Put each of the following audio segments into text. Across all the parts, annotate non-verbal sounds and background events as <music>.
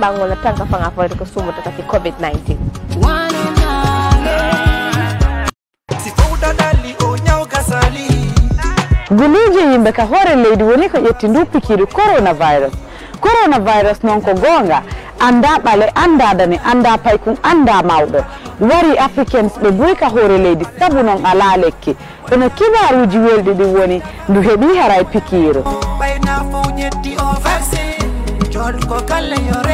bango la tanga fanga fa ko sumu ta tota ki covid 19 guliji yimɓe ka hoore leydi woni ko ƴetti ndu pikiiru coronavirus coronavirus noon ko gonga annda ɓale annda dane annda paykum annda mawɗo wari africans ɓe boyi ka hoore leydi sabu noon ala lekki kono kibaruuji welɗi di woni ndu hebi haray pikiiru bayna fof ñetti o vaccin ko kale yore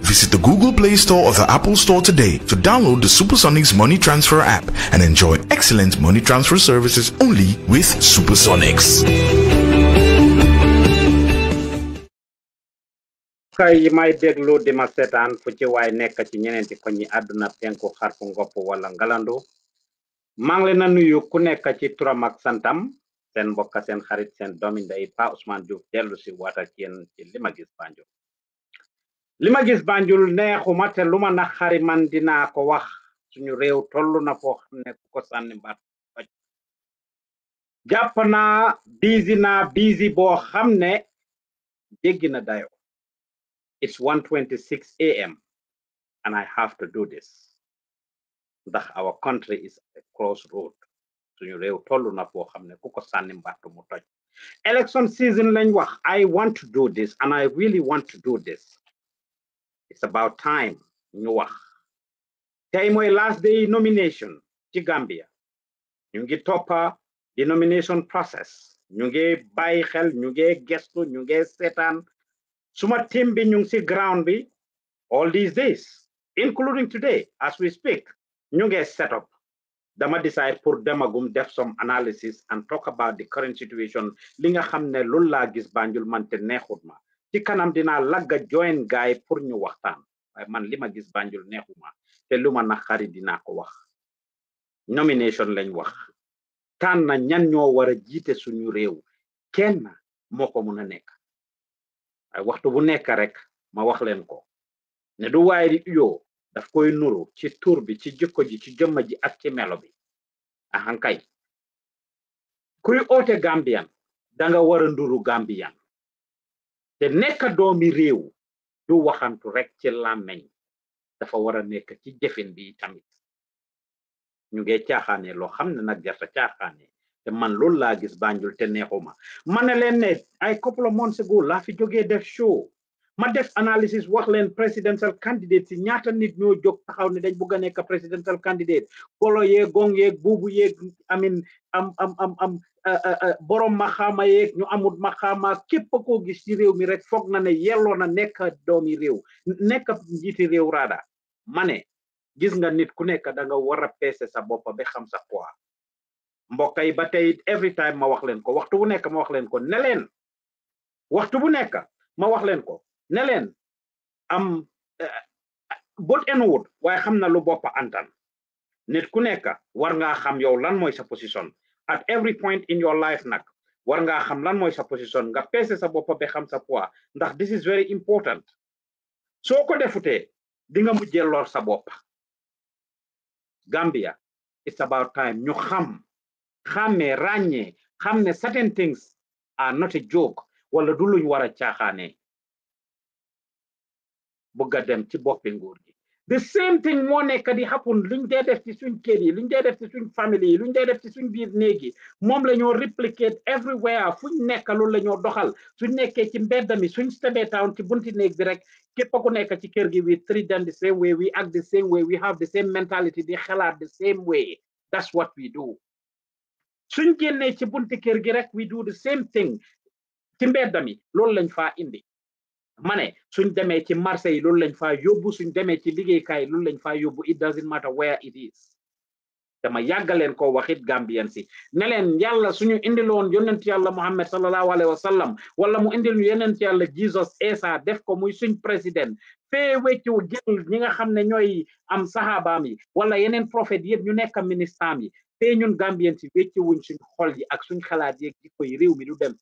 Visit the Google Play Store or the Apple Store today to download the Supersonics Money Transfer app and enjoy excellent money transfer services only with Supersonics. kay may beglu di ma setan fu ci waay nekk ci ñeneenti ko ñi àdduna penku xarfu ngopp wala ngalandu maa ngi leen a nuyu ku nekk ci turam ak santam seen mbokk seen xarit seen doomi Pa Ousmane Diouf dellu si waata ci yéen ci li gis Banjul li gis Banjul neexuma te luma na naqari man dinaa ko wax suñu réew toll na foo xam ne ku ko sànni mbaat faj jàpp naa biisi naa biisi boo xam ne jéggi na dayo it's 1:26 am and I have to do this ndax our country is a crossroad suñu réew toll na foo xam ne ku ko sànni mbaat mu toj election season lañ wax I want to do this and I really want to do this it's about time, Noah. wax tey last day nomination ci Gambia ñu ngi nomination process ñu ngi bàyyi xel ñu setan. suma timbi bi ground bi all these days including today as we speak ñu set up dama decide pour demagum def some analysis and talk about the current situation Linga nga xam gis Banjul ma ci kanam dinaa lagga join gaay pour ñu waxtaan waaye man li ma gis Banjul neexuma te lu ma naqari dinaa ko wax nomination lañ wax tànn na ñan ñoo war a jiite suñu réew kenn moo ko mun a nekk waaye waxtu bu nekk rek ma wax leen ko ne du waaye di uyoo daf koy nuru ci tur bi ci jikko ji ci jëmma ji ak ci melo bi ahankay kuy oote gambiyan danga war a nduru gambiyan te nekk doomi réew du waxantu rekk ci làmmeñ dafa war a nekk ci jëfin bi tamit ñu ngi caaxaane loo xam ne nag jarta caaxaane te man loolu laa gis Banjul te neexuma ma ne leen ay couple of months ago laa fi jógee def show ma def analysis wax leen presidential candidate si ñaata nit ñoo jóg taxaw ne dañ bëgg a nekk presidential candidate golo yeeg gong yeeg buubu yeeg amin am am am borom maxama yeeg ñu amut maxaama képp koo gis ci réew mi rek foog na ne yelloo na nekk doomi réew nekk njiiti réew raada ma ne gis nga nit ku nekk da nga war a peese sa bopp ba xam sa poids mbokk yi ba tey every time ma wax leen ko waxtu bu nekk ma wax leen ko ne leen waxtu bu nekk ma wax leen ko ne am eh, bot en wut way xamna na lu bop antan nit ku nek war nga xam yow lan moy sa position at every point in your life nak, war nga xam lan moy sa position nga pesse sa bop be xam sa poids ndax this is very important So ko defute di nga mujjee lor sa bop Gambia it's about time ñu xam xamé ragné xamné certain things are not a joke wala du luñ wara a dem ci nguur gi the same thing moo nekk di happen luñ dee def ci suñ kër yi luñ dee def ci suñ yi luñ def ci suñ biir néeg yi replicate everywhere fuñ nekk loolu la doxal suñ nekkee eh, ci mbedd eh, suñ town ci bunti néeg bi rek képp ku ci eh, kër gi we treat them the same way we act the same way we have the same mentality di xalaat the same way that's what we do suñ génnee ci bunti kër gi rek we do the same thing ci mbedd mi lañ indi ma ne suñ demee ci marché yi loolu lañ faa yóbbu suñ demee ci liggéeykaay loolu lañ faa yóbbu it doesn't matter where it is dama yàggaleen ko waxit gambiyan si ne leen yàlla suñu indiloon yonent yàlla muhammad sallallahu alayhi wa sallam wala mu indil ñu yonent yàlla jesus esa def ko muy suñ président fee weccu jël ñi nga xam ne ñooy am sahabaam yi wala yeneen profet yëpp ñu nekk ministaam yi fee ñun gambiyan si wecci wuñ suñ xol yi ak suñ xalaat yeeg jikko yi réew mi du dem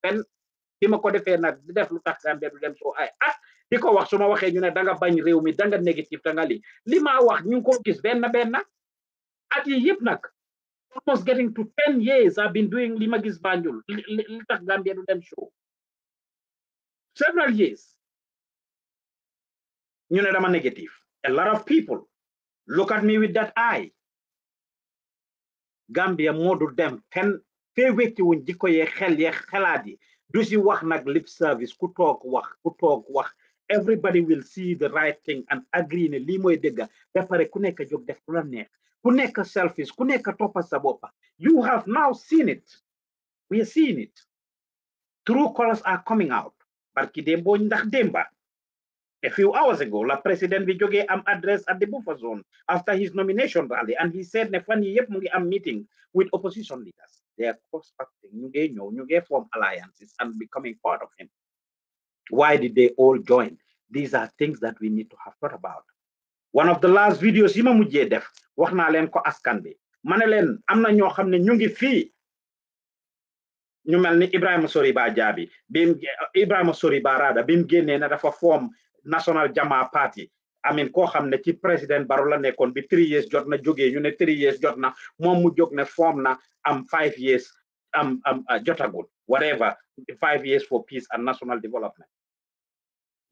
bi ma ko defee nag di def lu tax Gambia du dem soo ay at di ko wax su ma waxee ñu ne danga bañ réew mi danga négatif danga li li maa wax ñu ngi ko gis benn benn at yi yëpp nag almost getting to ten years I've been doing li ma gis Banjul li tax Gambia du dem show several years ñu ne dama négatif a lot of people look at me with that eye Gambia moo du dem ten fee wécci wuñ jikko yee xel yee xalaat yi du si wax nag lip service ku toog wax ku toog wax everybody will see the right thing and agree ne lii mooy dëgg ba pare ku nekk jóg def lu la neex ku nekk selfish ku nekk toppa sa boppa you have now seen it we are seeing it true colors are coming out barki démboo ndax démba a few hours ago la president bi jógee am address at the buffer zone after his nomination rally and he said ne fan yi yëpp mu ngi am meeting with opposition leaders they are constructing Nuge Nyo, Nuge form alliances and becoming part of him. Why did they all join? These are things that we need to have thought about. One of the last videos yi ma def wax naa leen ko askan bi ma ne leen am na ñoo ne ñu ngi fii ñu mel ni Jaabi bi Ibrahima Rada ne dafa form National Jama Party amin koo xam ne ci président Barrow la nekkoon bi three years jot na jógee ñu ne three years jot na moom mu jóg ne form na am five years am am ah, jotagul whatever five years for peace and national development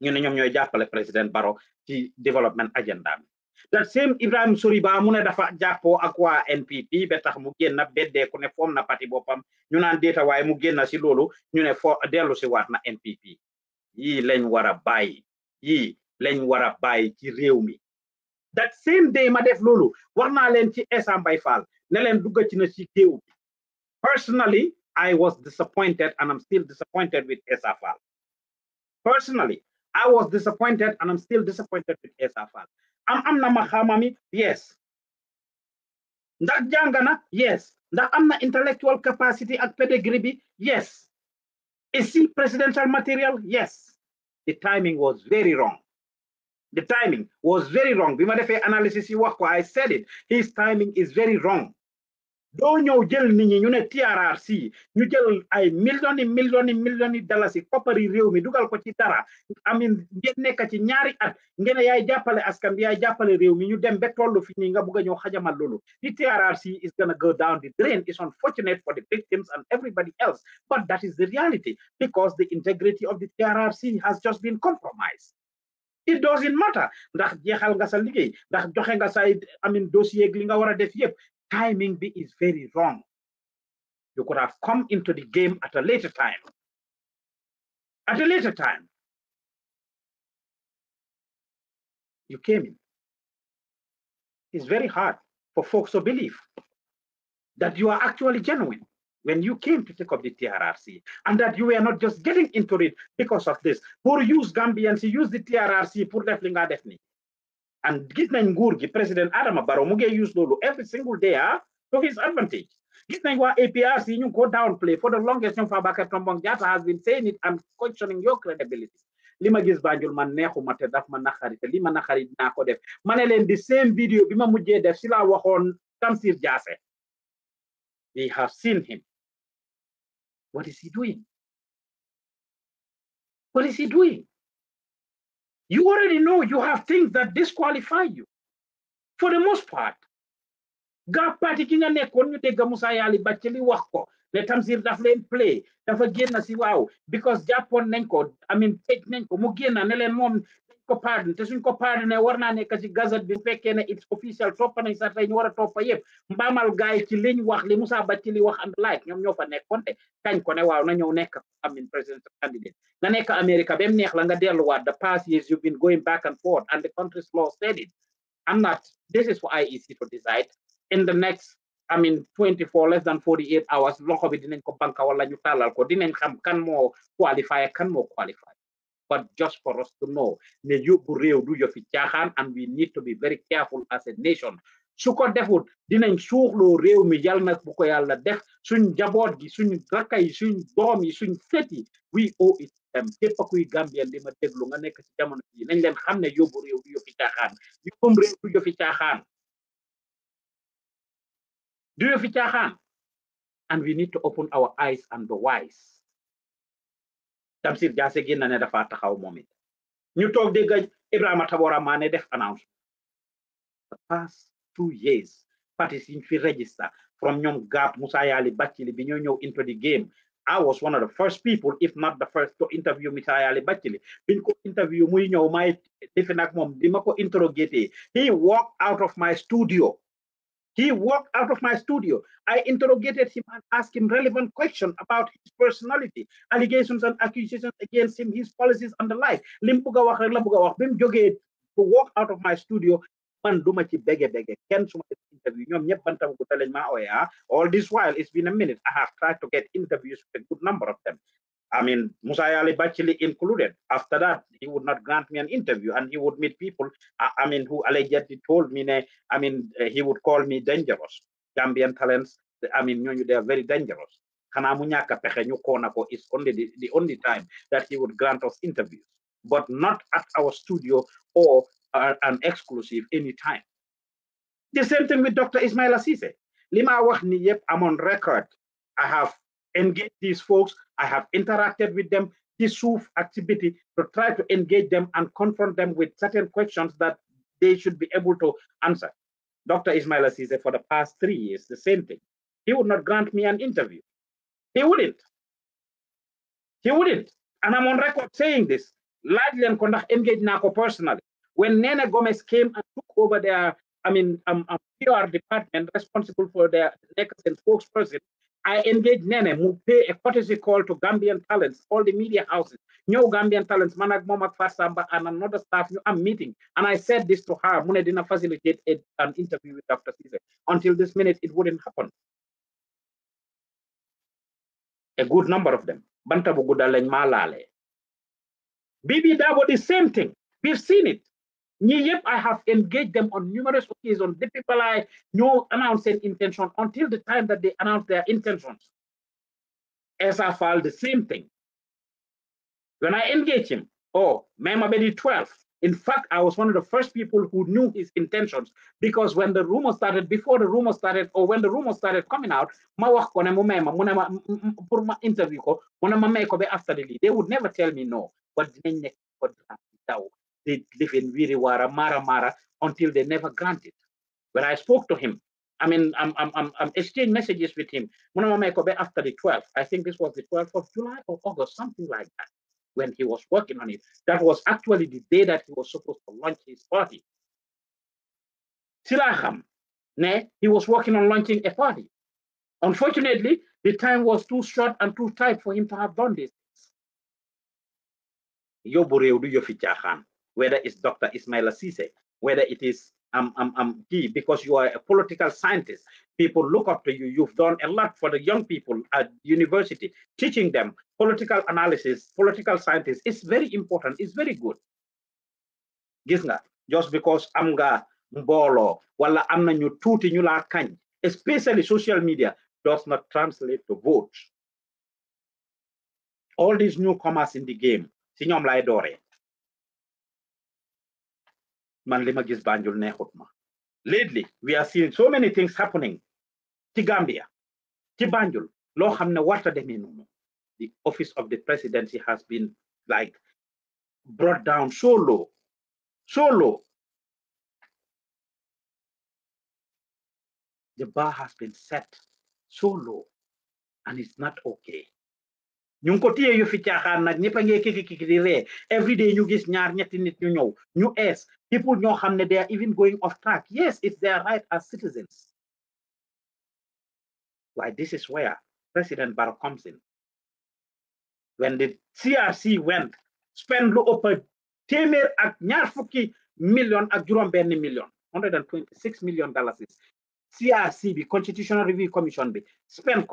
ñu ne ñoom ñooy jàppale président baro ci development agenda bi that same Ibrahim Soriba mu ne dafa jàppoo ak waa NPP ba tax mu génn beddeeku ne foom na parti boppam ñu naan déeta waaye mu génn si loolu ñu ne fo dellu si waat na NPP yii lañ war a bàyyi lañ war a bàyyi ci réew mi that same day ma def loolu wax naa leen ci Essa Mbaye Fall ne leen dugga ci na ci géew bi personally I was disappointed and I'm still disappointed with Essa personally I was disappointed and I'm still disappointed with Essa am am na ma xamami yes ndax jàng na yes ndax am na intellectual capacity ak pedigree bi yes is he presidential material yes the timing was very wrong the timing was very wrong. bi ma defee analysis yi I said it his timing is very wrong. do ñëw jël nit ñi ñu ne TRRC ñu jël ay millions and millions and millions yi dalasi koppari réew mi dugal ko ci dara amin ngeen nekk ci ñaari at ngeen yaay jàppale askan bi yaay jàppale réew mi ñu dem ba tollu fi nii nga bugg a ñëw xajamal loolu the TRRC is gonna go down the drain it's unfortunate for the victims and everybody else but that is the reality because the integrity of the TRRC has just been compromised it doesn't matter ndax jeexal nga sa liggéey ndax joxe nga amin dossier li nga war def yëpp timing bi is very wrong you could have come into the game at a later time at a later time you came in it's very hard for folks to believe that you are actually genuine when you came to take up the TRRC and that you were not just getting into it because of this. poor use Gambians, use the TRRC poor def li And gis nañ président Adama Baromuge used ngi use every single day ah to his advantage. Gis wa APRC you go downplay for the longest time for Tombong Jatta has been saying it and questioning your credibility. Lima ma gis Banjul man neexuma te daf ma naxari te li naxari dinaa ko def di same video bima ma def si laa Tamsir we have seen him what is he doing? What is he doing? You already know you have things that disqualify you for the most part. God party ki nga nekkoon ñu dégg Musa Yali ba ci li wax ko ne Tamsir daf leen play dafa génn si because jàppoon nañ I mean take nengo ko mu génn ne Pardon. te suñ COPAD ne war naa nekk gazette bi ne it's official topp nañ sax tey ñu war a toppa yëpp mbaamal gaay ci liñ wax li Moussa li wax and like te ko ne waaw na ñëw nekk president candidate nga nekk America neex la nga the past years you've been going back and forth and the country's law said it I'm not this is IEC to decide in the next I mean 24 less than 48 hours bi ko banka wala ñu ko xam kan kan but just for us to know ne yóbbu réew du yëfi caaxaan and we need to be very careful as a nation su ko defut dinañ suuxloo réew mi yàlla na bu ko yàlla def suñ jaboot gi suñ rakka suñ doom yi suñ set yi we owe it them képp kuy Gambien di ma déglu nga nekk ci jamono ji nañ leen xam ne yóbbu réew du yëfi caaxaan yóbbum réew du yëfi caaxaan du yëfi caaxaan and we need to open our eyes and the wise Tamsir Jaase génn na ne dafa taxaw moom it ñu toog dégg Ibrahima Tabora Maane def announcement the past two years parties yiñ fi register from ñoom Gap Musa Yali Bathily bi ñoo ñëw into the game I was one of the first people if not the first to interview Musa Yali Bathily biñ ko interview muy ñëw may defe nag moom di ma ko interrogaté he walked out of my studio he walked out of my studio. I interrogated him and asked him relevant questions about his personality, allegations and accusations against him, his policies and the like. Lim wax rek la bëgg wax to walk out of my studio man duma ci bege bege kenn suma def interview ñoom ñëpp bantam gu talañ ah. all this while it's been a minute I have tried to get interviews with a good number of them I mean, Musa Ali Bachili included. After that, he would not grant me an interview and he would meet people, I, I mean, who allegedly told me, I mean, uh, he would call me dangerous. Gambian talents, I mean, they are very dangerous. is only the, the only time that he would grant us interviews, but not at our studio or uh, an exclusive anytime. The same thing with Dr. Ismail Asise. Lima wax yep, I'm on record. I have engage these folks. I have interacted with them, this sort of activity to try to engage them and confront them with certain questions that they should be able to answer. Dr. Ismail Assise, for the past three years, the same thing. He would not grant me an interview. He wouldn't. He wouldn't. And I'm on record saying this. Largely and conduct engaged Nako personally. When Nene Gomez came and took over their, I mean, um, um, PR department responsible for their Lakers and spokesperson, I engage Nene, who pay a courtesy call to Gambian talents, all the media houses, new Gambian talents, Manak Momak Fasamba, and another staff I'm meeting. And I said this to her, Mune didn't facilitate a, an interview with Dr. Caesar. Until this minute, it wouldn't happen. A good number of them. Bantabu Gudaleng Malale. Bibi Dabo, the same thing. We've seen it ñii I have engaged them on numerous occasions people I ñoo announced an intention until the time that they announced their intentions. I filed the same thing. When I engaged him, oh, Mema Bedi 12. In fact, I was one of the first people who knew his intentions because when the rumor started, before the rumor started, or when the rumor started coming out, ma wax ko ne mu may interview after the lead. They would never tell me no, but they live in Wiriwara, Mara Mara, until they never granted. When I spoke to him, I mean, I'm, I'm, I'm, I'm exchanging messages with him. After the 12th, I think this was the 12th of July or August, something like that, when he was working on it. That was actually the day that he was supposed to launch his party. Silaham, ne, he was working on launching a party. Unfortunately, the time was too short and too tight for him to have done this whether it's Dr. Ismail Assise, whether it is um, um, um, D, because you are a political scientist. People look up to you. You've done a lot for the young people at university, teaching them political analysis, political scientists. It's very important. It's very good. Gisna, just because amga mbolo, wala amna na ñu la especially social media, does not translate to vote. All these newcomers in the game, si ñoom man li ma gis Banjul ma lately we are seeing so many things happening ci Gambia ci Banjul loo xam ne the office of the presidency has been like brought down so low so low the bar has been set so low and it's not okay Nung ngi ko téye yu fi caaxaan nag ñëpp a ngee kiki kiki di ree every day ñu gis ñaar ñetti nit ñu ñëw ñu ees people know how they are even going off track yes it's their right as citizens why this is where President Barrow comes in when the CRC went spend lu ëpp téeméer at ñaar fukki million ak benny million, million hundred and twenty six million dollars CRC the Constitutional Review Commission be spend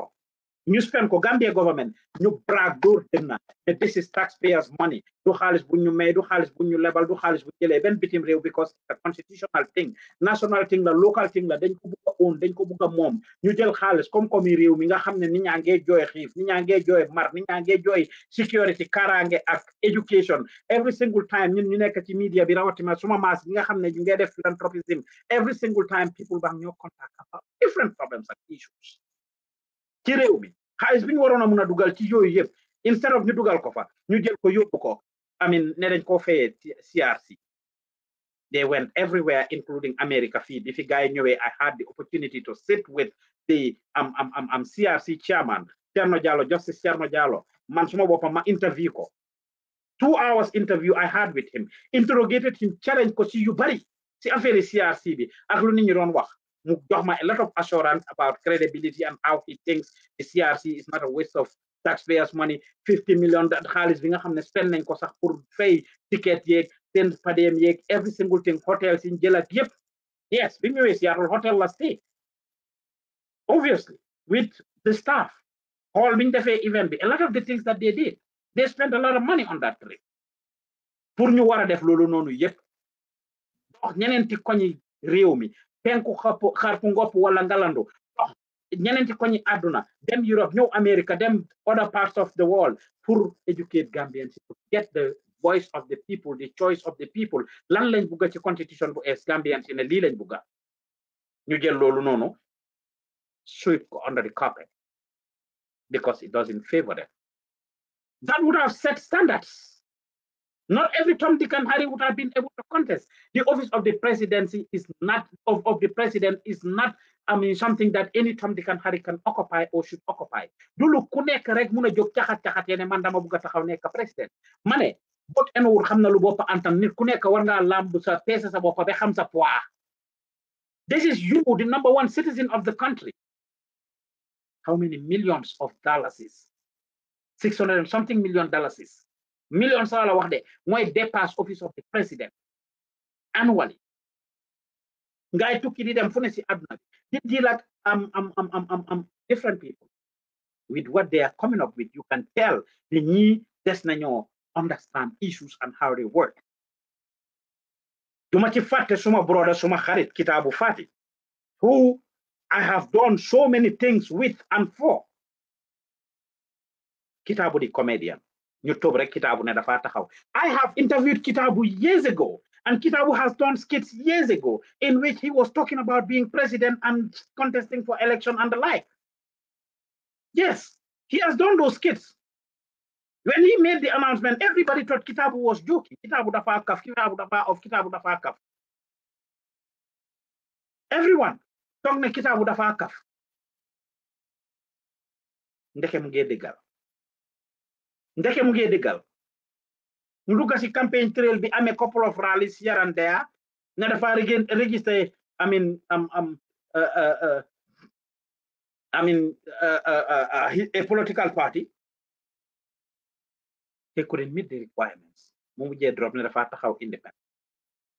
ñu spend ko Gambia government ñu brag dóor dem na ne this is taxpayers money du xaalis bu ñu may du xaalis bu ñu lebal du xaalis bu jëlee benn bitim réew because it's a constitutional thing national thing la local thing la dañ ko bugg a own dañ ko bugg a moom ñu jël xaalis comme comme réew mi nga xam ne nit ñaa ngee jooy xiif nit ñaa ngee jooy mar nit ñaa ngee jooy security kaaraange ak education every single time ñun ñu nekk ci media bi rawatina suma maas bi nga xam ne ñu ngee def philanthropism every single time people bang ñoo contact about different problems and issues Kireumi has been xaalis a munadugal a instead of ñu kofa, ko fa I mean ko yóbbu CRC they went everywhere including America If bi fi gars yi I had the opportunity to sit with the am am CRC chairman Thierno Jallow Justice Thierno Jallow man suma boppam interview ko two hours interview I had with him interrogated him challenged ko ci yu bari ci CRC bi ak lu Mukdogma a lot of assurance about credibility and how he thinks the CRC is not a waste of taxpayers' money. 50 million that xaalis bi nga xam ne spend nañ ko sax pour ticket yeeg seen padeem every single thing hotels, si jël ak yëpp yes bi ñëwee Seattle hotel last day. obviously with the staff all bi ñu event a lot of the things that they did they spent a lot of money on that trip pour ñu war a def loolu noonu yëpp dox ñeneen ti koñi réew mi penku wala ah, Europe ñëw America them other parts of the world pour educate Gambians to get the voice of the people the choice of the people lan lañ bugga ci constitution bu es Gambians ne lii lañ bugga ñu jël loolu no, sweep under the carpet because it doesn't favor them that would have set standards not every Tom, Dick, and Harry would have been able to contest. The office of the presidency is not of, of the president is not. I mean something that any Tom, Dick, and Harry can occupy or should occupy. du lu ku nekk rek mun a jóg caxat caxat yene man dama taxaw nekk président Mane bot eno xam na lu bopp antam nit ku nekk war ngaa làmb sa peese sa bopp ba xam sa poids. This is you, the number one citizen of the country. How many millions of dollars? is? Six hundred and something million dollars is millions of la wax de mooy dépasse office of the president annually ngay tukki di dem fu ne si àdduna di deal ak am am am am am different people with what they are coming up with you can tell the ñii des nañoo understand issues and how they work duma ci fàtte suma brother suma xarit Kitabu Fati who I have done so many things with and for Kitabu di comedian rek ne dafa taxaw I have interviewed Kitabu years ago and Kitabu has done skits years ago in which he was talking about being president and contesting for election and the like yes he has done those skits when he made the announcement everybody thought Kitabu was joking kitabu dafa kaf kitaabu dafa of Kitabu dafa kaf everyone toog ne kitabu dafa kaf ndeke mu ndeke mu ngee déggal mu dugg si campagne trail bi amee couple of rallies yarandea ne dafa registré amin am am uh, uh, uh, amin a political party te couldn't meet the requirements mu drop ne dafa taxaw independent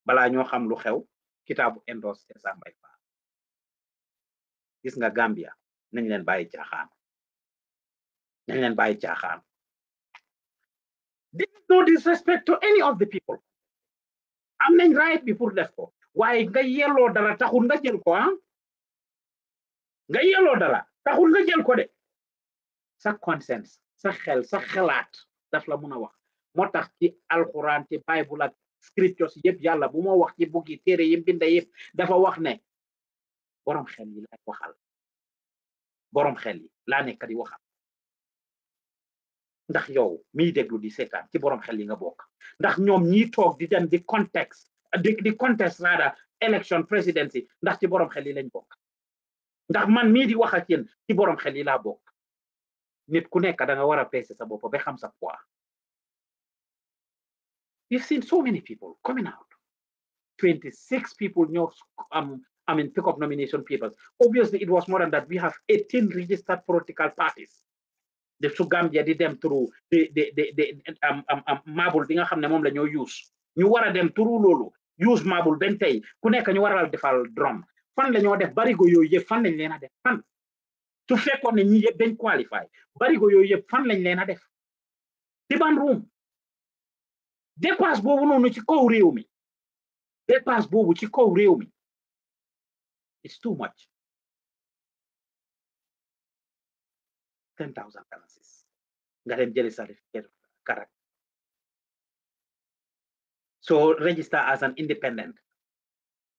balaa ñoo xam lu xew kitaabu endorse Essa Mbye Fall gis nga Gambia nañ leen bàyyi caaxaan nañ leen bàyyi caaxaan this is no disrespect to any of the people am nañ right bi pour des ko waaye nga yelloo dara taxul nga jël ko ah? nga yelloo dara taxul nga ko de sa conscience sa xel sa xelaat daf la mun a wax moo tax ci alquran ci bible ak scriptures yëpp yàlla bu ma wax ci buggi téere yi binda yëpp dafa wax ne boroom xel yi laa waxal borom xel yi laa nekk di waxal ndax yow déglu di seetaan ci borom xel yi nga bokk ndax ñoom toog di dem di di di élection presidency ndax ci borom xel yi lañ bokk ndax man mii di wax ak yéen ci borom xel yi laa bokk nit ku nekk da nga war a peese sa bopp ba xam sa poids. We've seen so many people coming out. 26 people ñoo am I mean pick up nomination papers. Obviously, it was more than that. We have 18 registered political parties. de su Gambia di dem turu de de de am am am maabul bi nga xam ne moom la ñoo use ñu war a dem turu loolu use maabul benn tey ku nekk ñu war a defal drum fan la ñoo def barigo yooyu yëpp fan lañ leen a def fan su fekkoon ne ñi yëpp dañ qualify barigo yooyu yëpp fan lañ leen a def ci ban room dépasse boobu noonu ci kaw réew mi dépasse boobu ci kaw réew mi it's too much 10,000 currencies. Nga dem jëlee certificate karak. So register as an independent.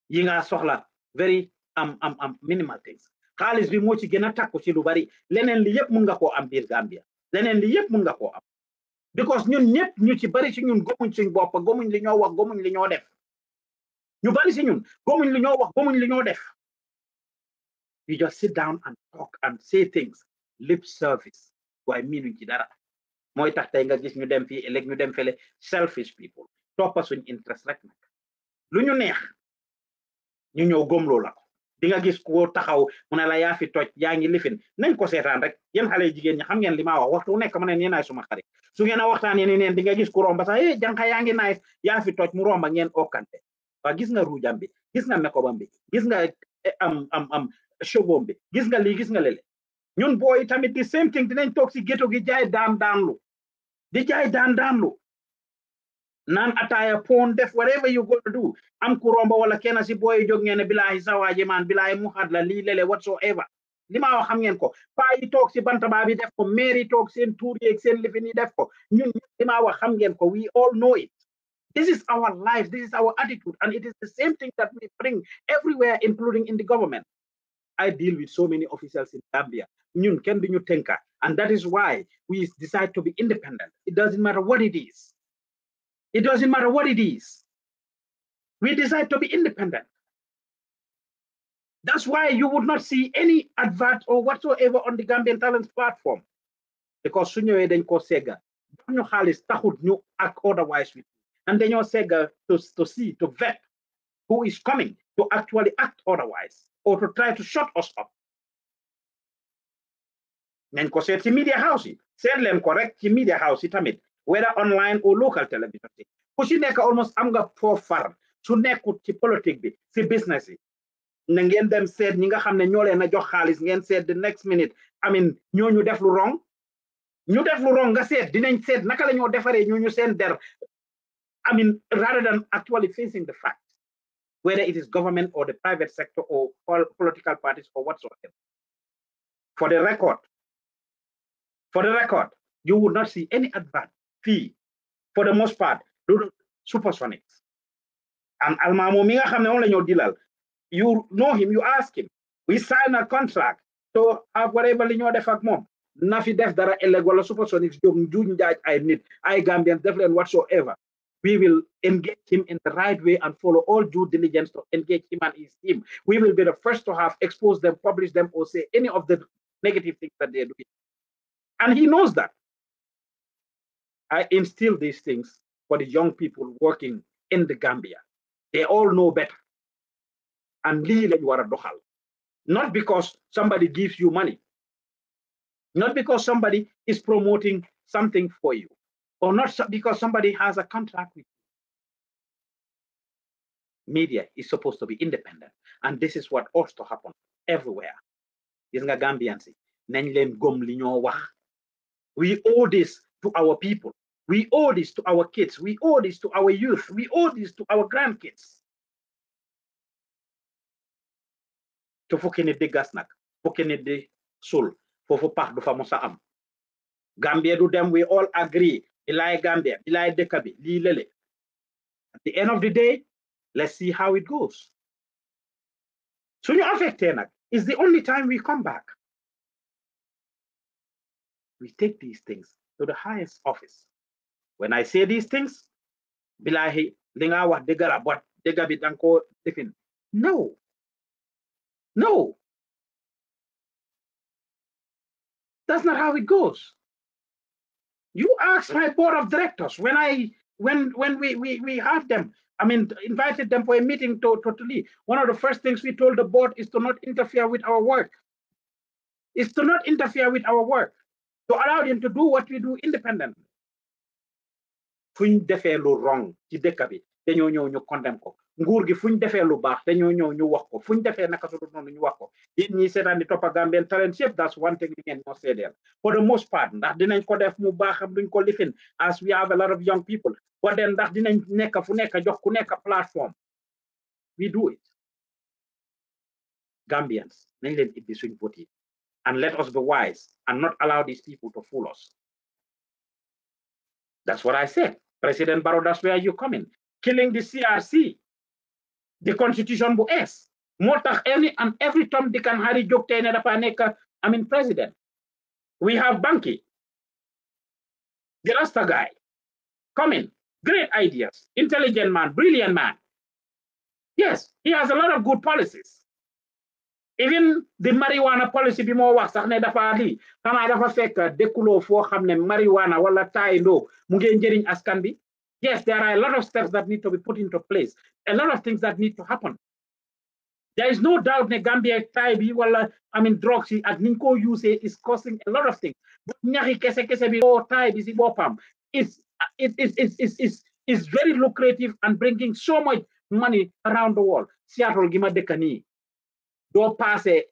Yi nga soxla very am am am minimal things. Kalis bi mochi ci gën a takku ci lu bari leneen li yëpp mun nga am bir Gambia lenen li yëpp mun nga am. because ñun ñëpp ñu ci bari ci ñun gomuñ suñ wa gomuñ li ñoo wax gomuñ li ñoo def. ñu bari ci ñun gomuñ li ñoo wax gomuñ li ñoo def. You just sit down and talk and say things. lip service waaye miinuñ ci dara mooy tax tey nga gis ñu dem fii ëllëg ñu dem fele selfish people toppa suñ interest rek lu ñu neex ñu ñëw gomloo la ko di nga gis ko taxaw mu ne la yaa fi toj yaa ngi lifin nañ ko seetaan rek yéen xale jigéen ñi xam ngeen li ma wax waxtu nekk ma ne yéen ay suma xarit su ngeen a waxtaan yéen neen di nga gis ku romba sax eh yaa ngi naay yaa fi toj mu romba ngeen okkante waa gis nga ruujam bi gis nga mekobam bi gis nga eh, am am am shogom bi gis nga lii gis nga lele ñun boy, tamit di same thing dinañ toog si géto gi jaay daan daanlu di jaay low. daanlu naan ataaya poon def whatever you gonna do am ku romba wala kena si boy jóg ngeen ne bilaahi sawaaji maan bilaahi mu xaat la lii lele whatsoever li ma wax xam ngeen ko paa yi toog si bantaba bi def ko maire yi toog seen tuur yeeg seen lifin def ko ñun li wax xam ngeen ko we all know it this is our life this is our attitude and it is the same thing that we bring everywhere including in the government I deal with so many officials in Gambia. can be Nutenka. And that is why we decide to be independent. It doesn't matter what it is. It doesn't matter what it is. We decide to be independent. That's why you would not see any advert or whatsoever on the Gambian Talents platform. Because Sunyoe then Kosega, Daniel Halis Tahud knew act otherwise with and then your Sega to, to see, to vet who is coming to actually act otherwise or to try to shut us up Then ko media house yi seet media house yi tamit whether online or local television yi neka ci almost amga poor farm. far su nekkut ci politique bi ci business yi na ngeen dem seet ñi nga xam ne ñoo the next minute I mean ñooñu def lu wrong ñu def lu wrong nga seet dinañ seet naka la ñoo defaree ñooñu der I mean rather than actually facing the fact whether it is government or the private sector or all political parties or whatsoever. For the record, for the record, you will not see any advance fee for the most part du supersonics. And Almamo dilal. You know him, you ask him. We sign a contract to have whatever you ñoo def fact mom. Na fi def dara eleg wala supersonics jom do jaaj I nit, I gambian definitely whatsoever we will engage him in the right way and follow all due diligence to engage him and his team. We will be the first to have exposed them, published them, or say any of the negative things that they're doing. And he knows that. I instill these things for the young people working in the Gambia. They all know better. And Lila, you are a dohal. Not because somebody gives you money, not because somebody is promoting something for you or not so, because somebody has a contract with you. Media is supposed to be independent, and this is what ought to happen everywhere. is nga Gambians We owe this to our people. We owe this to our kids. We owe this to our youth. We owe this to our grandkids. To fukki nit di gas nag fukki nit di suul For pax du fa am Gambia Do them. we all agree bi laay Gambia bi laay dëkk lële at the end of the day let's see how it goes suñu affecté nag is the only time we come back we take these things to the highest office when I say these things bilahi, lingawa nga wax dëgg la bot no no that's not how it goes you ask my board of directors when I when when we we, we had them. I mean, invited them for a meeting to, totally. One of the first things we told the board is to not interfere with our work. Is to not interfere with our work, to allow them to do what we do independently. Fuñ lu wrong ci dëkk bi ñëw ñu condemn ko nguur gi fu ñu defee lu baax dañoo ñëw ñu wax ko fu ñu defee naka su dul noonu ñu wax ko yéen ñii seetaan di toppa Gambian Talents yëpp that's one thing li ngeen ñoo seedeel for the most part ndax dinañ ko def mu baaxam duñ ko lifin as we have a lot of young people but then ndax dinañ nekk fu nekk jox ku nekk platform we do it Gambians nañ leen ibbi suñ bët yi and let us be wise and not allow these people to fool us that's what I said President Barrow that's where you coming? killing the CRC the constitution bu ees moo any and every time they can hari jokte tey ne dafa I mean president we have Banky the Rasta guy coming great ideas intelligent man brilliant man yes he has a lot of good policies even the marijuana policy bi more wax sax ne dafa lii xanaa dafa fekk dëkkuloo foo xam marijuana wala taayandoo mu askan bi Yes, there are a lot of steps that need to be put into place, a lot of things that need to happen. There is no doubt the Gambia tribe, well, I mean, drugs at use is causing a lot of things. But Nyari Kese Kese tribe is is It's, it's, very lucrative and bringing so much money around the world. Seattle Gima Dekani, do passe,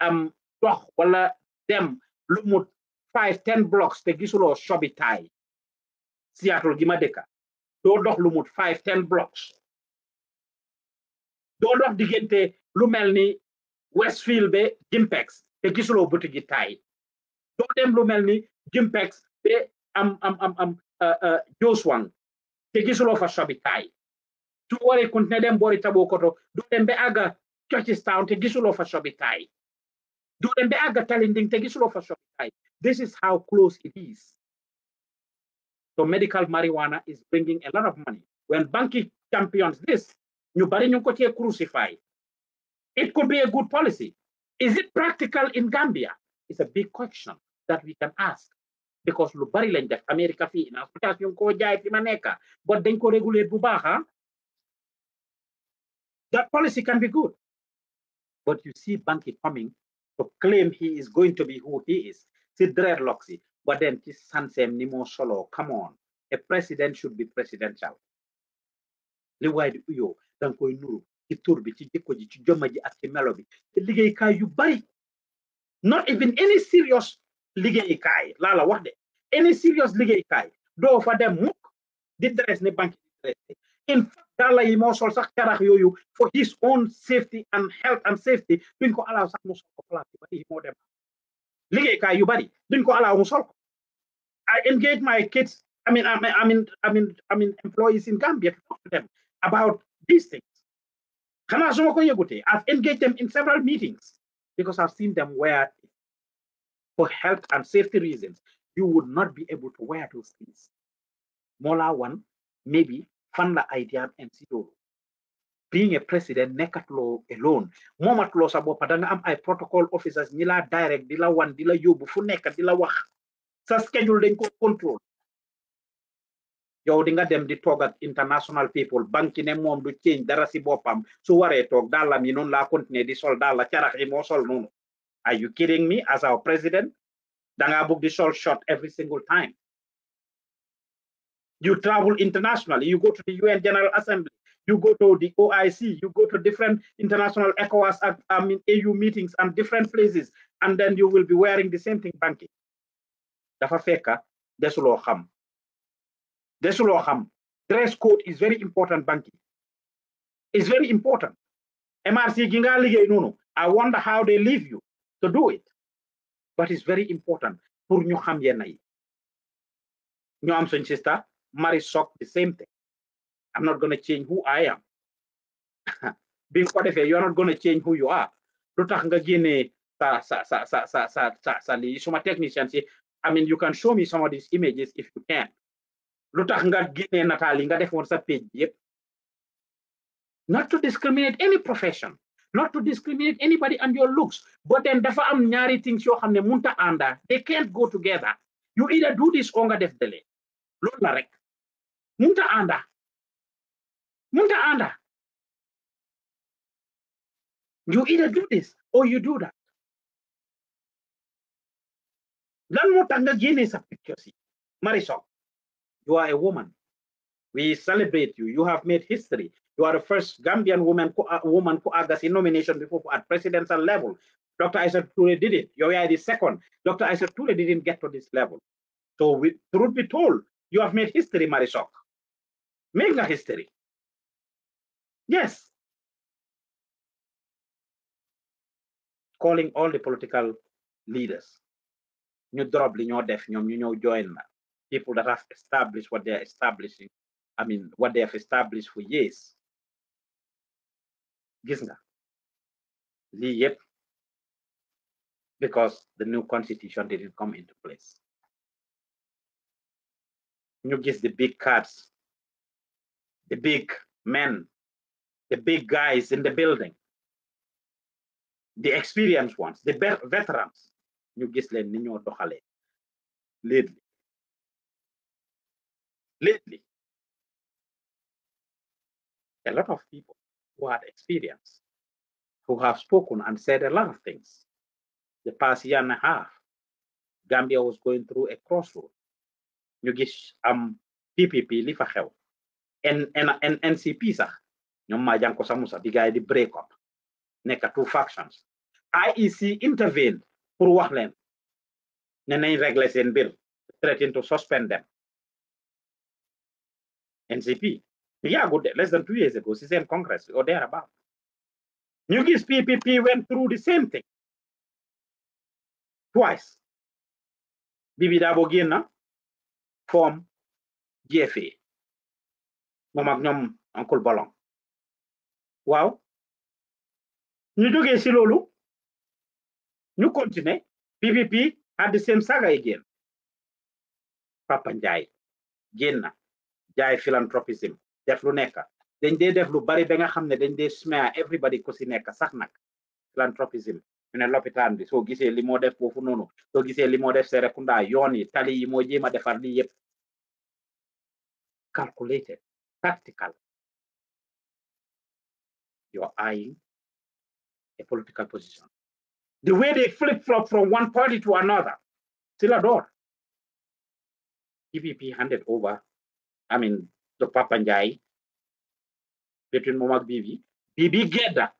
um, doh, well, them, lumut, five, ten blocks, the Gisulo Shobitai, Seattle Gima Deka doo dox lu mut 10 blocks doo dox diggante lu mel Westfield be Jimpex te gisuloo boutique yi taay doo dem lu mel ni Jimpex be am am am am uh, uh, Joswang te gisuloo fa sobi taay su waree continuer dem boori Tabokoto doo dem be àgga Churchilltown te gisuloo fa sobi taay doo dem be àgga Talinding te gisuloo fa sobi taay this is how close it is so medical marijuana is bringing a lot of money. When Banki champions this, Nyubari crucify. It could be a good policy. Is it practical in Gambia? It's a big question that we can ask because lu bari lañ america fee, in association ko jaay but then ko reguler bu ah. that policy can be good but you see banki coming to claim he is going to be who he is See dreadlocks But then ci sansem ni mo solo come on a president should be presidential li way di uyo dang koy nuru ci tour bi ci jikko ji ci joma ji ak ci melo bi te yu bari not even any serious liggéeykaay kay la wax de any serious kay do fa dem muk, di dress ni bank. di dress in fact daala yi mo sol sax karax yoyu for his own safety and health and safety duñ ko alaaw sax mo sol ko place bari mo dem dem kay yu bari duñ ko alaaw mo sol ko I engage my kids. I mean, I mean, I mean, I mean, I mean employees in Gambia to talk to them about these things. I've engaged them in several meetings because I've seen them wear, for health and safety reasons, you would not be able to wear those things. Mola one, maybe the idea and MCO. Being a president, nekat law alone. Momat law sabo padanga am I protocol officers nila direct dila one dila you. fu nekat dila wah sa schedule dañ ko contrôle yow di nga dem di toog ak international people banque ne moom du change dara si boppam su waree toog dàllam yi noonu laa continuer di sol dàlla carax yi moo sol noonu are you kidding me as our president dangaa bugg di sol short every single time you travel internationally you go to the UN General Assembly you go to the OIC, you go to different international ECOWAS, I mean, AU meetings and different places, and then you will be wearing the same thing, banking. dafa fekka desuloo xam desuloo xam dress code is very important bank yi is very important MRC gi nga liggéey noonu I wonder how they leave you to do it but it's very important pour ñu xam yenn yi ñu am suñ sista Mari Sock the same thing I'm not gonna change who I am <laughs> bi nga ko defee you're not gonna change who you are lu tax nga génnee sa sa sa sa sa sa sa suma technicien si I mean, you can show me some of these images if you can. lu tax nga génnee nataal yi nga defoon sa page not to discriminate any profession not to discriminate anybody on your looks but then dafa am nyari things yo xam ne munta ànda they can't go together you either do this or nga def dele loolu la rek munta ànda munta ànda you either do this or you do that Lan mo tanda jene sa picture Marisol, you are a woman. We celebrate you. You have made history. You are the first Gambian woman who, uh, woman who had in nomination before at presidential level. Dr. Isaac Ture did it. You are the second. Dr. Isaac Ture didn't get to this level. So, we, truth be told, you have made history, Marisol. Make a history. Yes. Calling all the political leaders ñu drop li ñoo def ñoom ñu ñëw join la people that have established what they are establishing I mean what they have established for years gis nga lii yëpp because the new constitution didn't come into place ñu gis the big cats the big men the big guys in the building the experienced ones the veterans ñu gis leen ni ñoo doxalee lately lately a lot of people who had experience who have spoken and said a lot of things the past year and a half Gambia was going through a crossroad ñu gis am PPP li fa xew n NCP sax ñoom maa jàng Musa bi gars yi di break up nekk two factions IEC intervened pour wax leen ne nañ régler seen bill threatening to suspend them NCP yeah good. less than two years ago si seen congress or thereabout New gis PPP went through the same thing twice Bibi Dabo from na form GFA moom ak Wow. New Bolong waaw ñu ñu continuer PPP at the same saga again Papa Ndiaye génn na jaay philanthropism def lu nekk dañ dee def lu bari ba nga xam ne dañ dee smear everybody ku si nekk sax nag philanthropism ñu ne lopitaan bi soo gisee li moo def foofu noonu gisee li moo def Serekunda yoon yi tali yi moo jéem a defar lii yëpp calculated tactical position the way they flip flop from one party to another. Still adore. PPP handed over, I mean, the Papanjai between Momak Bibi. Bibi Geda,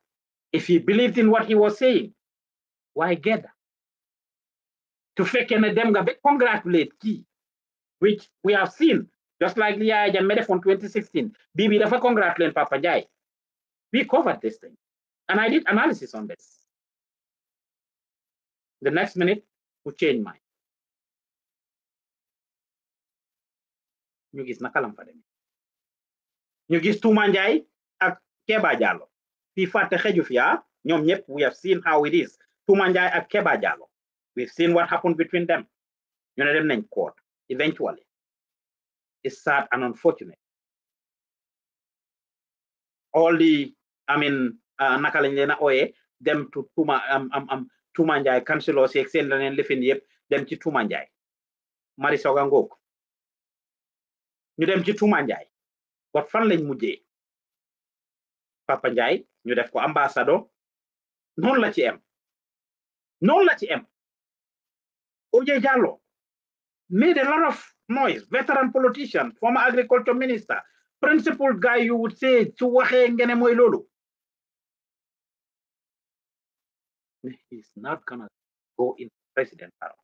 if he believed in what he was saying, why Geda? To fake and Demgabe, congratulate Key, which we have seen, just like the Jamede from 2016. Bibi never congratulate Papanjai. We covered this thing. And I did analysis on this. the next minute mu change mind gis naka lam fa demee ñu gis Touma Njie ak Keba Jallow fii fàtte xeju fi yaa ah, ñoom ñëpp we have seen how it is Touma ak Keba Jallow we've seen what happened between them ñu ne dem nañ court eventually it's and unfortunate all the I mean uh, naka lañ leen a dem Touma am am Touma Ndiaye kansiloo si ak seen leneen lifin yëpp dem ci Touma Ndiaye Mari Soga Ngok ñu dem ci Touma Ndiaye fan lañ mujje Papa ñu def ko ambassadeur noonu la ci em la ci em Oje Jallow made a lot of noise veteran politician former agriculture minister principled guy you would say su waxee ngeen ne mooy he's not gonna go in president Barrow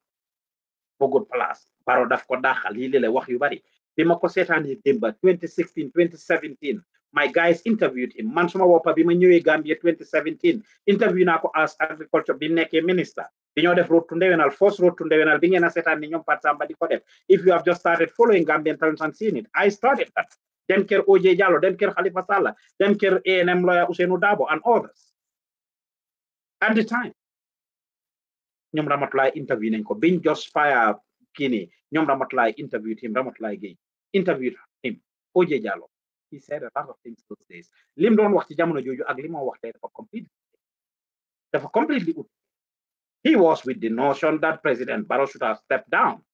bëggul place Barrow daf ko daaxal yi li lay wax yu bari bi ma ko seetaanee démba 2016 2017 my guys interviewed him man suma woppa bi ma Gambia 2017 interview naa ko as agriculture bi nekkee minister bi ñoo def road to ndewenal force road to ndewenal bi ngeen a ni ñoom Pat Samba di ko def if you have just started following Gambian talents and seen it I started that dem kër OJ Jallow dem kër Halifa Sallah dem kër ANM lawyer Ousainou Darboe and others at the time ñoom Ramatulaay interview nañ ko biñ George Fire kii nii ñoom Ramatulaay interview him Ramatulaay Gaye interview him OJ he said a lot of things those days lim doon wax ci jamono jooju ak li moo wax tey dafa complete dafa completely he was with the notion that President Barrow should have stepped down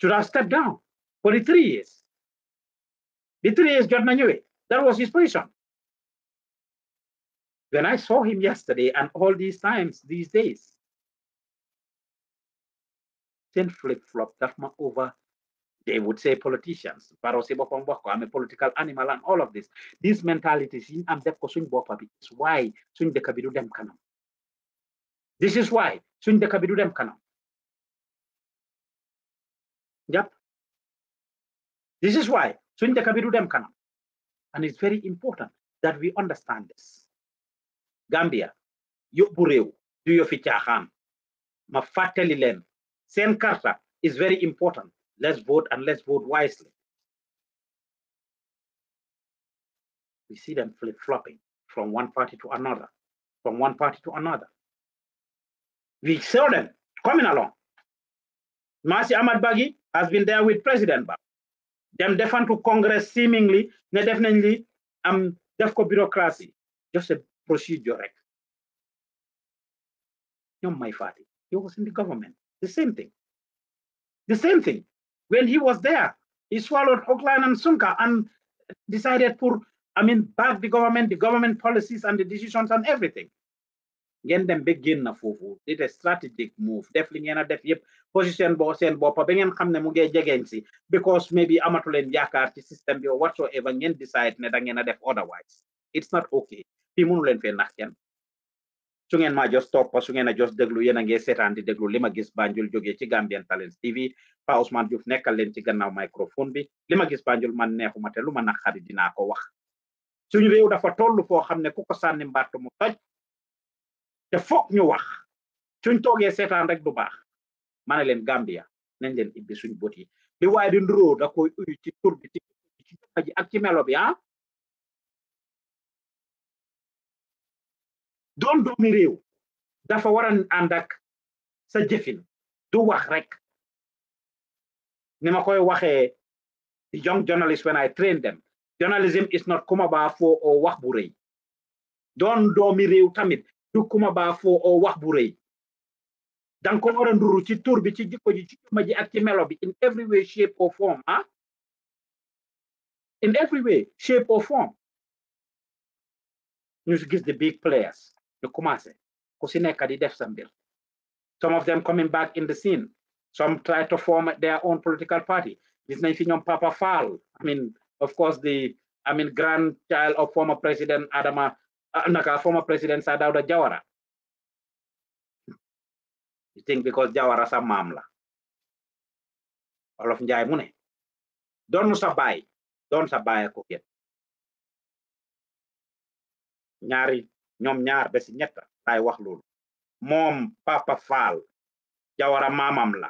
should have stepped down for the three years the three years got manuwe. that was his position when I saw him yesterday and all these times, these days, then flip flop that over. They would say politicians, I'm a political animal, and all of this. This mentality is why swing the kabiru dem kanam. This is why swing the kabiru dem kanam. Yep. This is why swing the kabiru dem kanam. And it's very important that we understand this. Gambia yóbbu réew du yo fi caaxaan ma fàttali leen seen is very important let's vote and let's vote wisely we see them flip-flopping from one party to another from one party to another we saw them coming along Masi Ahmad Bagi has been there with President Ba. are defen to Congress seemingly, ne definitely um defco bureaucracy. Just a procedure rek Not my father. he was in the government the same thing the same thing when he was there he swallowed Oakland and Sunka and decided for I mean back the government the government policies and the decisions and everything ngeen them begin génn fufu. It's a strategic move Definitely, li ngeen a position boo seen boppa ba ngeen ne mu ngee because maybe amatu leen yaakaar ci système or whatsoever ngeen decide ne da ngeen def otherwise it's not okay fii mënu leen fe nax kenn su ngeen maa jos toppa su ngeen a jos déglu yéen a ngee seetaan di déglu li ma gis Banjul jógee ci Gambian Talents TV fa Ousmane Diouf nekkal leen ci gannaaw microphone bi li ma gis Banjul man neexuma te lu ma naqari dinaa ko wax suñu réew dafa toll foo xam ne ku ko sànni mbattu mu toj te foog ñu wax suñ toogee seetaan rek du baax ma ne leen Gambia nañ leen ibbi suñ bët yi li waaye di nduroo da koy uyu ci tur bi ci ak ci melo bi ah. doon doomi réew dafa war a ànd ak sa jëfin du wax rek ni ma koy waxee young journalists when I train them journalism is not kuma baa foo oo wax bu rëy do doomi réew tamit du kuma baa foo oo wax bu rëy danga ko war a nduru ci tur bi ci jikko ji ci juma ji ak ci melo bi in every way shape or form ah in every way shape or form ñu gis the big players ñu commencé ku si nekk di def sa mbir some of them coming back in the scene some try to form their own political party gis nañ fi ñoom Papa Fall I mean of course the I mean grandchild of former president Adama uh, naka former president Sadawda Jawara you think because Jawara sa maam la Olof Njaay mu ne a sa Don't use sa baay ko ñaari ñom ñaar ba si ñett laay wax lool mom papa fall jawara mamam la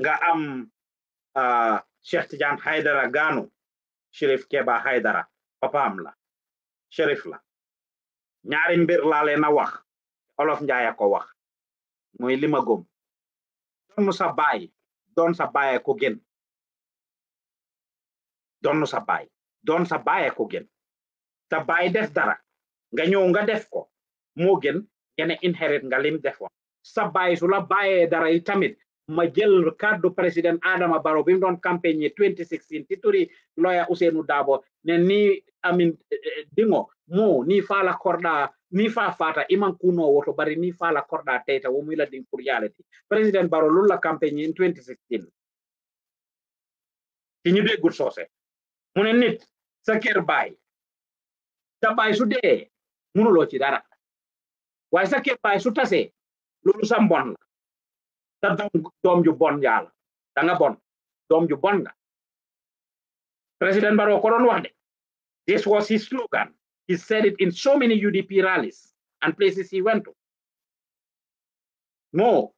nga am cheikh tidiane haydara gano shérif keba haydara am la shérif la ñaari mbir la leena wax olof njaaya ko wax moy lima gom don sa baay don sa baye ko gen don sa baay don sa baye ko gen ta def dara nga ñëw nga def ko moo gën nga ne nga lim defoon sa baay su la bàyyee dara yi tamit ma jël kàddu président Adama Barrow bi mu doon campagne 2016 ci turi lawyer Ousainou Darboe ne nii amin eh, eh, dingo mo ni fala korda ni fa fata iman kuno woto bari ni fala korda teta wo mila din kuryalati president Barrow lulla campagne in 2016 ci ñu déggul soose mu ne nit sa kër baay sa baay su dee lo ci dara way sa keppaay su tassé lolu sam bon la te dom ju bon yaala da nga bon dom ju bon nga President baro ko don wax de this was his slogan he said it in so many UDP rallies and places he went to no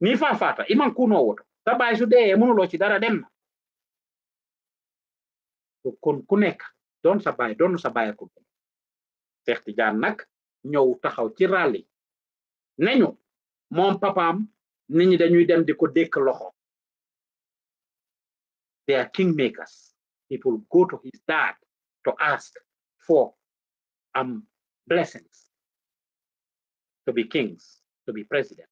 ni fa fata iman kuno woto ta bay su munu lo ci dara dem na kon ku nek don sa bay don sa bay ko Cheikh Tidiane ñëw taxaw ci nit ñi dañuy dem dékk loxo they are kingmakers people go to his dad to ask for um blessings to be kings to be president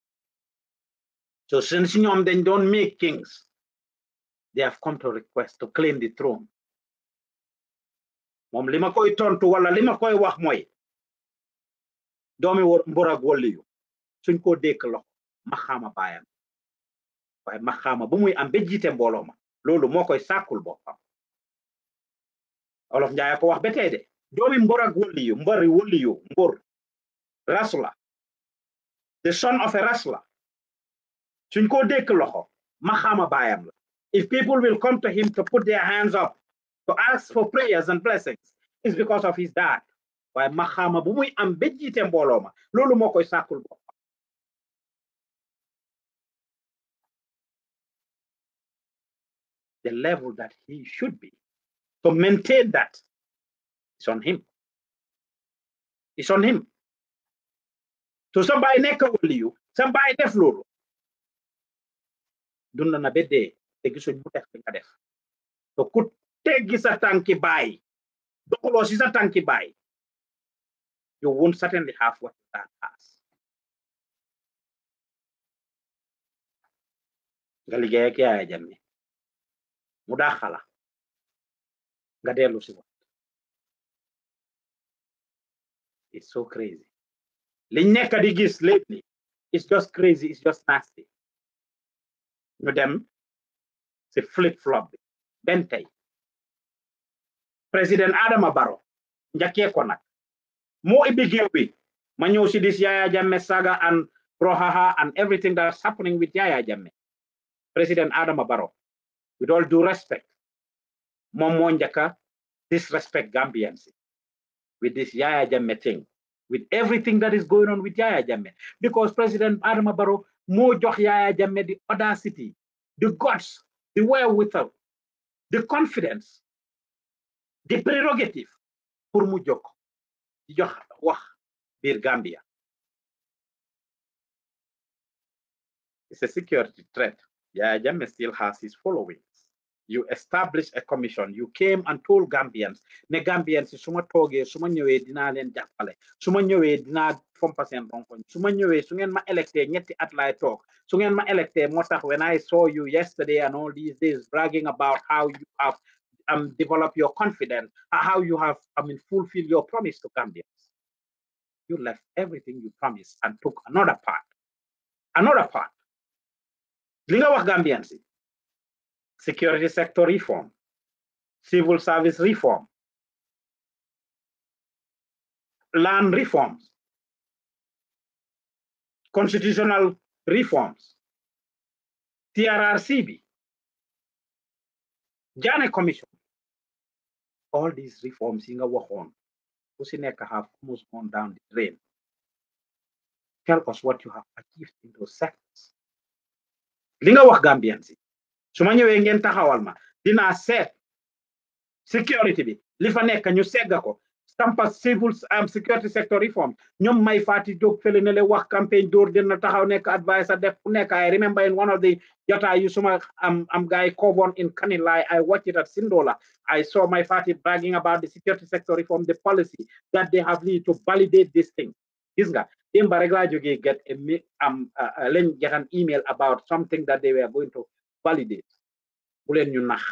so since ñoom dañ not make kings they have come to request to claim the throne moom li ma koy tontu wala li ma koy wax mooy doomi mbur ak waliyu suñ ko dékk loxo ma xaama baayam waaye ma bu muy am ba jiite mbooloo ma loolu moo koy sàkkul boppam olof njaay ko wax ba tey de doomi mbor ak waliyu mbari waliyu la the son of a ras la suñ ko dékk loxo ma xaama baayam la if people will come to him to put their hands up to ask for prayers and blessings is because of his dad waaye Mahama bu muy am the level that he should be to maintain that is on him It's on him so somebody neka nekk Somebody sa def na bede. te gisuñ mu def def to teggi sa tanki bay doxuloo si sa tanki bay you won't certainly have what you has nga liggéey ak yaaya jamme mu daaxala nga delu si it's so crazy liñ nekk di gis lately it's just crazy it's just nasty ñu dem a flip flop bi president adama baro jakke ko nak mo ma ñew ci dis yaya jamme saga and prohaha and everything that's happening with yaya jamme president adama baro with all due respect mom mo jaka disrespect gambians with this yaya jamme thing with everything that is going on with yaya jamme because president adama baro mo jox yaya jamme the audacity the guts the wherewithal the confidence The prérogative pour mu jóg di jox wax Gambia it's a security threat Yeah, Jammeh still has his following you established a commission you came and told Gambians ne Gambians si su ma toogee su ma jàppale su ma ñëwee fompa seen ronkoñ su ma ñëwee su ngeen ma électé ñetti at laay su ngeen ma électé moo when I saw you yesterday and all these days bragging about how you have um, develop your confidence, how you have, I mean, fulfill your promise to Gambians. You left everything you promised and took another part. Another part. li nga Gambian security sector reform civil service reform land reforms constitutional reforms TRRCB, bi commission all these reforms yi nga waxoon ku si nekk have almost gone down the drain tell us what you have achieved in those sectors li nga wax Gambian si su ma ñëwee ngeen taxawal ma dinaa seet security bi li fa nekk ñu segga ko sampa civil security sector reform ñoom may faati dog fële ne le wax campagne dóor dina taxaw nekk adviser def ku I remember in one of the jotaay yu suma am am guy Coburn in Kanilai I watched it at Sindola I saw my party bragging about the security sector reform the policy that they have need to validate this thing gis nga démba rek laa jógee get am lañ get an email about something that they were going to validate bu leen ñu nax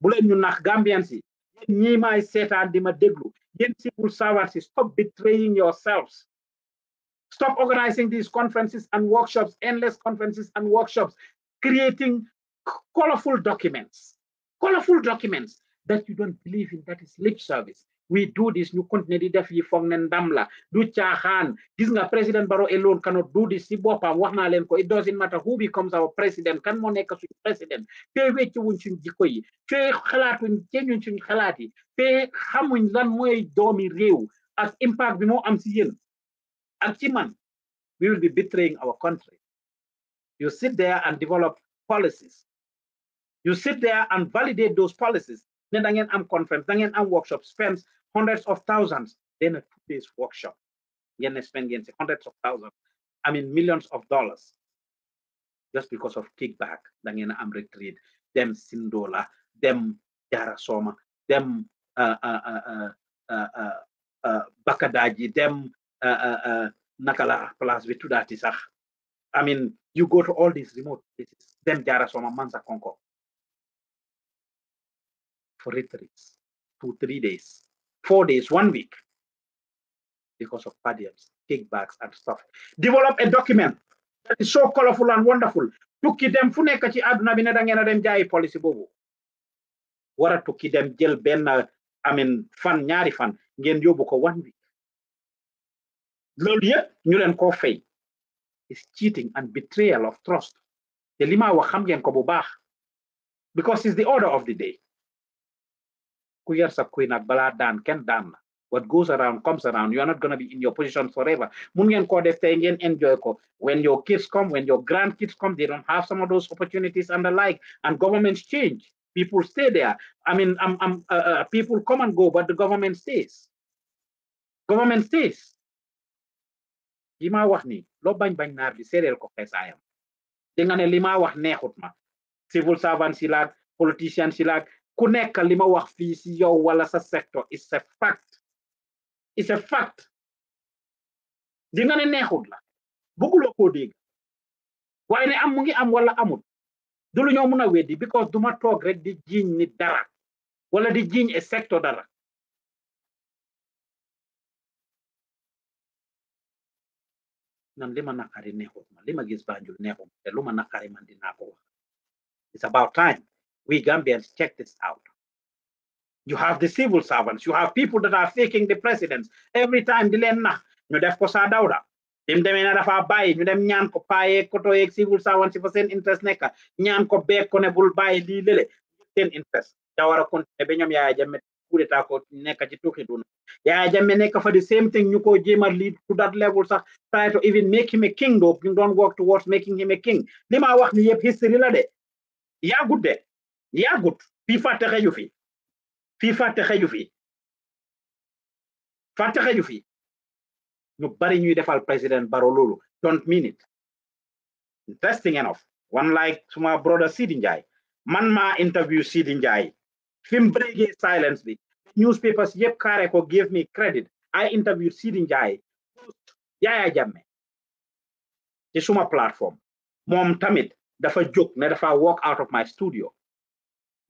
bu leen ñu nax Gambians yi ñii may seetaan di ma déglu Dear civil servants, stop betraying yourselves. Stop organizing these conferences and workshops, endless conferences and workshops, creating colorful documents. Colorful documents that you don't believe in that is lip service we do this ñu continuer di def yi foog ne ndam this. du caaxaan gis nga président Baro alone cannot do this si boppam wax naa leen ko it doesn't matter who becomes our president kan moo nekk suñ président te wecci chun suñ jikko yi te xalaatuñ ceñuñ suñ xalaat yi te xamuñ lan mooy doomi réew ak impact bi moo am si yéen ak ci man we will be betraying our country you sit there and develop policies you sit there and validate those policies then da ngeen am conference da ngeen am workshop spends hundreds of thousands then a two days workshop ngeen spend ngeen si hundreds of thousands I mean millions of dollars just because of kickback da ngeen am retreat dem Sindola dem Jara Soma dem Bakadaji dem uh, uh, uh, Nakala place bi two sax I mean you go to all these remote places dem Jara Soma Mansa Konko for retreats, two, three days, four days, one week, because of per kickbacks and stuff. Develop a document that is so colorful and wonderful. tukki dem fune kachi ci àdduna bi a dem jai policy boobu Wara a dem jël I mean fan ñaari fan ngeen yóbbu ko one week loolu yëpp ñu is cheating and betrayal of trust te lima wa wax xam ngeen ko because it's the order of the day ku yar queen at nag balaa daan kenn daan what goes around comes around you are not going to be in your position forever mun ngeen koo def tey ngeen enjoy ko when your kids come when your grandkids come they don't have some of those opportunities and the like and governments change people stay there i mean um, um, uh, uh, people come and go but the government stays government stays Lima wax ni loo bañ bañ naar di séeréer ko xeesaayam di nga ne li wax neexut ma civil servants yi politician politicians ku nekk li ma wax fii si yow wala sa secteur it's a fact it's a fact di nga ne neexut la bëgguloo koo dégg waaye ne am mu ngi am wala amul du lu ñoo mun a weddi because du ma toog rek di jiiñ nit dara wala di jiiñ e secteur dara nan li ma naqari neexut ma gis Banjul neexut te lu ma naqari man dinaa ko wax it's about time we Gambians, check this out. You have the civil servants, you have people that are faking the presidents. Every time di leen nax ñu def ko saa dawda dim demee na dafa bàyyi ñu dem ñaan ko paayee koto yeeg civil servants si fa seen interest nekka ñaan ko beeg ko ne bul bàyyi lii lële seen interest da war a continuer ba ñoom Yaya Jammeh coup d'état ko nekk same thing ñu ko jéem a lead to that level sax try to even make him a king though ñu doon work towards making a Yeah, good. fàtte xeju fi fii fàtte xeju fi fàtte xeju fi ñu bari ñuy defal président baro loolu don't mean it interesting enough one like suma brother Sidi jai. man maa interview Sidi jai. fi mu silence bi newspapers yep, kaare ko give me credit I interviewed Sidi Yeah, Yaya jamme. ci suma platform. Mom, tamit dafa jóg ne dafa walk out of my studio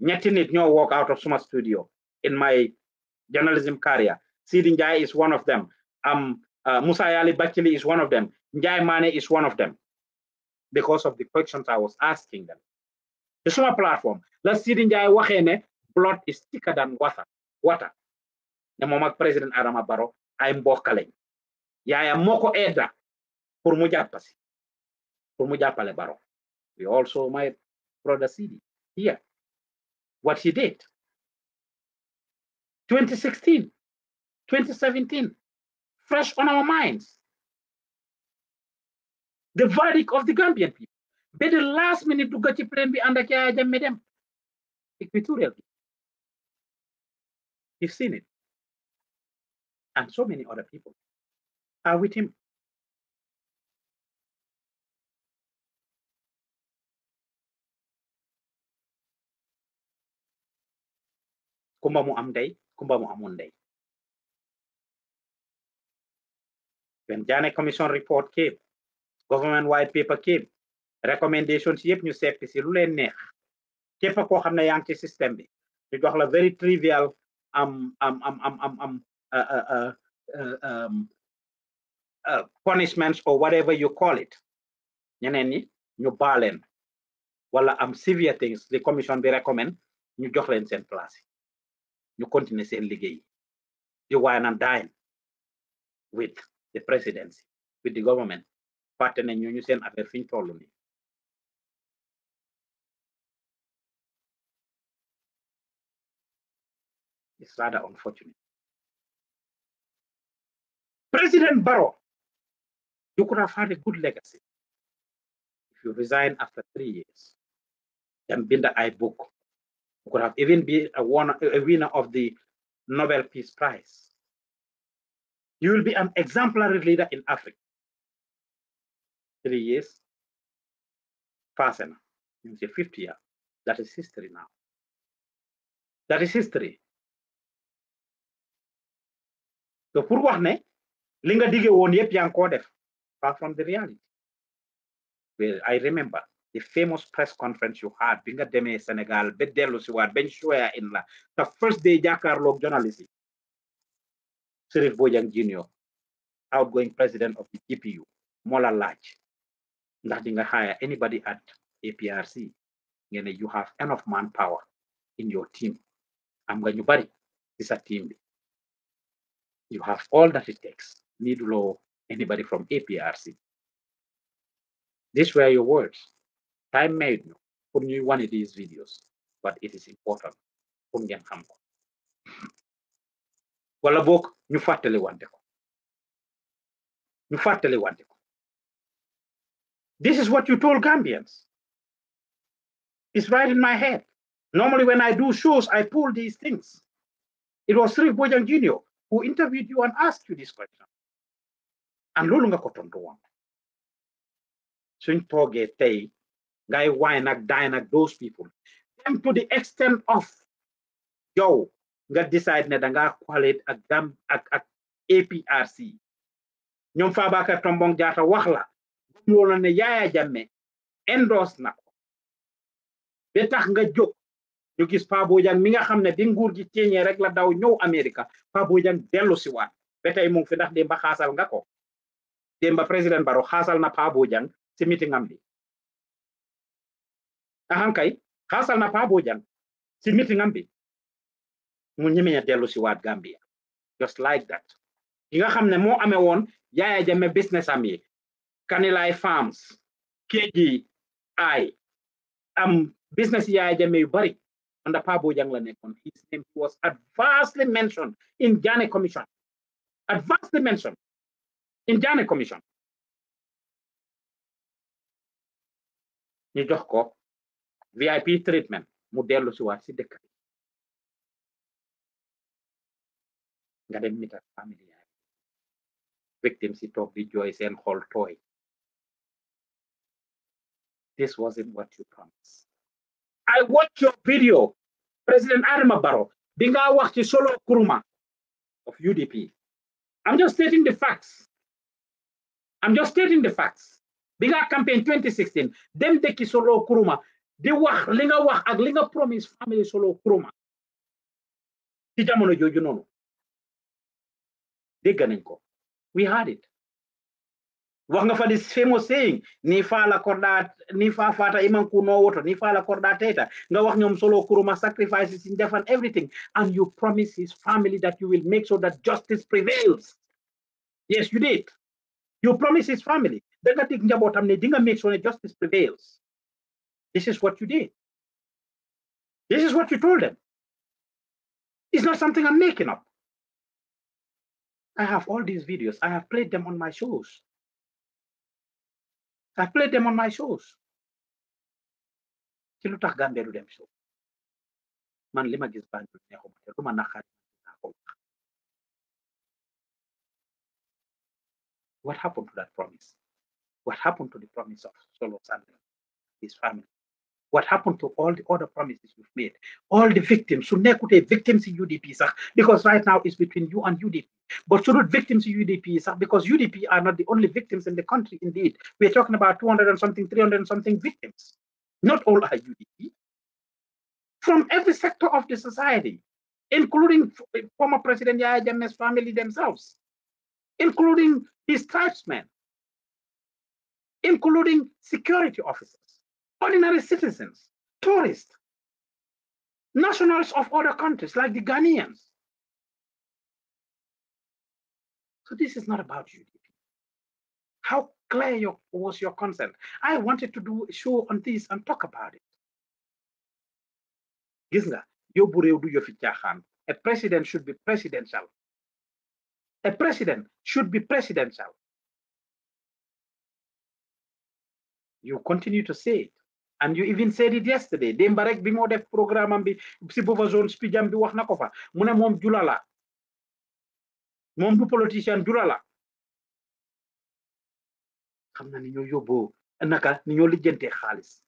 ñetti nit ñoo walk out of suma studio in my journalism career Sidi Njai is one of them um, uh, Musa Yali Bachili is one of them Njai Mane is one of them because of the questions I was asking them The suma platform la Sidi Njai waxee ne blood is thicker than water water ne moom ak président Adama Baro, ay am lañ yaayam I am edda pour mu jàppasi pour mu jàppale we also my brother Sidi here what he did. 2016, 2017, fresh on our minds. The verdict of the Gambian people. Be the last minute to get plan be under care them them. Equatorial. You've seen it. And so many other people are with him. kumba mu am dey kumba mu amul ndey when Janet commission report came government white paper came recommendations yëpp ñu seppi si lu leen neex képp koo xam ne yaa ngi ci système bi ñu jox la very trivial am am am am am am uh, uh, uh, um, punishments or whatever you call it ñeneen ñu baaleen wala am severe things the commission bi recommend ñu jox leen seen place ñu continuer seen liggéey you wine and dine with the presidency with the government partner, and you seen affaire fi ñu it's rather unfortunate President Barrow you could have had a good legacy if you resign after three years build the eye book could have even been a, one, a winner of the Nobel Peace Prize. You will be an exemplary leader in Africa. Three years, fast enough. In the fifth year, that is history now. That is history. So for wax ne Linga nga digge woon yëpp far from the reality. Well, I remember the famous press conference you had bi deme Sénégal ba dellu si waat in la first day jàkkaarloog journalist journalism, Sheriff Bojang Junior outgoing president of the GPU Mola la laaj ndax hire anybody at APRC you have enough manpower in your team i am going to bury this team you have all that it takes law anybody from APRC these were your words time pour ñuy of these videos but it is important pour ngeen xam ko wala boog ñu fàttali wante ko ñu fàttali wante ko this is what you told Gambians it's right in my head normally when I do shows I pull these things it was sri Bojang Junior who interviewed you and asked you this question and loolu nga ko tontu woon suñ toogee tey ngay wine ak dine ak those people dem to the extent of yow nga decide ne danga collate ak gam ak ak APRC ñoom Fabakary Tombong Jatta wax la bu loolu ne Yaya Jammeh endorse na ko tax nga jóg ñu gis Faa Bojang mi nga xam ne di nguur gi ceeñee rek la daw ñëw Amerika Faa Bojang dellu si waat ba tey fi ndax démba xaasal nga ko démba président Barrow xaasal na Faa Bojang si meeting am bi ahankay haasalna paabo jan si meeting am bi mu ñemeña dellu si waat Gambia just like that ki nga xam ne moo amee woon Yaya Jammeh business am yi Kanilai Farms KG I am business Yaya Jammeh yu bari under Paabo Jang la nekkoon his name was adversely mentioned in Janneh commission adversely mentioned in Janneh commission ñu jox ko vip treatment mu dellu si waat si dëkk bi nga dem nit ak famille yaay victim si toog di jooy seen xol tooy this wasn't what you promised i watch your video president adama Baro. bi nga wax ci solo kuruma of udp i'm just stating the facts i'm just stating the facts bi campaign 2016 dem dëkki solo kuruma di wax li nga wax ak li nga promise family solo ci jamono dégg nañ ko we had it wax nga fa this famous saying ni fa la korda ni fa fata iman ku no woto ni fa la korda teta nga wax ñoom solo kuruma sacrifices in defan everything and you promise his family that you will make sure that justice prevails yes you did you promise his family da nga dig njabootam ne di nga make sure that justice prevails this is what you did. This is what you told them. It's not something I'm making up. I have all these videos. I have played them on my shows. I played them on my shows. ci lu Gambia du dem show man li gis Banjul neexuma te lu ma naqaat ko wax what happened to that promise what happened to the promise of Solo his family what happened to all the other promises we have made, all the victims, So, Sunekute victims in UDP, sir, because right now it's between you and UDP. But should victims in UDP, sir, because UDP are not the only victims in the country, indeed. We're talking about 200 and something, 300 and something victims. Not all are UDP. From every sector of the society, including eh, former President Yahya family themselves, including his tribesmen, including security officers ordinary citizens, tourists, nationals of other countries like the Ghanaians. So this is not about UDP. How clear your, was your consent? I wanted to do a show on this and talk about it. gis a president should be presidential a president should be presidential you continue to say it and you even said it yesterday démba rek bi moo def programme am bi si booba zone speed am bi wax na ko fa mu ne moom jula la moom du politicien jula la ni ñoo yóbboo naka ni ñoo lijjantee xaalis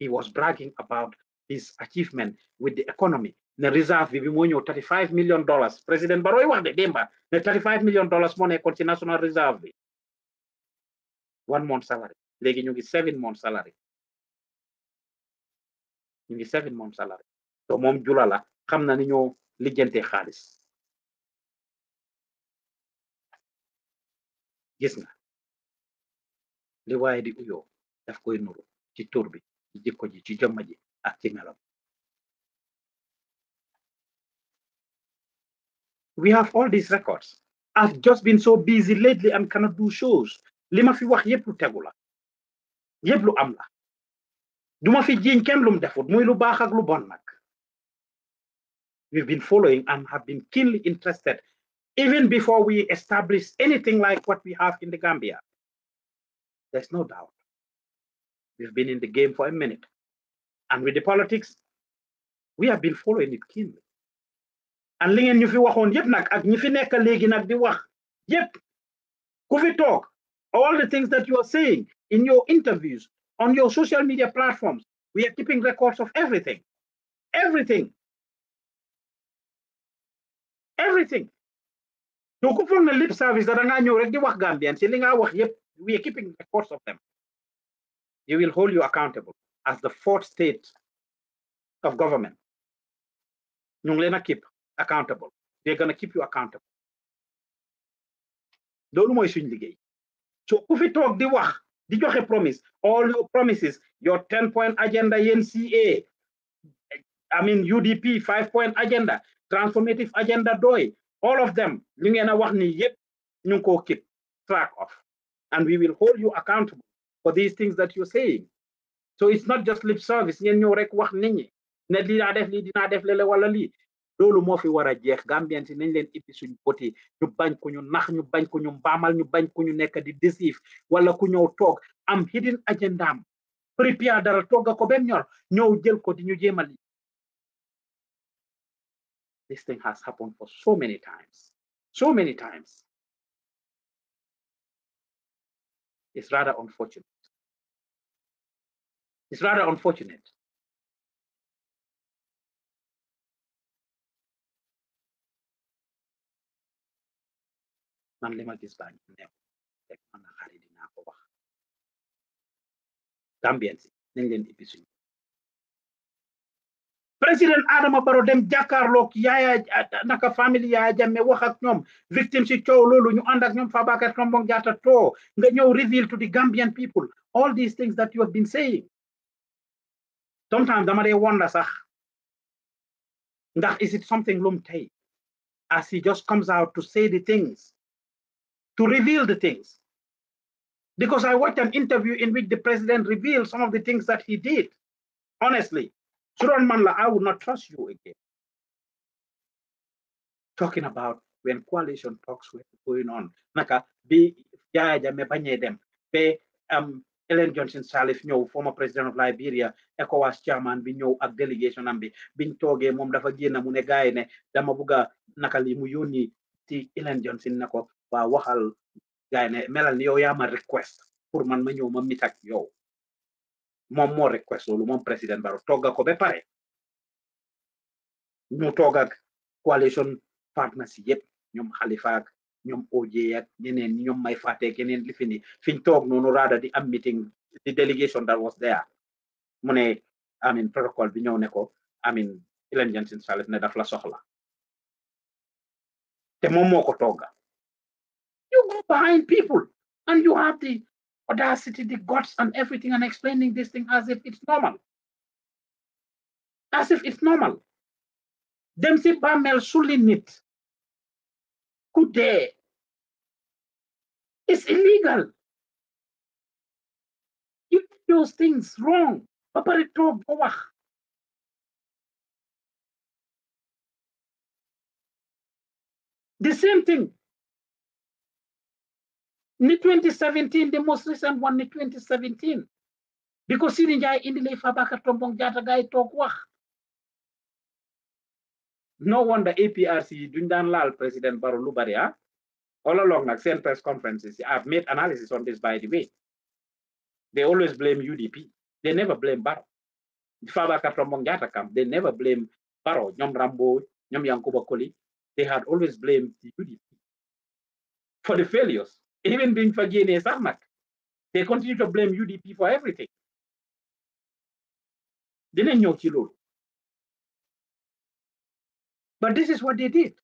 he was bragging about his achievement with the economy The réserve bi bi moo ñëw 35 million dollars président Barrow wax de démba ne 35 million dollars moo nekkoon ci national reserve bi one month salary Legi ñu ngi seven month salary ñu ngi servir moom salari to moom jula la xam na ni ñoo lijjantee xaalis gis nga li waaye di uyoo daf koy nuru ci tur bi ci jikko ji ci jomma ji ak ci melam we have all these records I've just been so busy lately and cannot do shows li ma fi wax yépp lu tegu la yépp lu am la duma fi jiñ kenn lum muy lu baax ak lu bon we've been following and have been keenly interested even before we establish anything like what we have in the Gambia. There's no doubt. We've been in the game for a minute. And with the politics, we have been following it keenly. And li ngeen ñu fi waxoon yep, nag ak ñi fi nekk léegi nag di wax ku fi all the things that you are saying in your interviews on your social media platforms. We are keeping records of everything. Everything. Everything. You go foog ne lip service that I ñëw already di wax Gambian si our nga we are keeping records of them. They will hold you accountable as the fourth state of government. ñu keep accountable. They're gonna keep you accountable. loolu mooy suñ liggéey. so if fi toog di you joxe promise all your promises your ten point agenda NCA I mean UDP five point agenda transformative agenda doy all of them ñu ngeen a wax keep track of and we will hold you accountable for these things that you're saying so it's not just lip service ngeen ñëw rek wax nit ñi ne loolu moo fi war a jeex Gambien si nañ leen ibbi suñ bët ñu bañ ko ñu nax ñu bañ ko ñu mbaamal ñu bañ ko ñu nekk di déceive wala ku ñëw toog am hidden agenda am prépare dara togga ko benn ñor ñëw jël ko di ñu jéemal yi this thing has happened for so many times so many times it's rather unfortunate it's rather unfortunate man li ma gis baa Adama Barrow dem jàkkaarloog yaaya naka famille yaaya jamme wax ak ñoom victime si coow loolu ñu ànd ak ñoom Fabakary Tombong Jatta too nga ñëw reveal to the Gambian people all these things that you have been saying sometimes dama dee wonder sax ndax is it something lum tey as he just comes out to say the things to reveal the things. Because I watched an interview in which the president revealed some of the things that he did. Honestly, Suran Manla, I would not trust you again. Talking about when coalition talks were going on, naka bi jaaja me banye dem be um Ellen Johnson Sirleaf ñëw former president of Liberia ECOWAS chairman bi ñëw ak délégation am bi biñ toogee moom dafa génn mu ne gaay ne dama bugg naka li mu Ellen Johnson ne ko waa waxal gaay ne melal ni yow yaa ma request pour man ma ñëw ma mit ak yow moom moo request lu moom président Barrow togga ko ba pare ñu toog ak coalition partners yëpp ñoom Halifa ak ñoom OJ ak ñeneen ñoom may fàtte ak yeneen li fi ni fiñ toog di am meeting di delegation that was there mu ne amin protocole bi ñëw ne ko amin Ellen Johnson Sirleaf ne daf la soxla te moom moo ko behind people. And you have the audacity, the guts, and everything, and explaining this thing as if it's normal. As if it's normal. Dem si mel sulli nit ku It's illegal. You do those things wrong. The same thing ni 2017 the most recent one in 2017 because Siri Ndiaye indi lay Fabakary Tombong Jatta gaay toog no wonder APRC duñ Lal, président Barrow lu bari all ah. along nag seen press conferences I've made analysis on this by the way they always blame UDP they never blame Barrow Fabakary Tombong Jatta kam they never blame Barrow ñoom Rambo ñoom Yankuba Koli they had always blamed the UDP for the failures even being Fagene is Ahmad. They continue to blame UDP for everything. dinañ ñëw ci loolu but this is what they did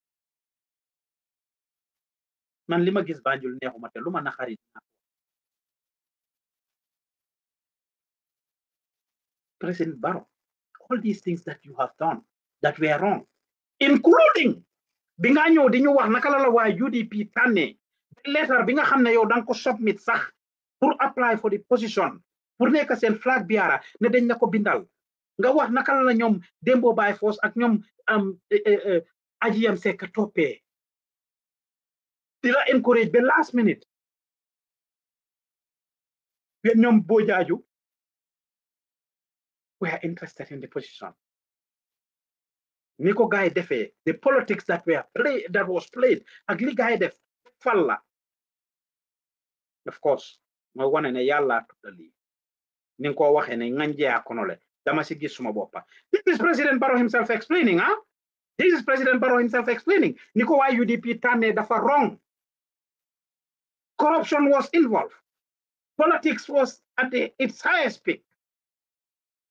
man li gis Banjul neexuma te lu ma naxari naa President Barrow all these things that you have done that were wrong including bi nga ñëw di ñu wax naka la la waa UDP tànnee Letter, bi nga xam ne yow da ko submit sax pour apply for the position pour nekk seen flag biara ne dañ la ko bindal nga wax naka la ñoom Dembo By Force ak ñoom Ajiyam Seka toppee di la encourage ba last minute We ñoom boo jaaju we are interested in the position ni ko gaay defee the politics that we are play that was played ak li gaay def fal la of course ma wone ne yàllaa tudda lii ni nga koo waxee ne ŋanjee kono le dama ci gis suma bopa this is president Baro himself explaining ah this is president Baro himself explaining ni ko UDP tane dafa wrong corruption was involved politics was at its highest peak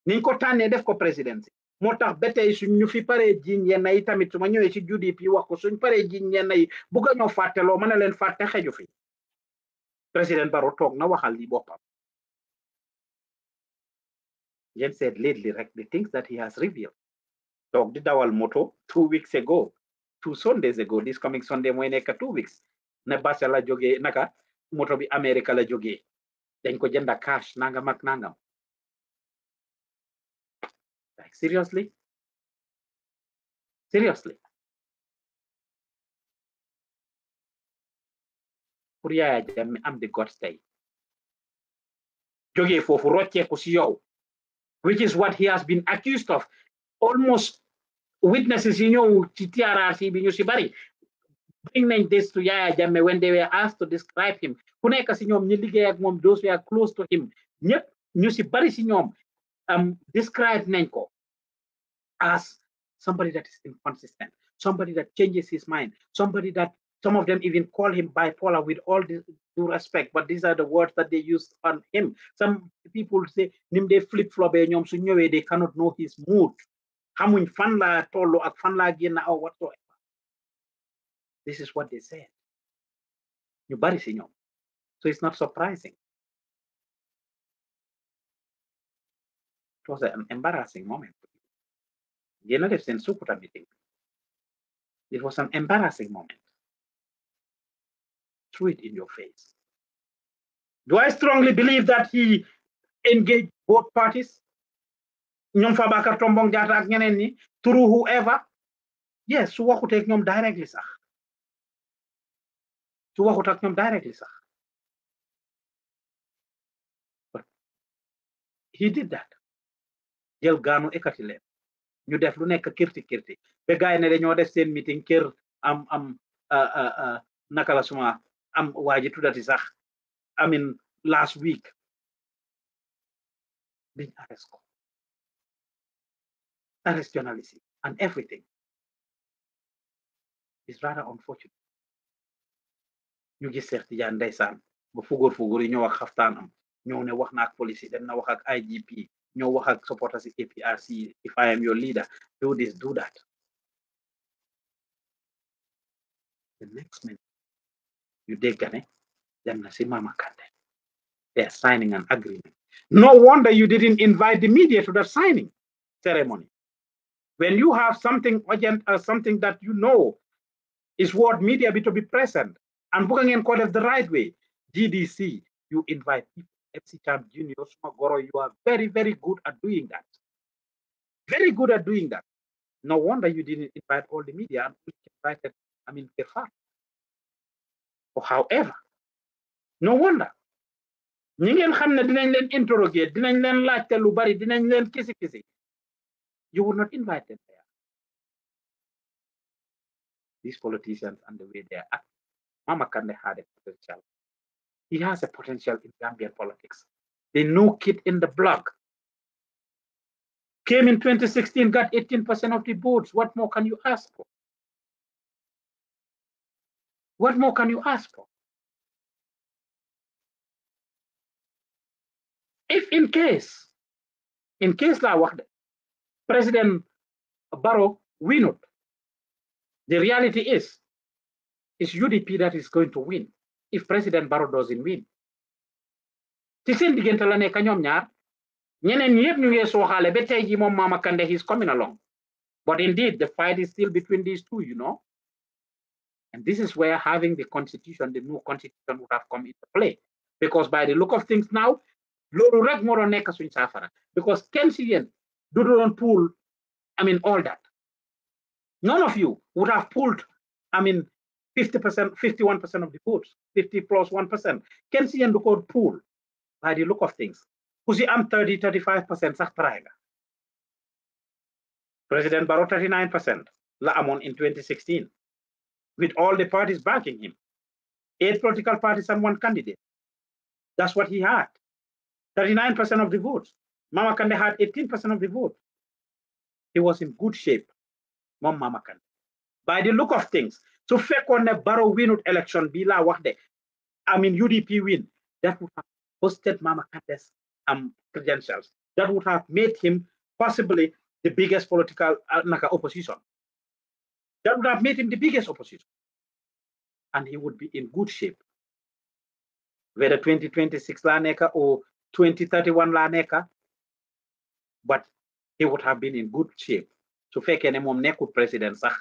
niñ ko tane def ko presidency motax tax suñ ñu fi paré jiñ yenn yi tamit suma ma ci si UDP wax ko suñ paré jiñ yenn yi bugg a ñoo fàtteloo mën a fi President Barrow toog na waxal li boppam Jen said lately rek the things that he has revealed toog di dawal moto two weeks ago two Sundays ago this coming Sunday mooy nekk two weeks ne Barca la jógee naka moto bi America la jógee dañ ko jënda cash nangam ak nangam like seriously seriously pour Yaya Jammeh am the God's tey jógee foofu rocceeku si which is what he has been accused of almost witnesses you know, ci TRRC bi ñu si bari this to Yaya when they were asked to describe him ku nekk si ñoom ak those close to him ñëpp ñu si bari si ñoom um, describe nañ as somebody that is inconsistent somebody that changes his mind somebody that some of them even call him bipolar with all due respect, but these are the words that they used on him. Some people say, Nimde flip flop, they cannot know his mood. Hamuñ fan la tollu ak fan la génn aw whatsoever. This is what they said. Ñu bari si ñoom. So it's not surprising. It was an embarrassing moment. Génn def seen sukuta meeting. It was an embarrassing moment. threw it in your face. Do I strongly believe that he engaged both parties? ñoom Fabakary Tombong Jatta ak ñeneen through whoever yes su waxut ak ñoom directly sax su waxut ak ñoom directly sax he did that jël gaanu ekati leen ñu def lu nekk kirti kirti ba gaay ne dañoo def seen meeting kër am am uh, uh, uh la suma am waa ji tuddati sax amin last week biñ arrest ko arrest journalism and everything is rather unfortunate ñu gis Seex tidiane ndeysaan ba fugóor fugur yi ñoo wax am ñoo ne wax na ak police yi dem na wax ak IGP ñoo wax ak supporters yi APRC if I am your leader do this do that the next minute ñu déggane dem na si Mama they are signing an agreement no wonder you didn't invite the media to the signing ceremony when you have something urgent or uh, something that you know is worth media be to be present and booking and call it the right way gdc you invite people fc champ junior Smagoro. you are very very good at doing that very good at doing that no wonder you didn't invite all the media and invited i mean Kefar however no wonder ñi ngeen dinañ leen interroger dinañ leen laajte lu bari dinañ leen kisi kisi you were not invited there these politicians and the way they are acting Mama Kande had a potential he has a potential in Gambian politics the new kid in the block came in 2016 got 18% of the votes what more can you ask for what more can you ask for? If in case, in case like what President Barrow win it, the reality is, it's UDP that is going to win if President Barrow doesn't win. ci seen diggante la nekk ñoom ñaar ñeneen ñi yëpp he's Mama coming along but indeed the fight is still between these two you know and this is where having the constitution, the new constitution, would have come into play. Because by the look of things now, because kenn si yéen du pull I mean all that none of you would have pulled I mean fifty percent fifty one percent of the votes fifty plus one percent kenn si yéen Pool, by the look of things ku i am 35 percent sax try président Barrow thirty nine percent la amon in twenty sixteen with all the parties backing him. Eight political parties and one candidate. That's what he had. 39% of the vote. Mama Kande had 18% of the vote. He was in good shape, Mom Mama Kande. By the look of things, su fekkoon ne Barrow winut election bii laa wax de I mean UDP win that would have boosted Mama Kande's um, credentials. That would have made him possibly the biggest political uh, opposition that would have made him the biggest opposition. And he would be in good shape. Whether 2026 Laneka or 2031 Laneka, but he would have been in good shape. So fekkee any moom nekkul president sax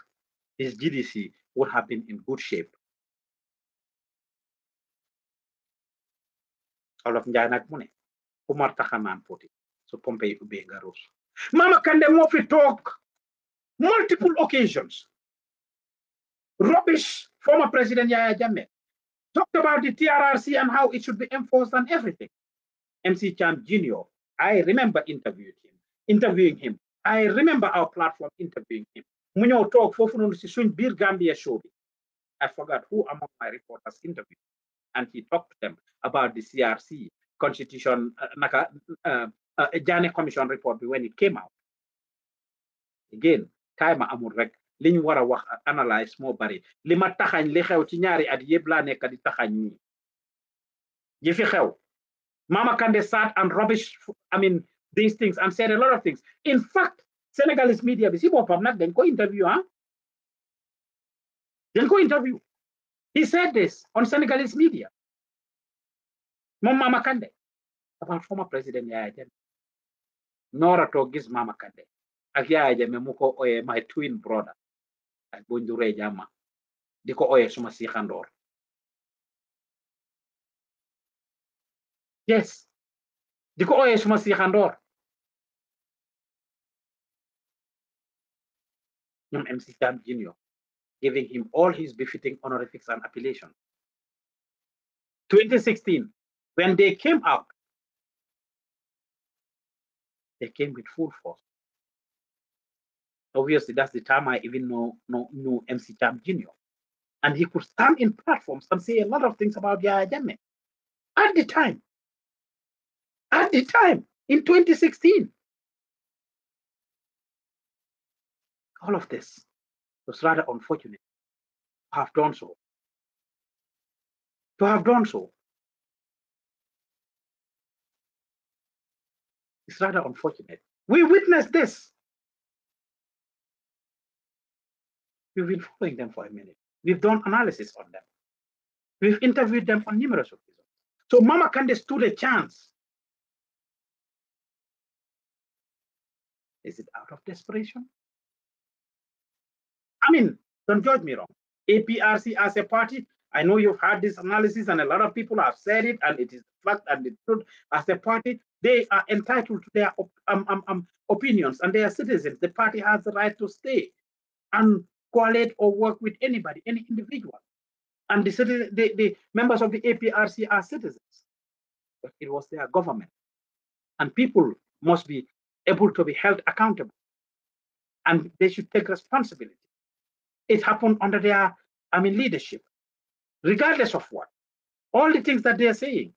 his GDC would have been in good shape. Olof Njaay nag mu Umar poti so Pompey ubbee nga Mama can moo fi multiple occasions rubbish former President Yahya Jammeh talked about the TRRC and how it should be enforced and everything. MC Champ Jr., I remember interviewing him, interviewing him. I remember our platform interviewing him. Munyo talk for Bir Gambia show. I forgot who among my reporters interviewed. And he talked to them about the CRC constitution, uh, uh, uh, Jane Commission report when it came out. Again, time amurek li liñ war a wax analyse moo bari li ma taxañ li xew ci ñaari at yëpp laa nekk di taxañ ñi yi fi xew Mama Kandeh sat and rubbish I mean these things and said a lot of things in fact Senegalese media bi si boppam nag dañ ko interview ah dañ ko interview he said this on Senegalese media moom Mama Kandeh about former president Yaya Jammeh nooratoo gis Mama Kandeh ak Yaya Jammeh mu ko ooyee my twin brother ak boo nduree jàmma di ko oye suma siixandoor yes di ko oye suma siixandoor ñoom MC Jam Junior giving him all his befitting honorifics and appellation 2016 when they came out they came with full force Obviously, that's the time I even know, know knew MC Cham Jr. And he could stand in platforms and say a lot of things about the Jammeh at the time. At the time, in 2016. All of this was rather unfortunate to have done so. To have done so. It's rather unfortunate. We witnessed this We've been following them for a minute. We've done analysis on them. We've interviewed them on numerous occasions. So Mama Kande stood a chance. Is it out of desperation? I mean, don't judge me wrong. APRC as a party, I know you've had this analysis and a lot of people have said it and it is fact and the truth. As a party, they are entitled to their um, um, um, opinions and they are citizens. The party has the right to stay. And collate or work with anybody, any individual. And the, citizen, the, the members of the APRC are citizens, but it was their government. And people must be able to be held accountable and they should take responsibility. It happened under their, I mean, leadership, regardless of what. All the things that they are saying.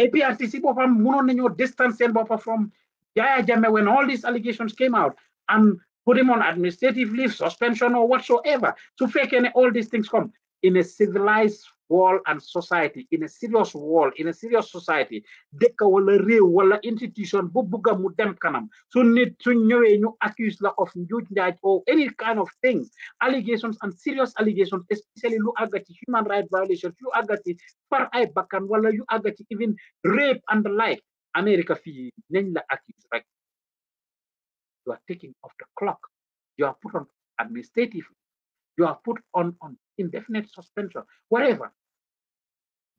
APRTC Bopa distance distanced Bopa from Jaya Jame when all these allegations came out. And put him on administrative leave, suspension, or whatsoever. To fake any, all these things come in a civilized world and society, in a serious world, in a serious society. Dëkk wala réew wala institution bu bugga mu dem kanam So need to know any accuse la of njuuj or any kind of thing, allegations and serious allegations especially lu agati human rights violations you agati ci far ay bakkan wala you agati even rape and the like America fi nañ la accuse rek you are taking off the clock. You are put on administrative. You are put on, on indefinite suspension, whatever.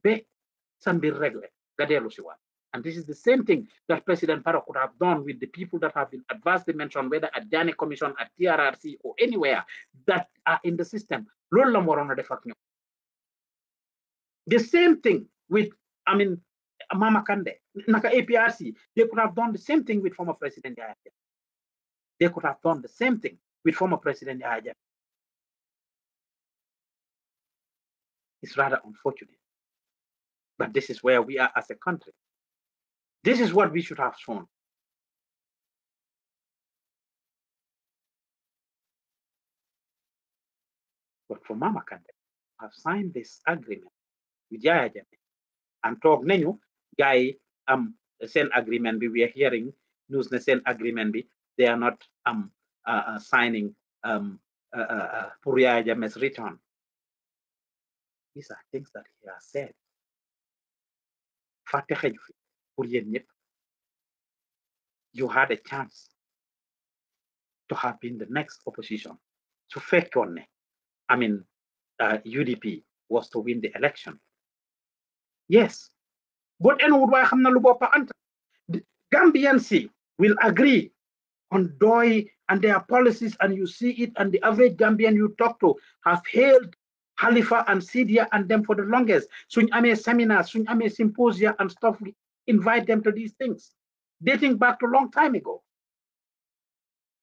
can be And this is the same thing that President Barrow could have done with the people that have been adversely mentioned, whether at the Commission, at TRRC, or anywhere that are in the system. The same thing with, I mean, Mama Kande, APRC, they could have done the same thing with former President Yahya. They could have done the same thing with former President Yahya. It's rather unfortunate. But this is where we are as a country. This is what we should have shown. But for Mama Kande, have signed this agreement with Yaya Jame. And talk Nenu, guy um same agreement we are hearing news the same agreement bi they are not um, uh, uh signing um, uh, uh, uh as return. These are things that he has said. You had a chance to have been the next opposition. To fake one, I mean, uh, UDP was to win the election. Yes. But Enwood, Gambian C will agree on DOI and their policies, and you see it, and the average Gambian you talk to have hailed Halifa and Sidia and them for the longest. So Suny Ame seminars, Suny Ame symposia and stuff, we invite them to these things, dating back to a long time ago.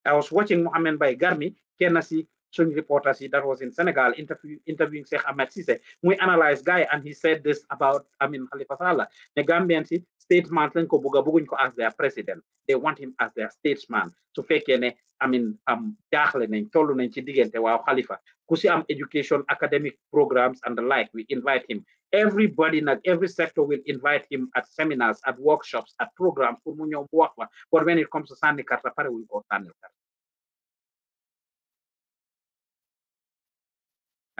I was watching Mohammed by Garmi, Kenasi, showing reporters that was in Senegal interview, interviewing Sheikh Ahmed Sisse. We analyzed guy and he said this about I mean Khalifa Sallah. The Gambian statesman, len ko buga as their president. They want him as their statesman. to fake. ne I mean am jaaxle nañ toll nañ ci diggante waaw Khalifa ku si am education academic programs and the like we invite him. Everybody in every sector will invite him at seminars at workshops at programs but when it comes to sànni karta pare go ko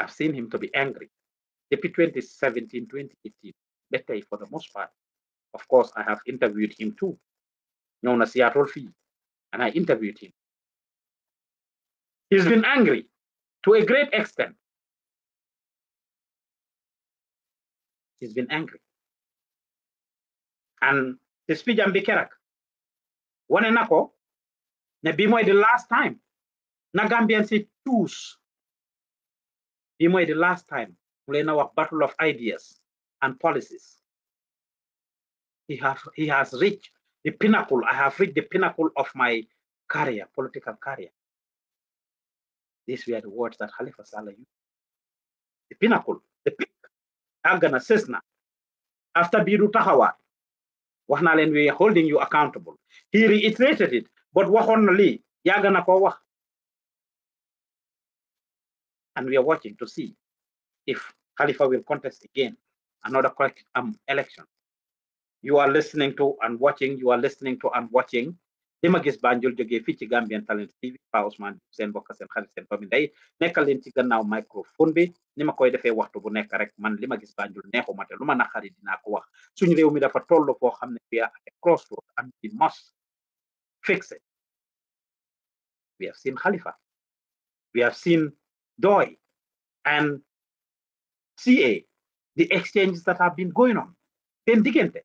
I've seen him to be angry. Between 2017, 2018, better for the most part. Of course, I have interviewed him too. Known as Seattle Fee, and I interviewed him. He's been angry to a great extent. He's been angry. And the speech and Bikerak. One and a half. na bimoy the last time, na Gambians choose bi mooy last time mu our battle of ideas and policies he has he has reached the pinnacle i have reached the pinnacle of my career political career these were the words that Khalifa Salah used the pinnacle the peak Agana na after bii du taxawaat wax naa holding you accountable he reiterated it but waxoon na lii yàgg na and we are watching to see if Khalifa will contest again another um, election. You are listening to and watching, you are listening to and watching li ma gis Banjul jógee fii ci Gambian talent TV Pa Sen seen and seen xarit seen famille Tigan now leen ci gannaaw microphone bi ni ma koy defee waxtu bu nekk rek man li ma gis Banjul Neho te lu Nakua, naqari dinaa ko wax suñu réew mi dafa toll foo xam ne at a crossroad and we must fix it we have seen Khalifa we have seen DOI, and CA, the exchanges that have been going on Then diggante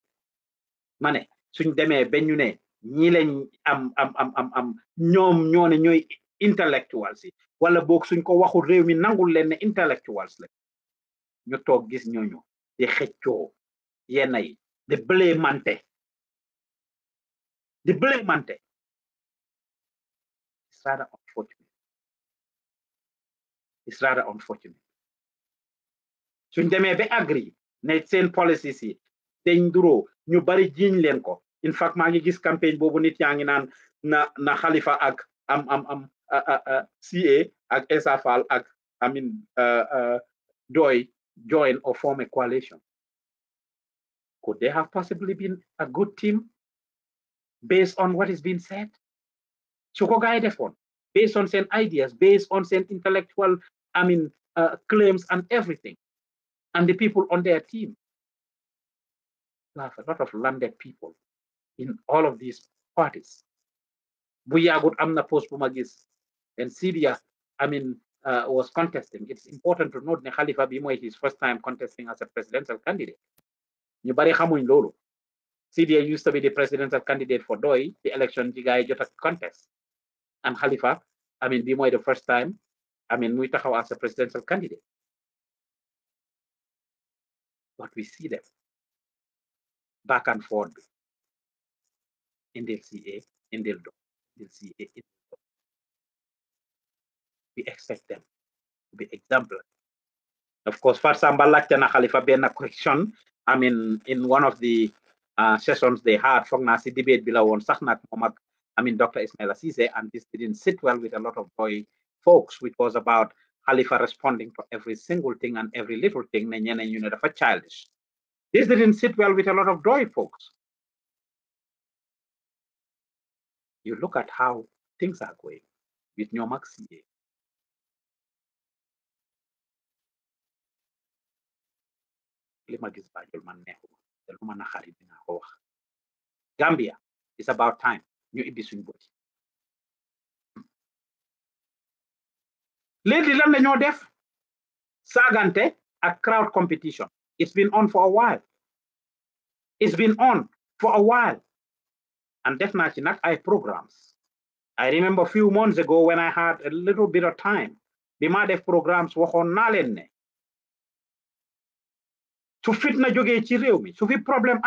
ma ne suñ deme ba nilen am am am am am nyom ñoo ne intellectuals yi wala boog suñ ko waxul réew mi nangul leen ne intellectuals la ñu toog gis ñooñu di xëccoo yenn yi di blémante di blémante is rather unfortunate suñ demee ba agri net same policies they dañ new ñu bari jiiñ leen in fact my ngi gis campagne boobu nit na na Khalifa ak am am am CA ag Essa ag. I mean Doy join or form a coalition could they have possibly been a good team based on what is being said su ko gaa yi based on certain ideas based on certain intellectual I mean, uh, claims and everything, and the people on their team. have a lot of landed people in all of these parties. Buyagut Amna Postbumagis and Syria, I mean, uh, was contesting. It's important to note that Khalifa Bimoy his first time contesting as a presidential candidate. ñu bari in Lolo. Sidia used to be the presidential candidate for DOI the election ji gaay jot a contest and Khalifa I mean bi the first time I mean, Muitahaw as a presidential candidate. But we see them back and forth in the LCA, in the LCA, in the We expect them to be examples. Of course, for example, like Tana Khalifa a question, I mean, in one of the uh, sessions they had, Fognasi debate below on Sahnak Momak, I mean, Dr. Ismail Asise, and this didn't sit well with a lot of boys folks, which was about Khalifa responding to every single thing and every little thing, Nenyana unit of a childish. This didn't sit well with a lot of Doi folks. You look at how things are going with Nyomak CA. Gambia, it's about time. You ibisuñ lady lan la ñoo def saagante a crowd competition it's been on for a while it's been on for a while and definitely not. I programmes I remember a few months ago when I had a little bit of time bi maa def programmes were on leen ne su fitna jógee ci réew mi su fi problème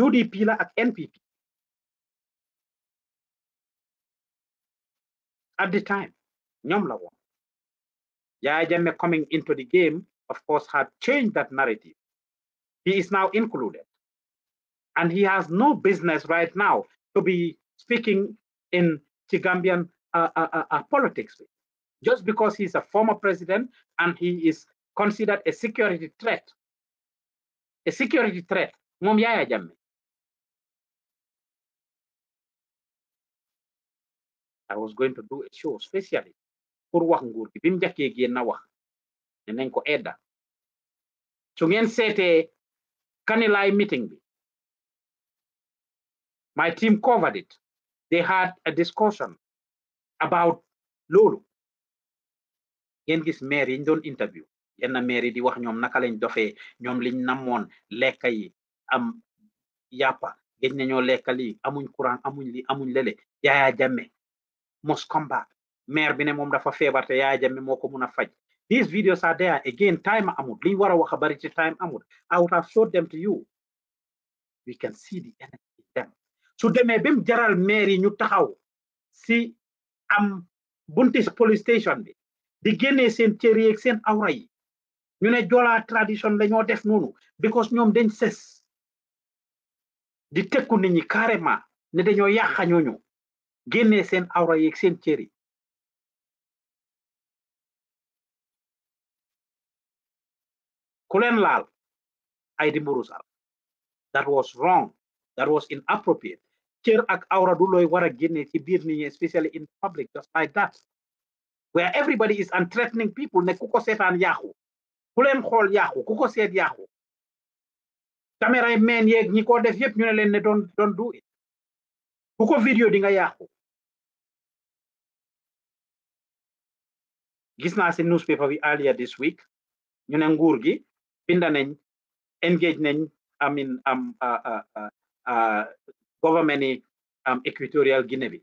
UDP la ak NPP at the time ñoom la Yaya Jammeh coming into the game of course had changed that narrative he is now included and he has no business right now to be speaking in Chigambian uh, uh, uh, uh, politics just because he's a former president and he is considered a security threat a security threat moom Yaya Jammeh I was going to do a show specially. pour wax nguur gi bi mu njëkkee génn na wax ne nañ ko edda su ngeen seetee kanilaay meeting bi my team covered it they had a discussion about loolu ngeen gis maire yi ñu doon interview yenn maire yi di wax ñoom naka lañ dofee ñoom liñ namoon lekka yi am yàppa géej ño lekka lii amuñ courant amuñ li amuñ lele Yaya Jammeh must come maire bi ne moom dafa feebar te Yaya Jammeh moo ko mun a faj these videos are there again time amul li ñu war a wax bari ci time amul I soo have showed them to you we can see the energy in su demee ba jaral maire yi ñu taxaw si am bunti police station bi di génnee seen cër yeeg seen awra yi ñu ne joolaa tradition dañoo def noonu because ñoom dañ ses di tekku ni ñi carrément ne dañoo yàqa ñooñu génnee seen awra yeeg seen cër Kulen Lal, ay di mburusal that was wrong that was inappropriate cër ak awra du looy war a génne ci biir nit especially in public just like that where everybody is and threatening people ne kuko ko seetaan kulen ku leen kuko yaaxu ku caméra yi meen yeeg ñi ko def yëpp ñu ne leen ne doon doon do it kuko vidéo di nga yaaxu gis naa si newspaper bi earlier this week ñu ne nguur gi bind nañ engage nañ I mean am um, uh, uh, uh, government yi am um, Equatorial Guinea bi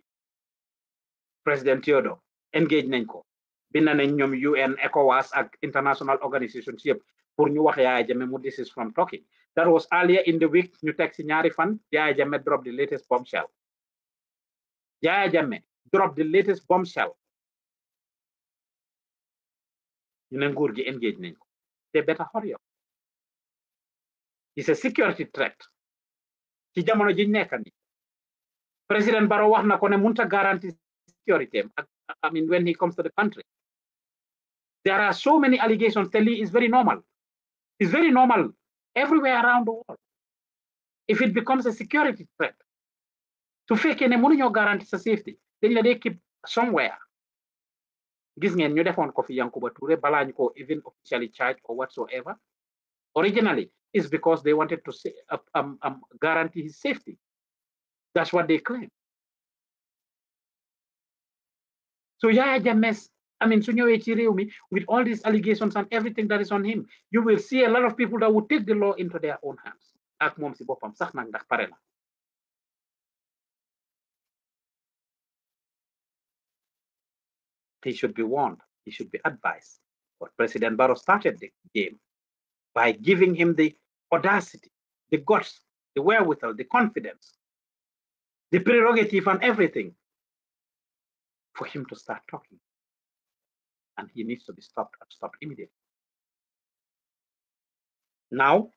président Theodore engage nañ ko bind nañ ñoom UN ECOWAS ak international organisations yëpp pour ñu wax Yaya Jammeh mu this is from talking. that was earlier in the week ñu teg si ñaari fan Yaya Jammeh drop the latest bombshell Yaya Jammeh drop the latest bombshell ñu ne nguur gi engage nañ ko they better hurry up is a security threat ci jamono ji nekk ni président Barrow wax na ko ne munta guarantee security I mean when he comes to the country there are so many allegations te is very normal it's very normal everywhere around the world if it becomes a security threat fake any ne or guarantee sa safety dañ la keep somewhere gis ngeen ñu defoon ko fi Yankuba Touré balaa ñu ko even officially charge or whatsoever originally is because they wanted to say, um, um, um, guarantee his safety. That's what they claim. So Yaya James, I mean, Sunyo Echireumi, with all these allegations and everything that is on him, you will see a lot of people that will take the law into their own hands. He should be warned. He should be advised. But President Barrow started the game by giving him the audacity, the guts, the wherewithal, the confidence, the prerogative, and everything for him to start talking. And he needs to be stopped and stopped immediately. Now,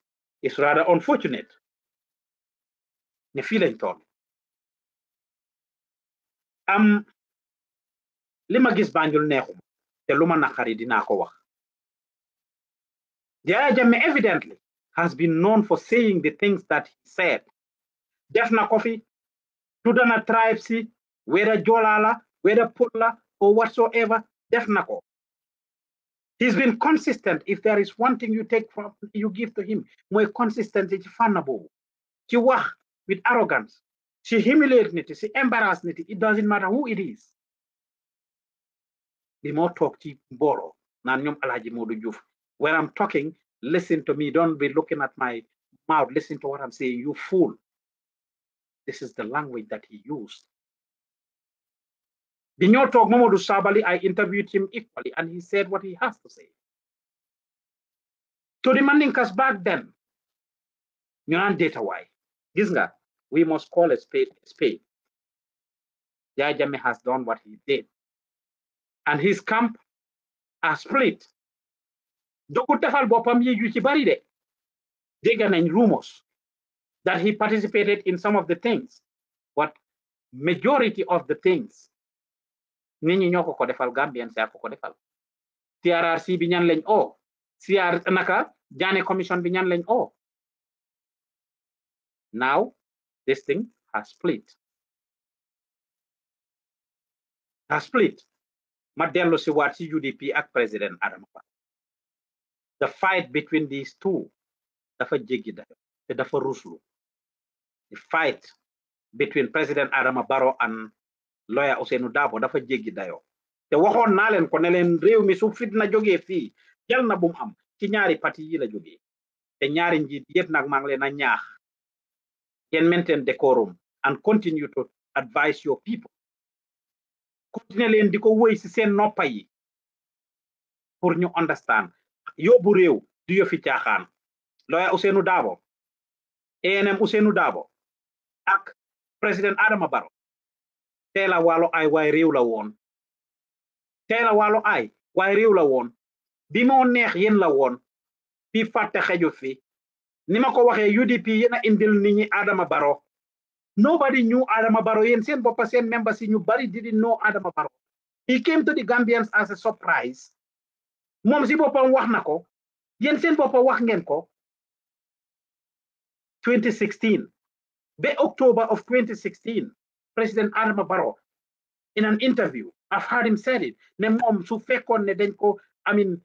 it's rather unfortunate. Nefilington. am li ma gis Banjul neexuma te lu ma naqari ko wax Yahya Jammeh evidently has been known for saying the things that he said. Def Kofi, ko fi whether Jola whether Putla or whatsoever def He's been consistent. If there is one thing you take from you give to him, more consistency it's funnable. He ci with arrogance ci humiliate nit yi embarrass it doesn't matter who it is. The more talk, the more. naan ñoom Alaaji where I'm talking, listen to me. Don't be looking at my mouth. Listen to what I'm saying, you fool. This is the language that he used. Binyo talk Momodu Sabali, I interviewed him equally, and he said what he has to say. To demanding us back then, Nyan data why. Gisnga, we must call a spade a spade. Yajame has done what he did. And his camp are split dogu taxal boppam yi yu ci bari de nañ rumors that he participated in some of the things but majority of the things nit ñi ñoo ko ko defal Gambien si ko ko defal TRRC bi ñan lañ o CR naka Jane commission bi ñan lañ o now this thing has split has split ma dellu si UDP ak president Adama the fight between these two dafa jéggi dayo te dafa ruslu the fight between president Adama Baro and lawyer Ousseynou Dabo dafa jéggi dayo te waxoon naa leen ko ne leen réew mi su fitna jógee fii jal na bum am ci ñaari parti yi la jógee te ñaari njiit nag maa ngi leen a ñaax maintain decorum and continue to advise your people continue leen di ko wëy si seen noppa pour ñu understand yóbbu réew du yëfi caaxaan looya Ousseynou Daabo ENM seenu Daabo ak président Adama Barrow teela waalo ay waaye réew la woon teela waalo ay waaye réew la woon bi moo neex yéen la woon bi fàtte xeju fi ni ma ko waxee UDP yéen a indil ni ñi Adama Barrow nobody knew Adama baro yéen seen boppa seen members yi ñu bari didn't know Adama Barrow he came to the Gambians as a mom si boppam wax na ko yéen seen wax ngeen ko 2016 ba October of 2016 President Adama baro in an interview I've heard him said it ne moom su fekkoon ne dañ ko mean,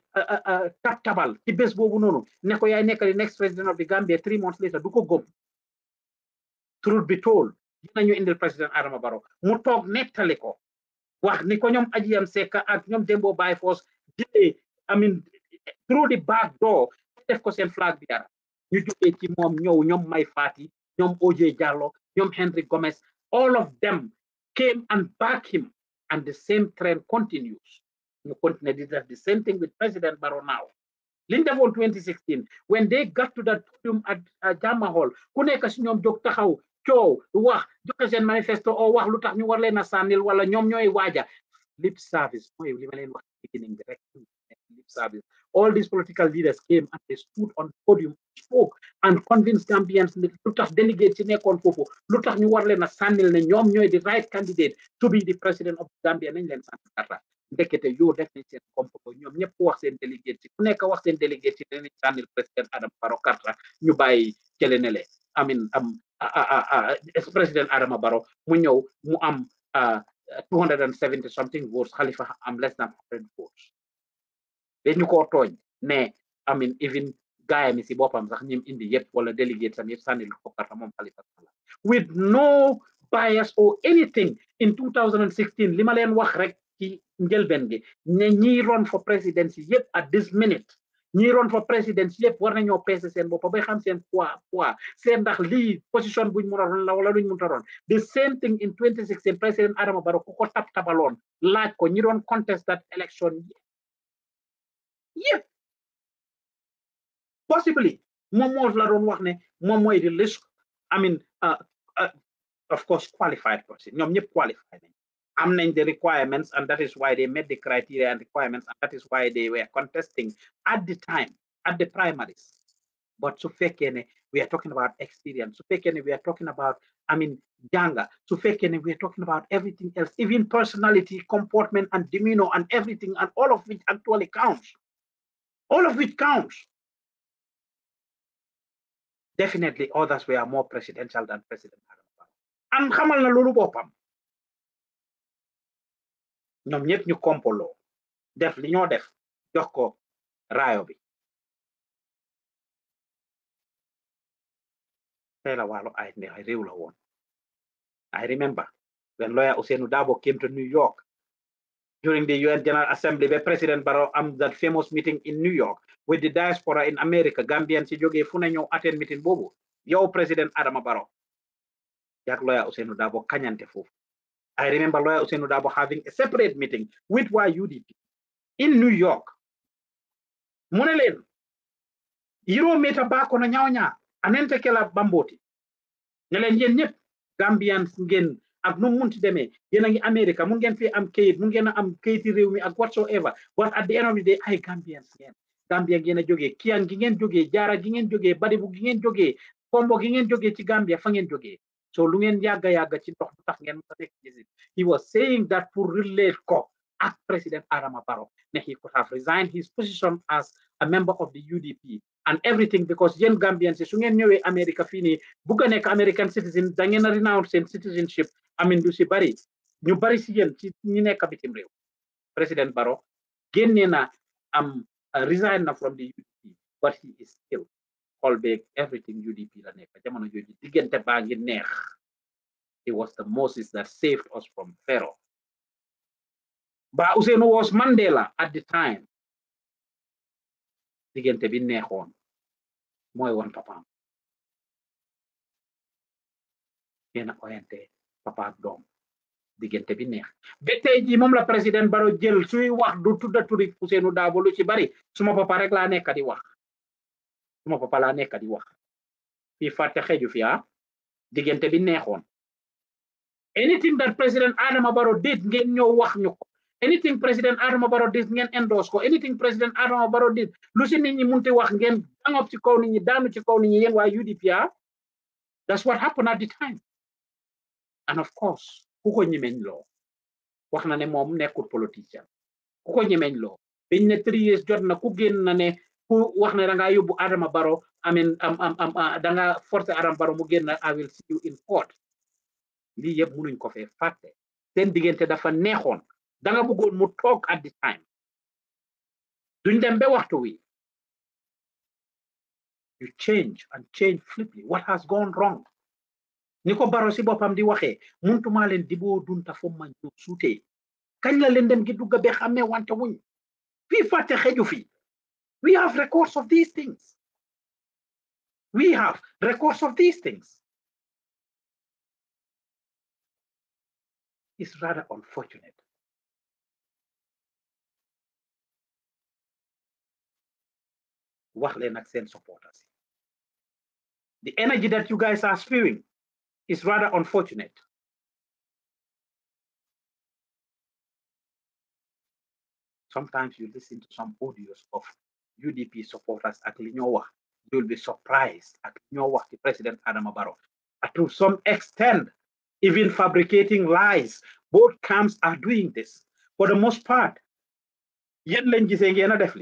taptabal ci bés boobu noonu ne ko yaay nekk next president of the Gambia three months later du ko gëm truth be told dinañu indil président Adama Barrow mu toog nettali ko wax ni ko ñoom Ajiyam Seka ak Dembo Bayfos force. I mean through the back door of course, seen flag there. You do ci moom ñëw ñoom Mai Fatty ñoom OJ Jallow ñoom Henry Gomez all of them came and backed him and the same trend continues You continue di def the same thing with President Barrow now liñ defoon 2016 when they got to that podium at uh, Jammeh Hall ku nekk si ñoom jóg taxaw coow wax joxe seen manifesto o wax lu tax ñu war leen a sànnil wala ñoom ñooy waaja lip service mooy li ma leen wax beginning bi service. All these political leaders came and they stood on the podium, spoke, and convinced Gambians lu tax délégué ci nekkoon foofu lu tax ñu war leen a the right candidate to be the president of Gambia and leen sant dara ndekete yoo def nañ seen complot in the wax seen délégué ci ku nekk wax seen délégué président Adama Barrow karta ñu bàyyi cële ne le président Arama Barrow we know mu ah, 270 something votes Khalifa am less than 100 votes dañu koo tooñ mais amin even gaayam yi si boppam sax ñim indi yëpp wala délégué tam yëpp sànni ko karta moom Halifa Sallah with no bias or anything in 2016 li ma leen wax rek ci njëlbeen gi ne ron for presidency yëpp at this minute ñiy ron for presidency yëpp war nañoo peese seen bopp bay xam seen poids poids seen ndax lii position buñ mun a ron la wala luñ mun ron the same thing in 2016 président Adama Barrow ku ko tab tabaloon laaj ko ñi doon contest that election yëpp possibly moom moo la doon wax ne moom mooy list I mean uh, uh, of course qualified person ñoom ñëpp qualified I am nañ the requirements and that is why they met the criteria and requirements and that is why they were contesting at the time at the primaries but su fekkee we are talking about experience su fekkee we are talking about I mean jànga su fekkee we are talking about everything else even personality comportment and demeanor and everything and all of which actually counts all of which counts. Definitely others were more presidential than President Adam And xamal na loolu boppam ñëpp ñu kompoloo def li ñoo def jox ko raayo bi tey la waalo ay la I remember when lawyer Usenu Dabo came to New York during the UN General Assembly where President Barrow am that famous meeting in New York with the diaspora in America Gambian ci jógee fu ne attend meeting Bobo, Yo President Adama Barrow yaag lawyer Ousainou Darboe kañante I remember lawyer Ousainou having a separate meeting with waa UDP in New York mu ne metabako na ñaaw ñaa anente kela bamboti ne leen yéen ñëpp ak nu munti demee yéen a America mun ngeen fi am kayit mun ngeen a am kayiti réew mi ak whatsoever but at the end of the day ay Gambians ngeen Gambia ngeen a Kian gi ngeen jógee Jara gi ngeen jógee Badibu gi ngeen jógee Kombo gi ngeen jógee ci Gambia fa ngeen jógee so lu ngeen yàgga yàgga ci ndox tax ngeen mën a nekk he was saying that for relate ko ak President Adama Barrow ne he could have resigned his position as a member of the UDP and everything because yéen Gambians yi su ngeen ñëwee America fii nii bugg a American citizen da ngeen a renounce seen citizenship amin lu si bari ñu bari si ñu nekk bitim réew président Barrow génnee na am uh, resign na from the UDP but he is still xool beeg everything UDP la nekk jamono jooju diggante baa ngi neex he was the Moses that saved us from Pharaoh ba Ousainou was Mandela at the time diggante bi neexoon mooy woon papaam yéena orienté Papa dom digënté bi neex ba tay ji mom la président baro jël suy wax du tudda turi Ousseynou Dabo lu ci bari suma papa rek la nekk di wax suma papa la nekk di wax fi faté xéju fi ha digënté bi neexoon anything that president Adama baro did ngeen ñoo wax ñuko anything president Adama baro did ngeen endorse ko anything president Adama baro did lu ci nit ñi munti wax ngeen dangop ci kaw nit ñi daanu ci kaw nit ñi yeen wa UDP that's what happened at the time and of course ku ko ñemeñ loo wax na ne moom nekkul politicien ku ko ñemeñ loo biñ ne three years jot na ku génn na ne ku wax ne da ngaa yóbbu Adama amin am am am ah, da forcé mu génn I will see you in court lii yëpp munuñ ko fee fàtte seen diggante dafa neexoon da nga bëggoon mu toog at the time duñ dem ba waxtu wi you change and change flippantly what has gone wrong baro di dunta fo kañ la dem gi dugga be wante wuñ xeju we have records of these things we have records of these things it's rather unfortunate wax leen ak supporters the energy that you guys are spewing is rather unfortunate. Sometimes you listen to some audios of UDP supporters at Linyowa. You'll be surprised at Linyowa, the President Adam Barrow. To some extent, even fabricating lies, both camps are doing this. For the most part, yet lañ gisee ngeen a def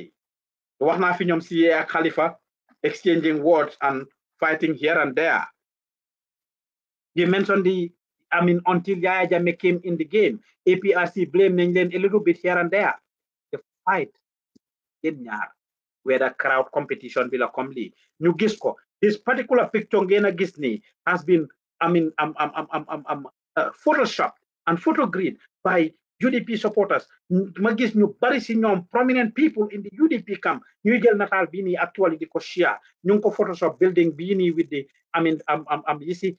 Khalifa exchanging words and fighting here and there they mentioned the, I mean, until Yaya Jame came in the game, APRC blamed England a little bit here and there. The fight in Nyar, where the crowd competition will accompany. New Gisco, this particular picture Ngena Gisney has been, I mean, um, um, um, um, um, um, uh, photoshopped and photogrid by UDP supporters. Magis New ñu bari prominent people in the UDP camp Nigel jël nataal actually the ko share ñu photoshop building Bini with the I mean am am am you see.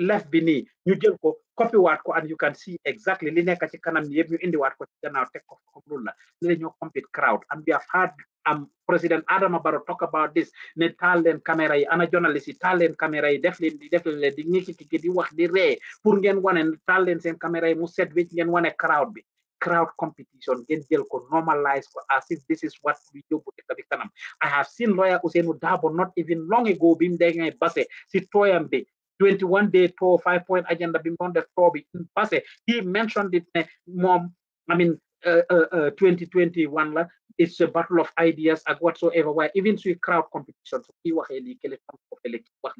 Left bi nii ñu jël ko copy waat ko and you can see exactly li nekk ci kanam ni yëpp ñu indiwaat ko ci gannaaw teg ko comme loolu la li la ñoo complete crowd and we have had am um, président Adama Baro talk about this ne taal leen caméra yi ana journalist yi taal leen caméra yi def leen di def leen di ñikikiki di wax di ree pour ngeen wane taal leen seen caméra yi mu set wécc ngeen wane crowd bi crowd competition ngeen jël ko normalize ko as if this is what we do but dëkk bi kanam I have seen lawyer Ousseynou Dabo not even long ago Bim mu dee ngay base si tooyam bi 21 day tour, five point agenda beyond the Toby in Pase. He mentioned it, mom, I mean, uh, uh, uh, 2021 it's a battle of ideas ak whatsoever Why even suy crowd competition su kii waxee lii kële fan ko fële kii wax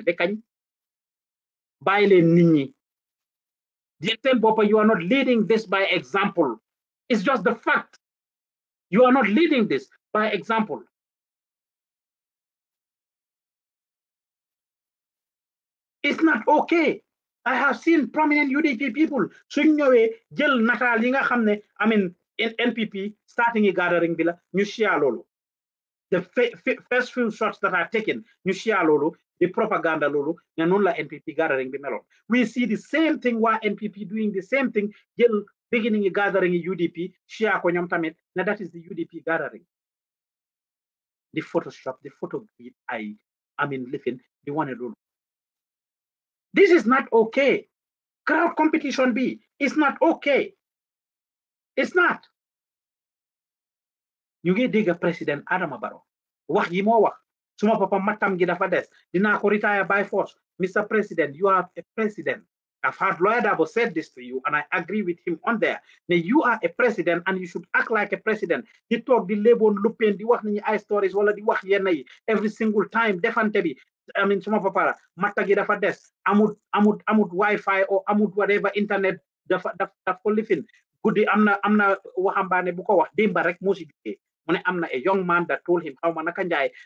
lii kële you are not leading this by example it's just the fact you are not leading this by example it's not okay I have seen prominent UDP people suñ away jël nataal I mean in NPP starting a gathering villa, la Lolo. the first few shots that are taken ñu Lolo, the propaganda Lolo, ne NPP gathering villa. we see the same thing Why NPP doing the same thing jël beginning a gathering UDP share Konyam ñoom tamit that is the UDP gathering The photoshop di I, I mean, living the one loolu this is not okay. Crowd competition B is not okay. It's not. You get dégg président Adam Abaro. wax yi moo suma papa matam gida dafa Dina dinaa retire by force Mr. President you are a president I've heard Lawyer Dabo said this to you and I agree with him on there Now you are a president and you should act like a president He toog the label looping the wah nit ñi eye stories wala di wah yenai. every single time defantebi. I mean, some suma papa matta gi dafa des amut amut amut fi or amut whatever internet dafa dafa ko lifin guddi am na am na waxambaane bu ko wax démba rek moo si jógee mu ne am a young man that told him how ma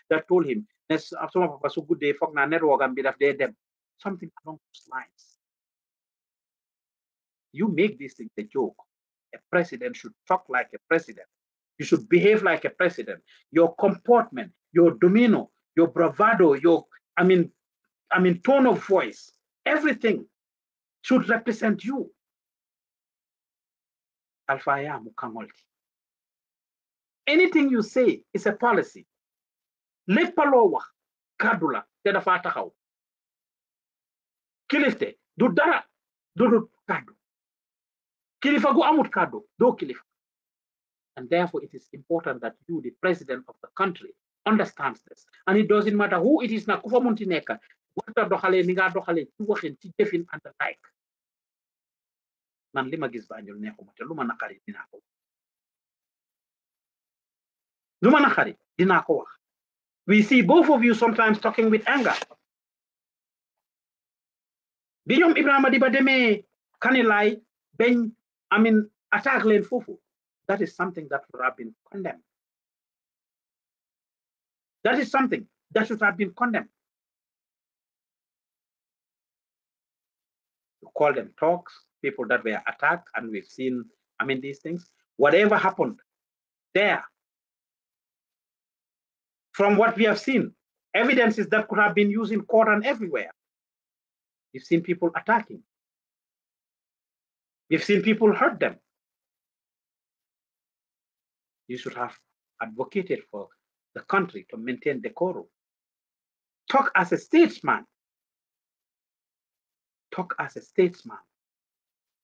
that told him ne some of su guddee foog naa network am bi daf dee them. something along those lines you make these things a joke a president should talk like a president you should behave like a president your comportment your domino your bravado your I mean, I mean, tone of voice, everything should represent you. Alfaya Mukangolti. Anything you say is a policy. Lépp Kadula, wax kàddu kilifte du dara du dul kàddu kilifa amut and therefore it is important that you the president of the country understands this and it doesn't matter who it is Nakufa Montineka, fa munti nekk warta doxalee ni ngaa doxalee ci and the like man lima ma gis Banjul neexuma te lu ma naqari ko wax lu ma ko wax we see both of you sometimes talking with anger bi Ibrahim Ibrahima di ba Ben. I mean attack leen foofu that is something that would have been condemned that is something that should have been condemned. You call them talks, people that were attacked, and we've seen, I mean, these things. Whatever happened there, from what we have seen, evidences that could have been used in court and everywhere. We've seen people attacking. We've seen people hurt them. You should have advocated for the country to maintain decorum. Talk as a statesman. Talk as a statesman.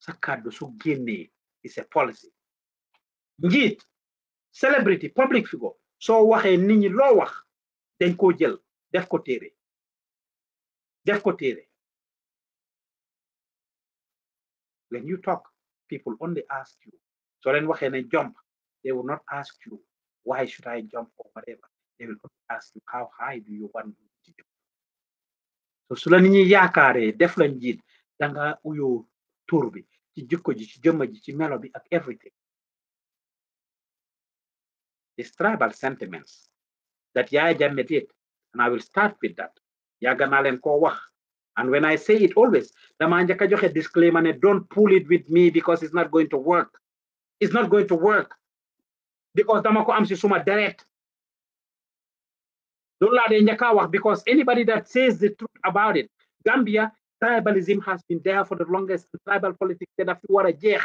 Sakadosu Guinea is a policy. Njit, celebrity, public figure. So waxee nini ñi loo wax jël def ko def ko when you talk people only ask you So leen waxee ne they will not ask you why should I jump or whatever? They will ask you, how high do you want me to jump? So su la nit ñi yaakaaree def la njiit da nga ci jikko ji ci ji ci melo bi ak everything. These tribal sentiments that Yaya Jammeh did, and I will start with that. yàgg naa leen koo and when I say it always the manjaka joke, disclaimer don't pull it with me because it's not going to work. It's not going to work because dama ko am si suma deret loolu laa dee njëkk wax because anybody that says the truth about it Gambia tribalism has been there for the longest tribal politics that have fi war a jeex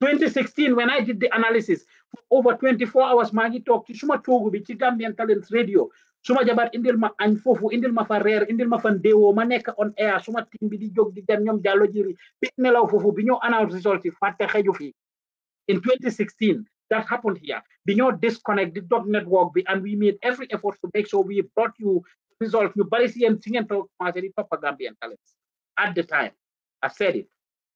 2016 when I did the analysis for over 24 hours Magi ngi to ci suma toogu bi ci Gambian Talents Radio suma jabar indil ma añ foofu indil ma fa reer indil ma fa ma on air suma team bi di jóg di dem ñoom jàllo jiri bi nelaw foofu bi ñëw announce result fàtte xeju fi in 2016 that happened here. Beyond disconnect, did not network and we made every effort to make sure we brought you results. You bari CM thing and talk for Gambian talents at the time. I said it.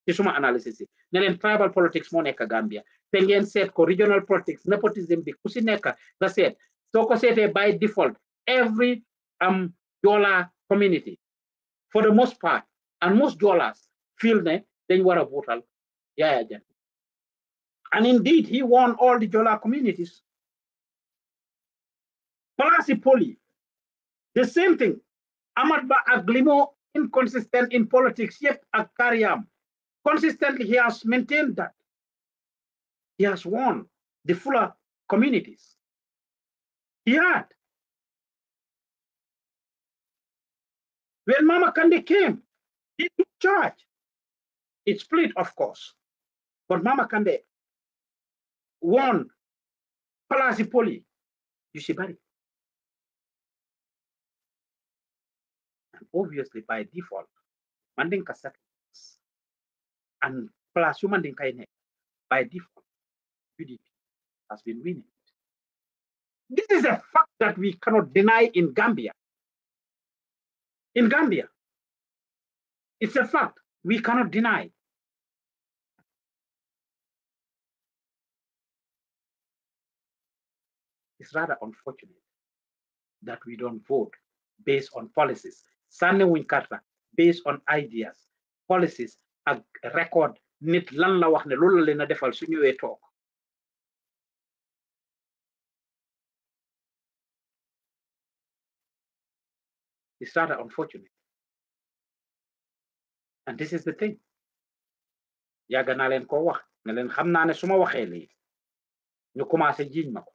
is suma analysis yi tribal politics moo Gambia te ngeen seet regional politics nepotism bi ku that's it. So seet soo ko by default every am um, community for the most part and most dollars feel that they war a Yeah, yeah, yeah. And indeed, he won all the Jola communities. Palasi Poli, the same thing. Ahmad Aglimo, inconsistent in politics, yet Akariam. Consistently, he has maintained that. He has won the Fula communities. He had. When Mama Kandi came, he took charge. It split, of course. But Mama Kande Won, plus the pôle you see si and obviously by default Mandinka settlements and plus yu Mandinka yi by default UDP has been winning this is a fact that we cannot deny in Gambia. In Gambia, it's a fact we cannot deny. It's rather unfortunate that we don't vote based on policies. Sani Winkata, based on ideas, policies a record nit lan la wax ne loolu la leen a defal su ñëwee toog It's rather unfortunate. And this is the thing. Yaga na leen koo wax ne leen xam naa ne su ma waxee ñu commencé jiiñ ma ko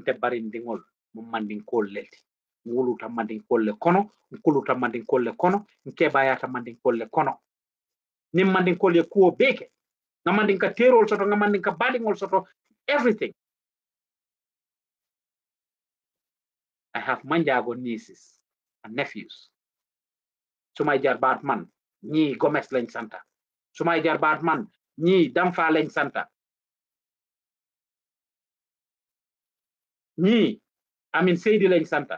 nte bari ndiŋol mo mandinkuwol le ti wuluta mandinkuwol le kono nkuluta mandinkuwol le kono nkebayata mandinkuwol le kono nin mandinkol ye kuwo bee ke ŋa mandinka teerol soto ŋa mandinka baaliŋol soto everything I have manjago nieces and nephews sumay jarbaat man ñii Gomez lañ santa sumay jarbaat man ñii Danfa lañ santa ñii amin Seydi lañ santa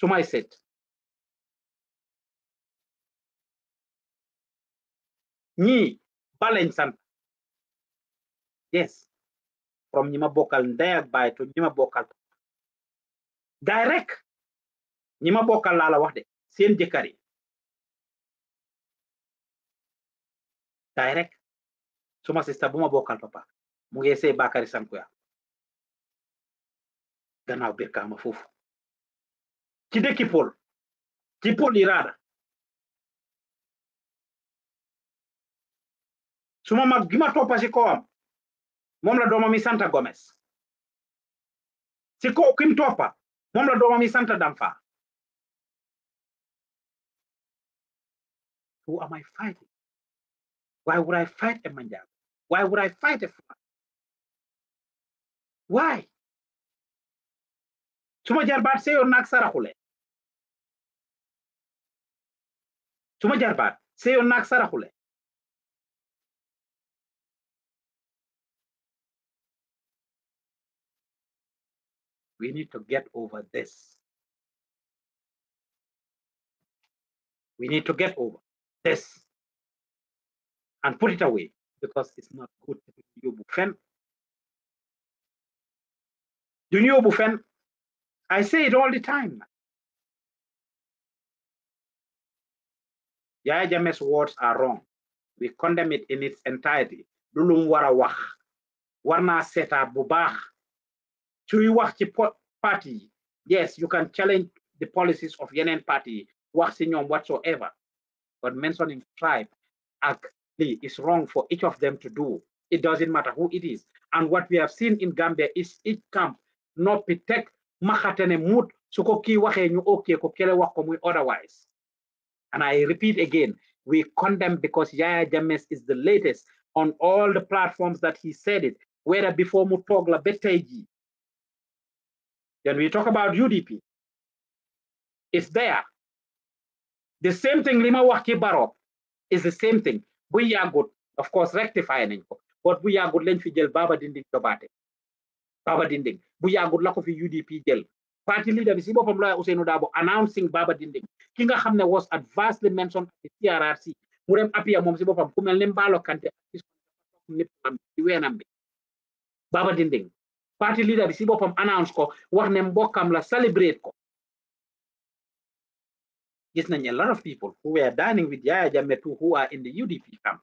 su may seet ñii ba lañ sant yes from ñi ma bokkal ndey ak ñi ma bokkal gaay rek ñi ma bokkal lala wax de seen jëkkër yi rek suma sista bu ma bokkal papa mu ngi sey Bakary Sankuya gannaaw birkaama foofu ci dëkki pol ci pol iraada suma mag gi ma toppa si kawam moom la doomam yi santa Gomes si kaw kim toppa moom la doomam yi santa Danfa who am I fighting why would I fight a Manjang why would I fight a we need to get over this we need to get over this and put it away because it's not good to you fen duñu yóbbu fen I say it all the time. Yaya Jame's words are wrong. We condemn it in its entirety. Dulum wara wax. Warna seta bu baax. Tuy wax ci party. Yes, you can challenge the policies of yenen party wax ci ñom whatsoever. But mentioning tribe actually is wrong for each of them to do. It doesn't matter who it is. And what we have seen in Gambia is each camp not protect maxate mut su ko kii ñu okay ko kele wax ko muy otherwise and i repeat again we condemn because yaya james is the latest on all the platforms that he said it whether before mu toog la then we talk about udp it's there the same thing lima ma wax baro is the same thing bu good of course rectify nañ ko but bu yàggut lañ fi jël baba dindi jobaate Baba Dinding bu yàggul la fi UDP jël party leader bi si boppam lawyer Ousainou Darboe announcing Baba Dinding ki nga xam was adversely mentioned at the TRRC mu dem appear moom si boppam ku mel ne Mballo Kante nip am ci weenam bi Baba Dinding party leader bi si boppam announce ko wax ne mbokkam la celebrate ko Yes, nañ a lot of people who were dining with Yaya Jammeh who are in the UDP camp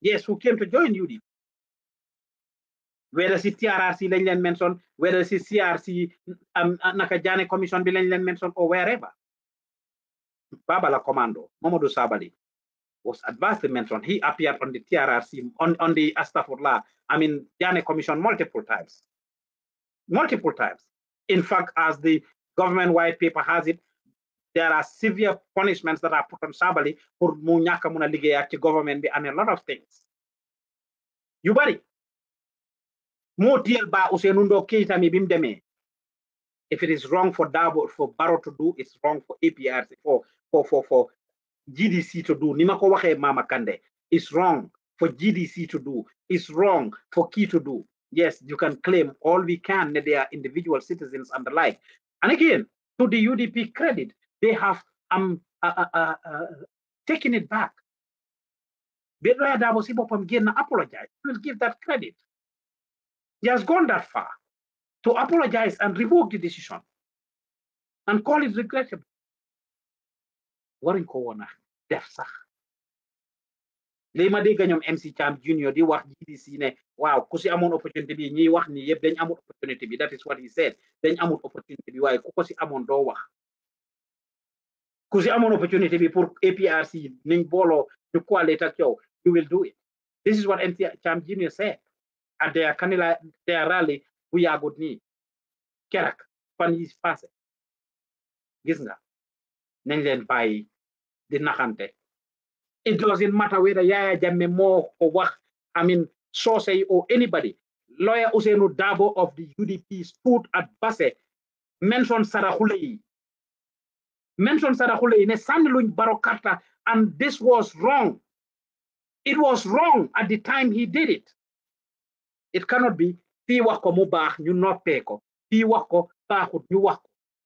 yes who came to join UDP whether si CRRC lañ leen mention whether si CRC um, uh, naka jaane commission bi lañ mention or wherever la Commando Mamadou Sabali was advanced mentioned. He appeared on the TRRC, on, on the Astafurla, I mean, Jane Commission multiple times. Multiple times. In fact, as the government white paper has it, there are severe punishments that are put on Sabali for Munyaka Munalige at the government and a lot of things. You buddy moo tiyal ba Ousseynou Ndow kiitami bi mu demee if it is wrong for Dabo for Barrow to do it's wrong for APRC for for for for GDC to do Nima ma ko waxee Mama kande. it's wrong for GDC to do it's wrong for kii to do yes you can claim all we can that they are individual citizens and the like and again to the UDP credit they have um uh, uh, uh, uh taken it back. Bedroya Dabo si boppam génn apologize. We will give that credit. He has gone that far to apologize and revoke the decision and call it regrettable. Warren ko woon a def sax lii ma dégg MC Cham Junior di wax GDC ne waaw ku si amoon opportunité bi ñiy wax ni yëpp that is what he said Then I'm on opportunity, why, ko si amoon doo wax ku si amoon opportunité bi APRC niñ booloo ñu coalesce you will do it this is what MC Cham Junior said their Kanila, their rally bu yàggut nii kerak fan yi passé gis nga nañ leen bàyyi di naxante it doesn't matter whether Yaya Jammeh moo ko wax I mean Socé or anybody lawyer Ousseynou Dabo of the UDP stood at Basse mentioned Sarakhouleyi mentioned Sarakhouleyi ne sànni luñ Barrow Carter and this was wrong it was wrong at the time he did it it cannot be fii wax ko mu baax ñu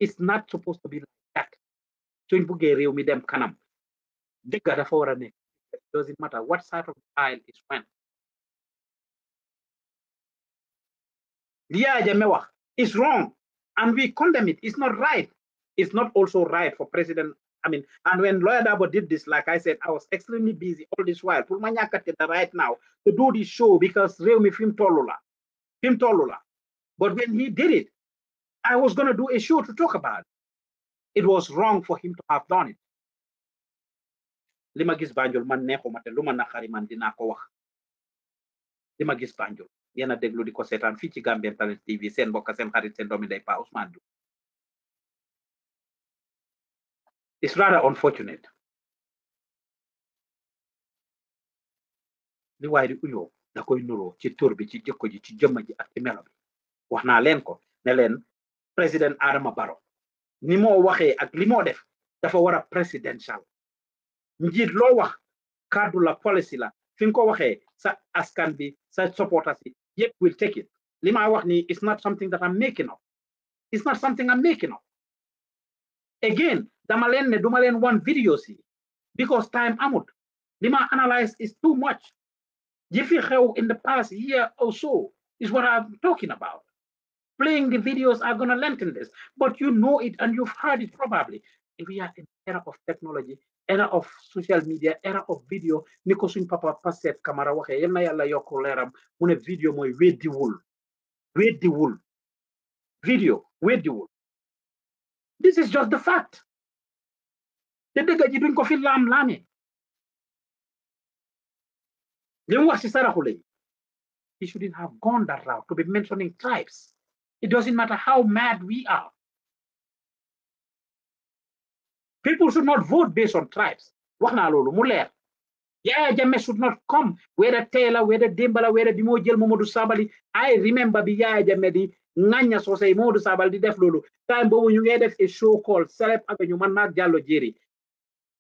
it's not supposed to be like that suñ buggee réew mi dem kanam dëgga dafa war doesn't matter what side of the aisle is when It's wrong and we condemn it it's not right it's not also right for President I mean, and when Lawyer Dabo did this, like I said, I was extremely busy all this while. right now to do this show because Reumi Film Tolula. Film Tolula. But when he did it, I was going to do a show to talk about it. It was wrong for him to have done it. Limagis ma gis Banjul man neexuma te na ma naqari man dinaa ko Banjul yéen a déglu di ko seetaan fii ci Gambian Talents TV seen mbokk seen xarit seen doomi day Pa Ousmane It's rather unfortunate. li waay di uyoo da koy nuroo ci tur bi ci jikko ji ci jëmm ji ak melo bi wax naa ko ne leen président Adama Barrow ni mo waxee ak li moo def dafa war présidential njiit loo wax kàddu la policy la fi nga ko waxee sa askan bi sa supporters yi yëpp will take it li maa wax nii it's not something that I'm making up it's not something I'm making up again dama leen ne duma leen wan videos yi because time amut Lima analyze is too much yi xew in the past year or so is what I'm talking about playing the videos are going to lengthen this but you know it and you've heard it probably we are in era of technology era of social media era of video ni ko suñ papa Pastef camera waxee yal na yàlla yokk leeram mu ne video wul. weddiwul weddiwul video weddiwul this is just the fact te dëgg duñ ko fi laam-laamee li mu wax si saraxule yi he shouldn't have gone that route to be mentioning tribes it doesn't matter how mad we are people should not vote based on tribes wax naa loolu mu leer Yaya Jammeh should not come Where whether Taylor whether Dembala whether bi moo jël Momodou sabali. I remember bi Yaya Jammeh di ŋàñña soosey Momodou Sabally di def loolu time boobu ñu ngay def a show called Celeb Avenue man maag Jallow Jerry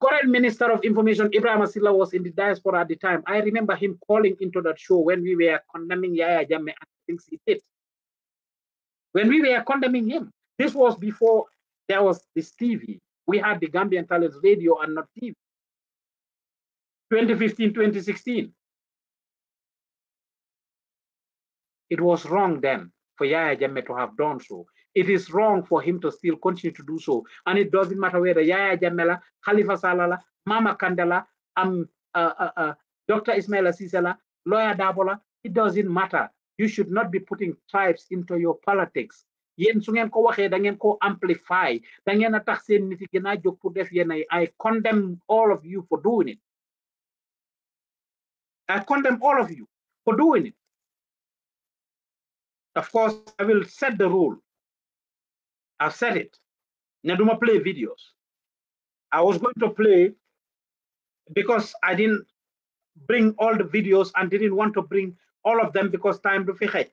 current minister of information ibrahim asila was in the diaspora at the time i remember him calling into that show when we were condemning yaya jamme and things he did when we were condemning him this was before there was this tv we had the gambian talents radio and not tv 2015 2016 it was wrong then for yaya jamme to have done so it is wrong for him to still continue to do so. And it doesn't matter whether Yaya Jamela, Khalifa Salala, Mama Kandala, um, uh, uh, uh, Dr. Ismail Sisela, Lawyer Dabola, it doesn't matter. You should not be putting tribes into your politics. Yen su ko waxee da ngeen ko amplify da ngeen a tax seen nit jóg pour def I condemn all of you for doing it I condemn all of you for doing it of course I will set the rule I've said it. Neduma play videos. I was going to play because I didn't bring all the videos and didn't want to bring all of them because time to fihaj.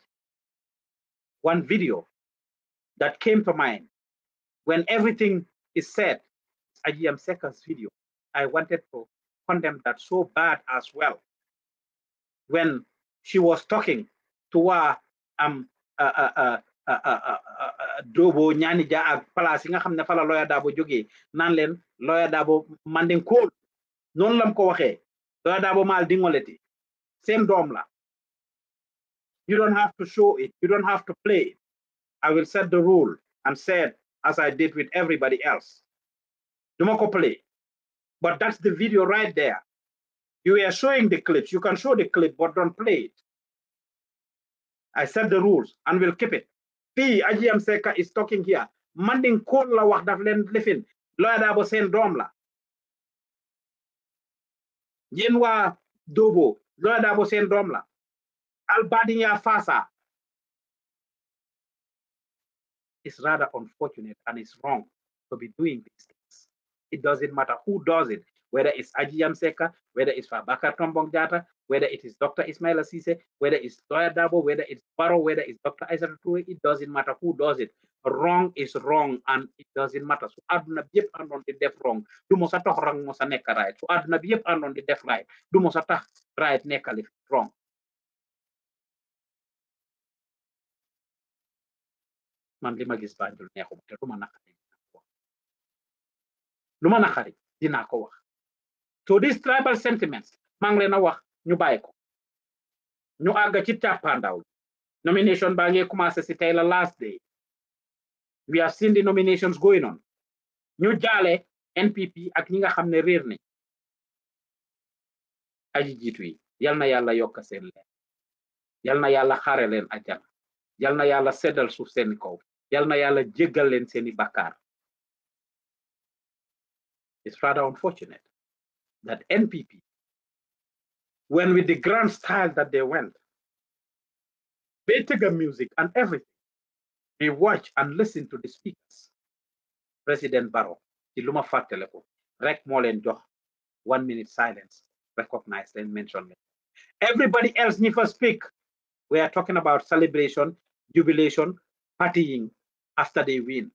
One video that came to mind when everything is said, am Seconds video, I wanted to condemn that so bad as well. When she was talking to her um, uh, uh, uh Doobo ñaani ja ak place yi nga xam ne fa la Lawyer Darboe jógee naan leen Lawyer Darboe man de kóol noonu lam ko waxee Lawyer Darboe maal di ngoleti seen doom la you don't have to show it you don't have to play it I will set the rule and said as I did with everybody else duma ko play but that's the video right there you are showing the clips you can show the clip but don't play it I set the rules and will keep it fii Ajiem Sek is talking here Manding Kool la wax daf leen lifin Lawyer Darboe seen doom la yéen Dobo. Dóobo Lawyer Darboe seen doom la Albadingia Fassah is rather unfortunate and it's wrong to be doing these things. It doesn't matter who does it, whether it's Ajiem Sek, whether it's Fabakary Tombong Jatta, whether it is Dr. Ismail Assise, whether it's Lawyer Dabo, whether it's Baro, whether it's Dr. Isaac Toure, it doesn't matter who does it. Wrong is wrong and it doesn't matter. So aduna bi yëpp àndoon di def wrong du mos a tax wrong mos right so aduna bi yëpp àndoon di def right du mos a tax right nekkali wrong man li ma gis Banjul neexuma te lu ma naqari so these tribal sentiments maa ngi leen New bàyyi New ñu àgg ci nomination By ngi commencé si tey la last day we have seen the nominations going on New Jale NPP ak ñi nga xam ne réer nañ aji Yalna yi yal na yàlla yokk seen leen yal na yàlla xaare leen ajjana yal yàlla suuf kaw yàlla it's rather unfortunate that NPP when with the grand style that they went. Betiga music and everything. We watch and listen to the speakers. President Barrow, the Luma Fateleko, Rek Molen one minute silence, recognized and mentioned. Everybody else never speak. We are talking about celebration, jubilation, partying after they win.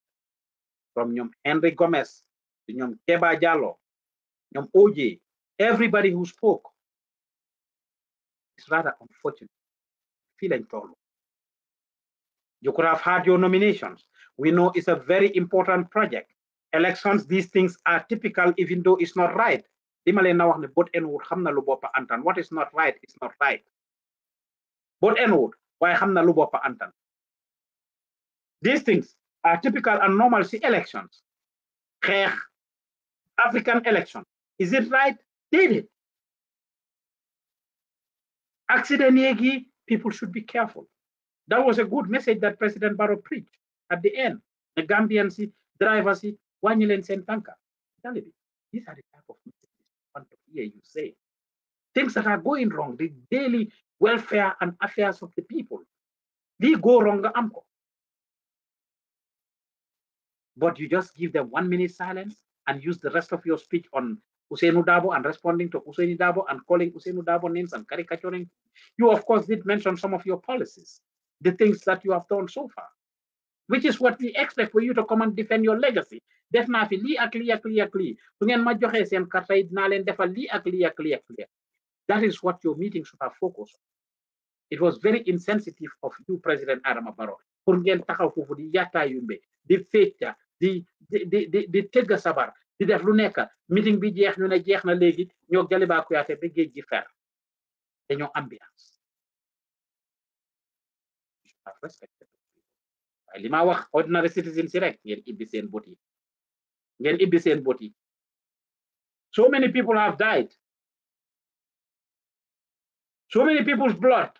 From Nyom Henry Gomez to Nyom Keba Jalo, Nyom everybody who spoke it's rather unfortunate. Feeling Entolo. You could have had your nominations. We know it's a very important project. Elections, these things are typical, even though it's not right. What is not right, it's not right. why Hamna Antan? These things are typical and normal elections. African election. Is it right? Did it? Accident Yegi, people should be careful. That was a good message that President Barrow preached at the end. The Gambians, drivers, Wanyelens and Tanka. These are the type of messages you want to hear you say. Things that are going wrong, the daily welfare and affairs of the people. They go wrong amko. But you just give them one minute silence and use the rest of your speech on Usainu Dabo and responding to Usainu Dabo and calling Usainu Dabo names and caricaturing. You, of course, did mention some of your policies, the things that you have done so far, which is what we expect for you to come and defend your legacy. def naa fi lii ak lii ak lii ak lii su ma ak ak ak that is what your meeting should have focused on. it was very insensitive of you president Adama Barrow pour ngeen taxaw foofu di yaataa yumbe di fecca di di di di sabar di def lu nekk meeting bi jeex ñu ne jeex na léegi ñoo Jaliba ba géej gi fer dañoo ambiance waaye li ma wax ordinary citizen si rek ngeen ibbi seen bot yi ngeen ibbi seen bot yi so many people have died so many people's blood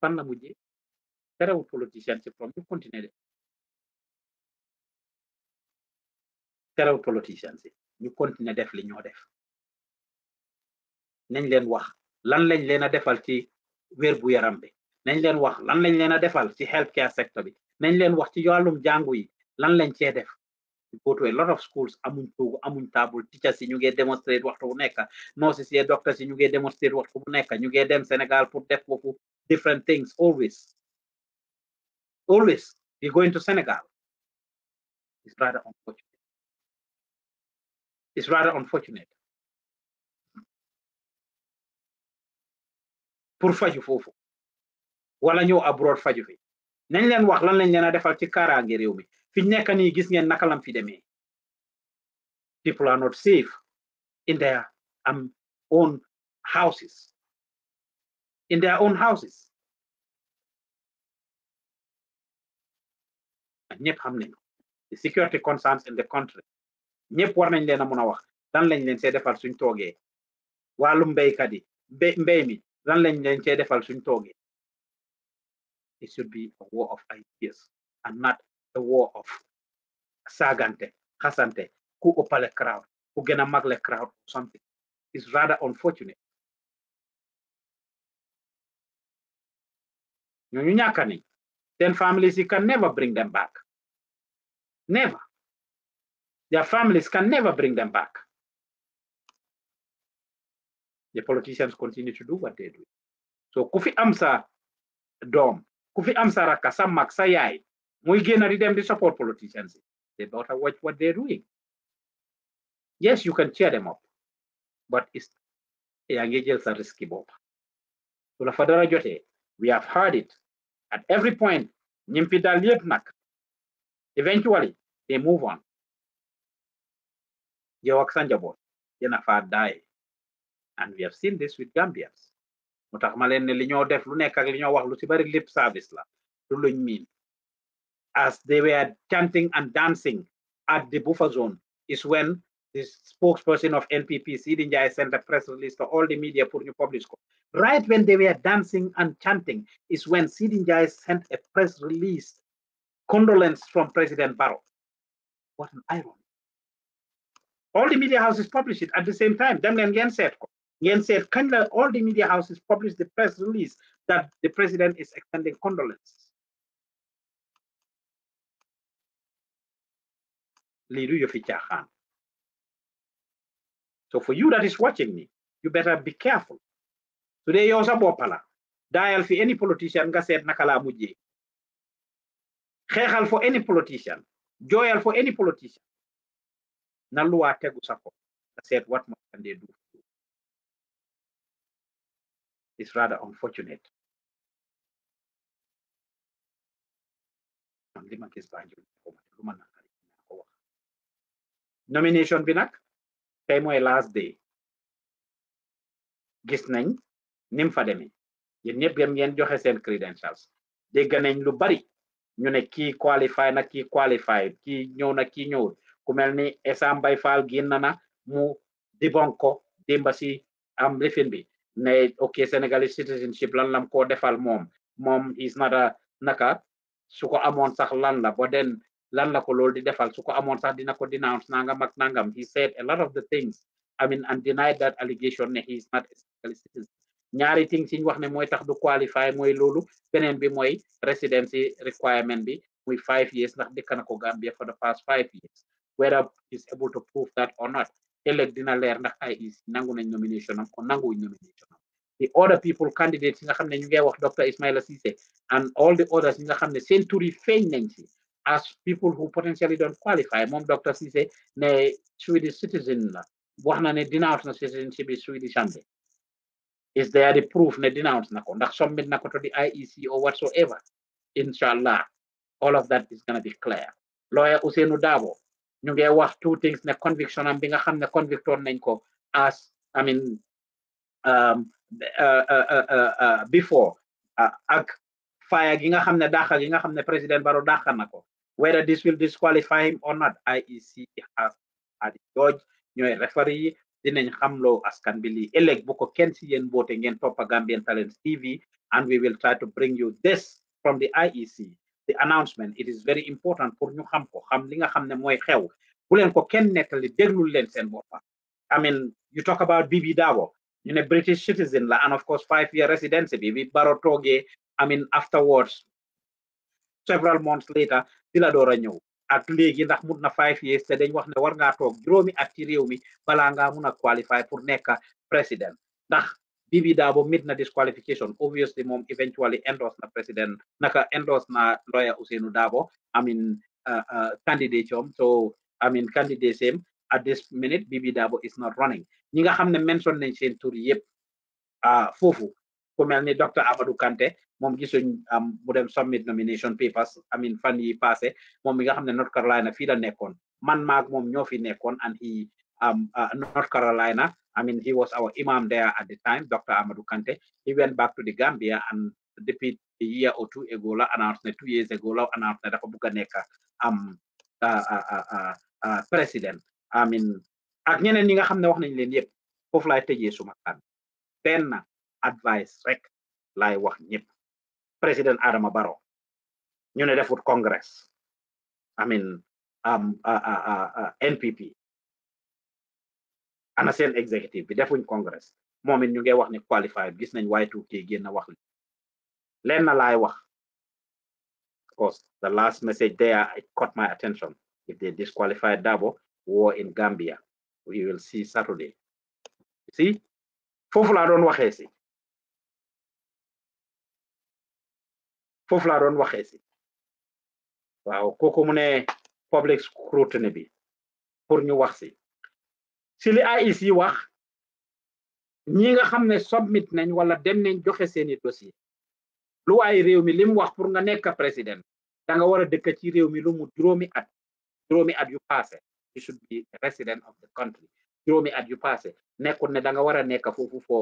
fan la mujjee terewul politicien ci foom ñu continuer de terewul politicien si ñu continuer def li ñoo def nañ leen wax lan lañ leen a defal ci wér gu yaram bi nañ leen wax lan lañ leen a defal ci health care sector bi nañ leen wax ci wàllum jàngu yi lan lañ cee def go to a lot of schools amuñ toogu amuñ table teachers yi ñu ngee démonstrate waxtu bu nekk nurses yi doctors yi ñu ngee démonstrate waxtu bu nekk ñu ngee dem Sénégal pour def foofu different things always always you go going to Senegal. It's rather unfortunate. It's rather unfortunate. pour faju wala abroad faju fi nañ leen wax lan lañ defal ci mi fi nekk gis ngeen fi people are not safe in their um, own houses in their own houses ñëpp xam the security concerns in the country ñëpp war nañ leen a a wax lan lañ leen see defal suñ toogee wàllum mbéykat yi mbéy mi lan lañ leen see defal suñ toogee it should be a war of ideas and not a war of saagante xasante ku ëppale crowd ku gën a magle crowd or something is rather unfortunate ñooñu ñàkk nañ then families, you can never bring them back. Never. Their families can never bring them back. The politicians continue to do what they do. So kufi amsa dom, kufi amsa raka maksayai. mak sa yai, muy support politicians. They better watch what they're doing. Yes, you can cheer them up, but it's yangi jel sa risky bob. we have heard it at every point, Eventually, they move on. die. And we have seen this with Gambians. ne lip service la as they were chanting and dancing at the buffer zone is when the spokesperson of NPP, Sidinja, sent a press release to all the media pour ñu publish Right when they were dancing and chanting is when Sidinja sent a press release, condolence from President Barrow. What an irony. All the media houses published it at the same time. Then ngeen ngeen seet ko. Ngeen all the media houses published the press release that the president is extending condolences. Lii du yëfi So for you that is watching me, you better be careful. Today yo sa bopala dial fi any politician nga set nakala la mujjé. for any politician, joyal for any politician. Na luwa tegu sa ko. Said what more can they do? It's rather unfortunate. Nomination binak. tey mooy last day gis nañ nim mu fa demee yéen ñëpp gëm ngeen joxe seen credentials dégg nañ lu bari ñu ne kii qualify na ki qualify kii ñëw na kii ñëwul ku mel ni Essa Mbay Fall génn na mu dibonko démba si am lifin bi ne ok Sénégalais citizenship lan ko defal moom moom is naka su ko sax lan la lan la ko loolu di defal su ko amoon sax dina ko denounce nangam ak nangam he said a lot of the things I mean and denied that allegation ne he is not a citizen ñaari things yi wax ne mooy tax du qualify mooy loolu beneen bi mooy residency requirement bi muy five years ndax dëkk na ko Gambia for the past five years whether is able to prove that or not ëllëg dina leer ndax IEC nangu nañ nomination am ko nanguwuñ nomination the other people candidates yi nga xam ne ñu ngi wax docteur Ismaila Ceesay and all the others yi nga xam ne seen tur yi feeñ nañ ci as people who potentially don't qualify moom docteur say, ne Swedish citizen la na ne denounce na citizenship bi Swedish is there the proof ne denounce na ko ndax submit na ko to the IEC or whatsoever inshallah all of that is gonna be clear lawyer Ousseynou Dabo ñu ngi wax two things ne conviction am being a xam ne convictoon nañ as I mean um, uh, uh, uh, before ak fire gi nga xam ne dàqa gi nga xam ne président Baro dàqa na ko whether this will disqualify him or not IEC has a judge a referee dinañ hamlo as can be ëllëg bu ko kenn si yéen boote ngeen toppa Gambian Talents TV and we will try to bring you this from the IEC the announcement it is very important for ñu xam ko xam li nga xam ne mooy xew bu leen ko kenn déglul boppa I mean you talk about Bibi you ñu ne British citizen la and of course five year residency Bibi bi baro toogee I mean afterwards several months later si la door a ñëw ak léegi ndax mun na five years te dañ wax ne war ngaa toog juróomi at ci réew mi balaa ngaa mun a qualify pour nekk président ndax Bibi Darboe mit na disqualification obviously moom eventually endorse na président naka endorse na lawyer Ousainou Darboe I mean uh, uh, candidate om so I mean candidate same at this minute Bibi Darboe is not running ñi nga xam ne mention nañ seen tur yëpp uh, foofu ku mel ni docteur Amadou Kanté moom gisuñ am mu dem submit nomination papers I mean fan yi passé moom mi nga xam ne North Carolina fii la nekkoon man maag mom ñoo fi nekkoon and he um, uh, North Carolina. I mean, he was our imam there at the time, Dr. Amadou Kante. He went back to the Gambia and the a year or two ago, announced two years ago, announced that Buganeka um uh, uh, uh, uh, president. I mean, ak ñeneen ñi nga xam ne wax nañ leen yëpp foofu laay tëjee suma kan benn advice rek lay wax ñëpp président Adama Barrow ñu ne defut congress I mean NPP ana seen executive bi defuñ congress moom it ñu ngi wax ne qualified gis nañ Y2K génn wax li leen na laay wax course, the last message there it caught my attention if they disqualified Dabo war in Gambia we will see Saturday see full laa doon waxee si foofu laa doon waxee si waaw kooku mu ne public scrutiny bi pour ñu wax si si li AIC wax ñi nga xam ne submit nañ wala dem nañ joxe seeni aussi lu waay réew mi li mu wax pour nga nekk président da nga war a dëkk ci réew mi lu mu juróomi at juróomi at yu passé you should be resident of the country juróomi at yu passé nekkul ne da nga war a nekk foofu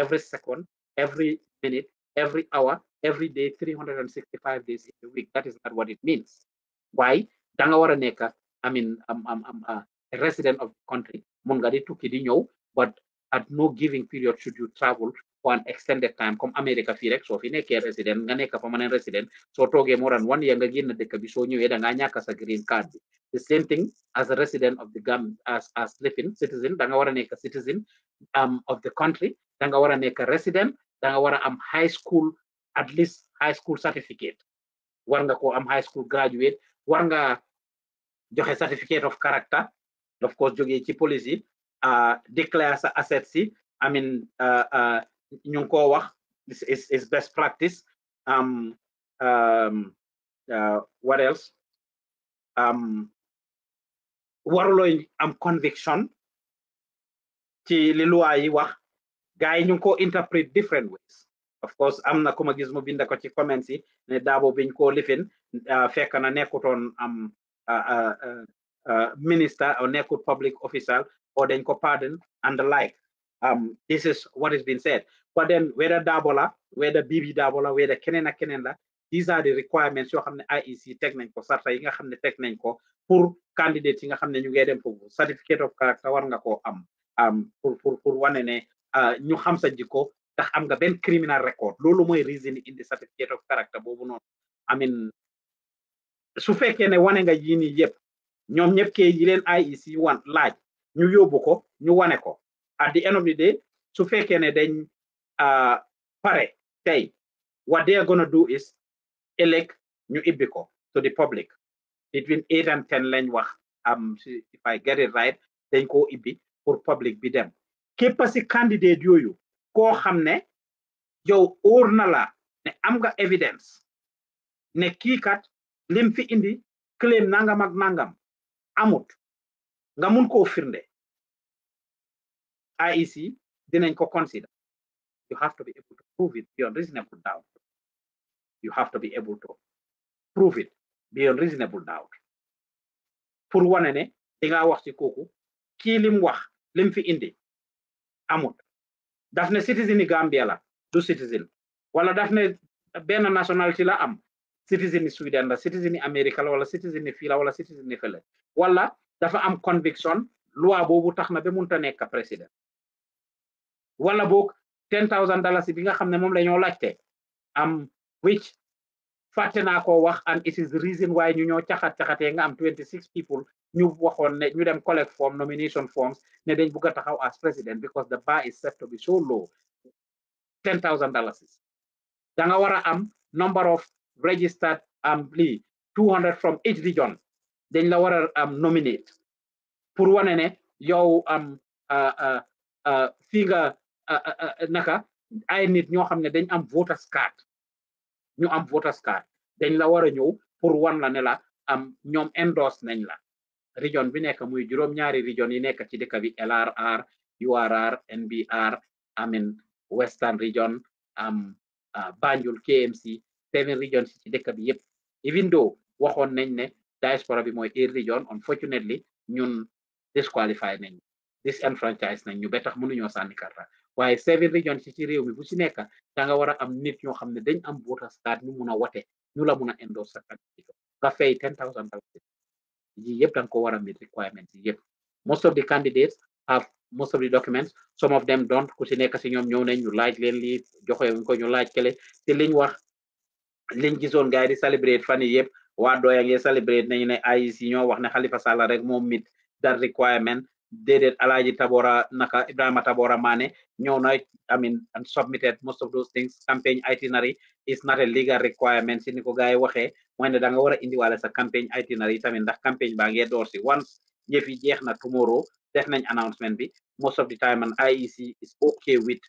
every second every minute every hour every day, 365 days in a week. That is not what it means. Why? Dangawaraneka, I mean, I'm, I'm, I'm a resident of the country. Mungari to but at no giving period should you travel for an extended time Come America fii rek soo fi nekkee resident ganeka nekk permanent resident so toge more than one year again, génn dëkk bi soo ñëwee da ngaa green card the same thing as a resident of the gam as as living citizen Dangawaraneka citizen, um, citizen of the country Dangawaraneka resident Dangawara um high school at least high school certificate war nga ko am high school graduate war nga joxe certificate of character of course jógee ci police yi ah, declare sa assets I mean ah, ah, ñu ngi ko wax is is best practice um um uh, what else um waruloo am conviction ci li loi yi wax ñu ko interpret different ways of course am na ku ma gis mu binda ko ci comments yi ne daabo biñ koo lifin fekk na nekkutoon am minister or nekkut public official or dañ ko pardon and the like um, this is what has been said but then whether daabo la whether bibi daabo la whether keneen ak keneen la these are the requirements yoo have ne IEC teg nañ ko sarta yi nga xam ne teg nañ ko pour candidate yi nga ñu dem certificate of character war nga koo am um, pour pour pour wane ne uh, ñu xam sa jikko te am nga benn criminal record loolu mooy reason indi certificate of character boobu I mean, su fekkee ne wane nga yii nii yëpp ñoom ñëpp kee yi leen IEC wan laaj ñu yóbbu ko ñu wane ko at the end of the day su fekkee ne dañ ah, pare tey what they are gonna do is elect ñu ibbi ko to the public between eight and ten lañ wax am if I get it right dañ koo ibbi pour public bi dem képp si candidate yooyu koo xam ne yow óor na la ne am nga évidence ne kii kat lim fi indi claim nangam ak nangam amut nga mun firnde IEC dinañ ko consider you have to be able to prove it beyond reasonable doubt you have to pour wane ne di wax ci kooku kii lim wax lim fi indi amut daf ne citizen yi Gambia la du citizen wala daf ne benn nationalité la am citizen yi Sweden la citizen yi Amérique la wala citizen yi fii la wala citizen yi fële wala dafa am conviction loi boobu tax na ba mënut a nekk président wala boog ten thousand dollars bi nga xam ne moom la ñoo laajte am which fàtte naa ko wax and it is the reason why ñu ñoo caxat caxatee nga am 26 people ñu waxoon ne ñu dem collect form nomination forms ne dañ bugg a taxaw as president because the bar is set to be so low ten thousand dollars da nga war a am number of registered um, 200 from each region dañ la war a am nominate pour wane ne yow am fii nga naka ay nit ñoo xam ne dañ am voters card ñu am voters card dañ la war a ñëw pour wan la ne la am ñoom endorse nañ la region bi nekk muy juróom-ñaari region yi nekk ci dëkk bi LRR URR NBR amin Western region am ah, Banjul KMC seven region ci dëkk bi yëpp even though waxoon nañ ne diaspora bi mooy eight region unfortunately ñun disqualified nañ disenfranchise nañ ñu ba tax mënuñoo sànni karta waaye service region si ci réew mi bu si nek da nga war a am nit ñoo xam ne dañ am voters card ñu mun a wote ñu la mun a endorse sa candidature nga fay 10000 thousand yi yëpp da nga ko war a meet requirements yi yëpp most of the candidates have most of the documents some of them don't ku si nek si ñoom ñew nañ ñu laaj leen li joxe wuñ ko ñu laaj kele te liñ wax liñ gisoon gaay yi di celebrate fan yii yëpp waa dooya ngee celebrate nañu ne ci ñoo wax ne khalifa Sallah rek moom mit dar requirement a déedéet Alaaji Tabora naka Ibrahima Tabora Mane ñëw na I mean and submitted most of those things campaign itinerary is not a legal requirement si ni ko gars yi waxee mooy ne da nga war a indiwaale sa campaign itinerary tamit ndax campaign baa ngee door si once yëf yi jeex na tomorrow def nañ announcement bi most of the time an IEC is okay with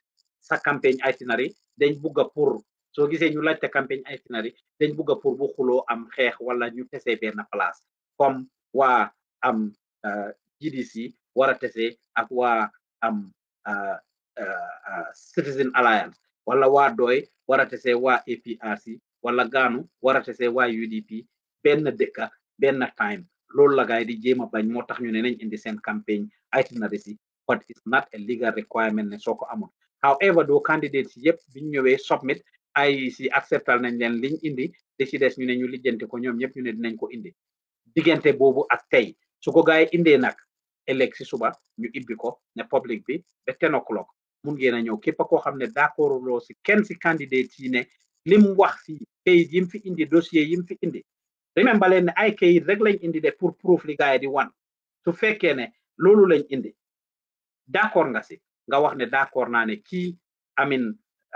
sa campaign itinerary dañ bugg pour soo gisee ñu laajte campaign itinerary dañ bugg pour bu xuloo am xeex wala ñu tesee benn waa euh, war a tese ak waa am Citizen Alliance wala waa doy war a tese waa APRC wala gaanu war a tese waa UDP benn dëkka benn time loolu la gaay di jéem a bañ moo tax ñu ne nañ indi seen campagne itinerary si but it's not a legal requirement ne soo ko amul however doo candidates yëpp biñ ñëwee submit IEC acceptal nañ leen liñ indi décides ñu ne ñu lijjanti ko ñoom ñëpp ñu ne dinañ ko indi diggante boobu ak tey suko ko gaay indee nag ëllëg si suba ñu ibbi ko ne public bi ba ten o'clock mun ngeen a ñëw képp koo xam ne d'accord loo si kenn si candidate yi ne lim wax si kayit yim fi indi dossier yim fi indi remember leen ne ay kayit rek lañ indi de pour proof li gaay di wan su fekkee ne loolu lañ indi d'accord nga si nga wax ne d'accord naa ne kii amin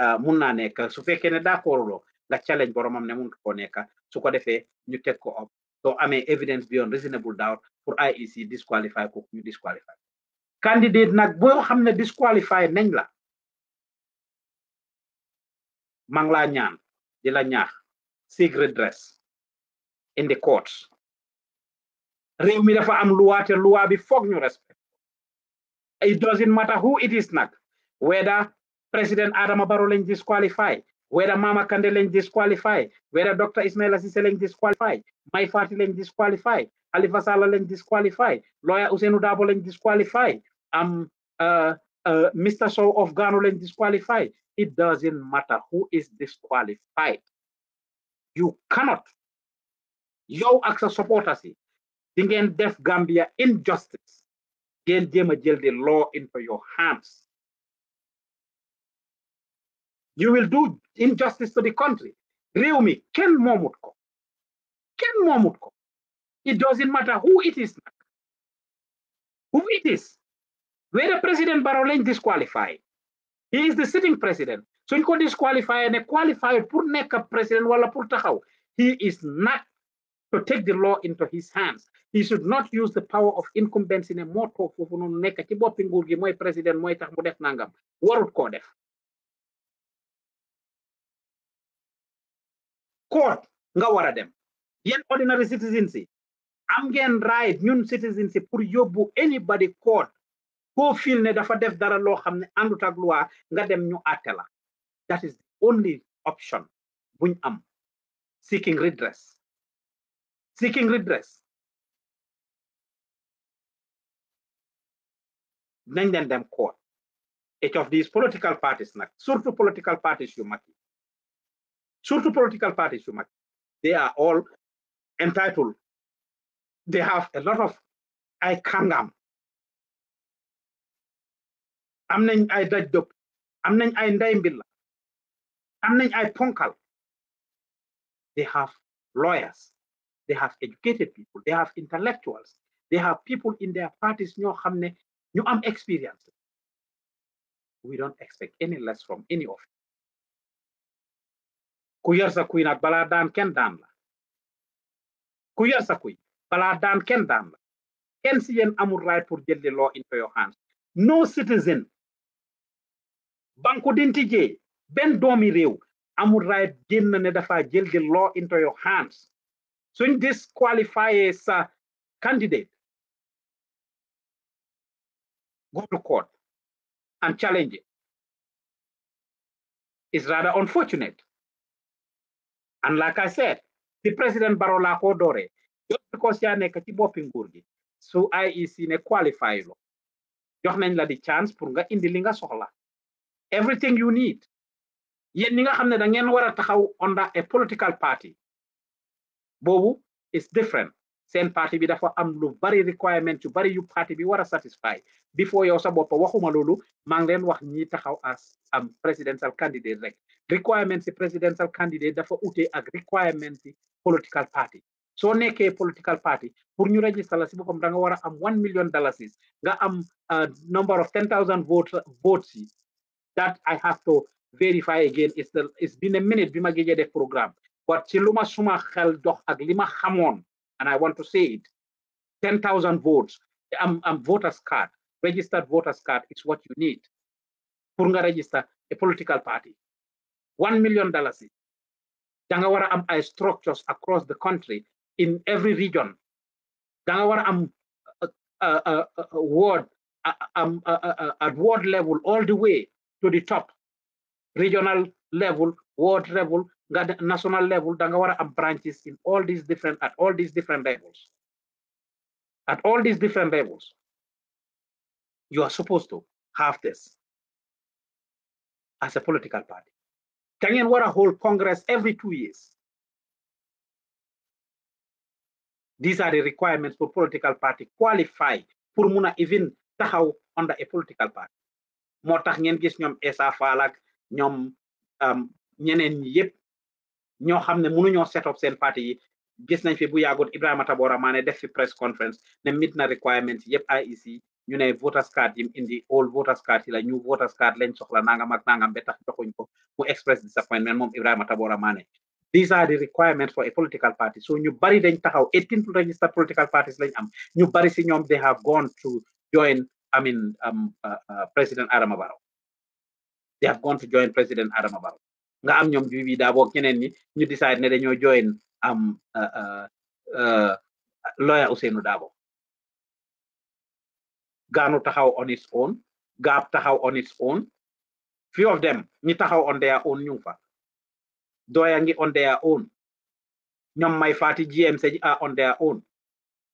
ah, mun naa nekk su fekkee ne d'accord loo nga challenge boromam ne mun ko nekk su ko defee ñu teg ko op I mean, evidence beyond reasonable doubt for IEC disqualify ko ñu disqualify candidate nak boo xam disqualify nañ la maa ngi ñaan di la ñaax seek redress in the courts réew mi dafa am te luwa bi foog ñu respect it doesn't matter who it is nak, whether president Adama Barrow lañ disqualify whether Mama Kandeleng disqualify, whether Dr. Ismail Asiseleng disqualify, my Fatileng disqualify, Alifa Salaleng disqualify, lawyer Usenu Daboleng disqualify, um, uh, uh, Mr. So of Ganoleng disqualify, It doesn't matter who is disqualified. You cannot. Your access supporters yi di def Gambia injustice get jéem the law into your hands you will do injustice to the country. Real me, Ken Momutko. Ken Momutko. It doesn't matter who it is. Who it is. Whether President Barolin disqualified. He is the sitting president. So can disqualify and qualify pour nekk president wala pour He is not to take the law into his hands. He should not use the power of incumbency ne a toog foofu noonu nekk ci boppi nguur gi président moi tax nangam warut court nga war dem Yen ordinary citizens yi am ngeen right ñun citizens pour yóbbu anybody court koo fiil ne dafa def dara loo xam ne àndut ak loi nga dem ñu atela. that is the only option buñ am seeking redress seeking redress nañ dem court each of these political parties nag surtout political parties yu mag social political parties, you they are all entitled. They have a lot of i kàngam am nañ ay daj dëpp am nañ ay nday mbilla am nañ ay ponkal they have lawyers they have educated people they have intellectuals they have people in their parties ñoo xam ne ñu am experience we don't expect any less from any of them kuyarsakuinaak balaa daan ken daan la ku yarsakuy balaa daan Ken daan la kenn si amul right pour the law into your hands no citizen banku dintijee ben doomi réew amul right génn ne dafa jël the law into your hands suñ disqualify sa candidate go to court and challenge it. It's rather unfortunate. And like I said, the President barola Dore, just because yaa nek ci boppi nguur so su IEC ne qualify lo jox nañ la di chance pour nga indi li nga soxla everything you need yen ni nga xamne ne da ngeen wara taxaw under a political party bobu is different sen party bi dafa am lu bari requirement yu bari yu party bi wara satisfied. satisfy before yow sa bop waxuma lolu mang len wax ñi taxaw as am presidential candidate rek requirements presidential candidate dafa ute ak requirements political party soo nekkee political party pour ñu register la si boppam da nga war a am one million dalasis nga am uh, number of ten thousand votes votes that I have to verify again it's the it's been a minute bi ma def programme but ci lu suma xel dox ak li ma and I want to say it ten thousand votes am am voters card registered voters card is what you need pour nga register a political party one million dollars da am structures across the country in every region da am uh, uh, uh, ward am at ward level all the way to the top regional level ward level national level da am branches in all these different at all these different levels at all these different levels you are supposed to have this as a political party Kenyan water hold Congress every two years. These are the requirements for political party qualified pour mun even taxaw under a political party moo tax ngeen gis ñoom Essa Faal ak ñoom um, ñeneen yëpp ñoo xam ne mënuñoo set up seen party yi gis nañ fi bu yàggut Ibrahima Tabora Mane def fi press conference ne mit na requirements yëpp IEC ñu ne voters card yim indi all voters card yi la ñu voters card lañ soxla nangam ak nangam ba tax joxuñ ko mu express disappointment moom a Tabora Mane these are the for a political party so ñu bari dañ taxaw 18 registered political parties lañ am ñu bari si ñoom they have gone to join I mean um, uh, uh, President Adama Barrow they have gone to join President nga am ñoom bii bii daa boog ñeneen ñi ñu decide ne dañoo join am um, uh, lawyer Ousainou Darboe Ganu taxaw on its own Gap taxaw on its own few of them ñi taxaw on their own ñu fa Doya ngi on their own ñoom Mai Fatty GMC are on their own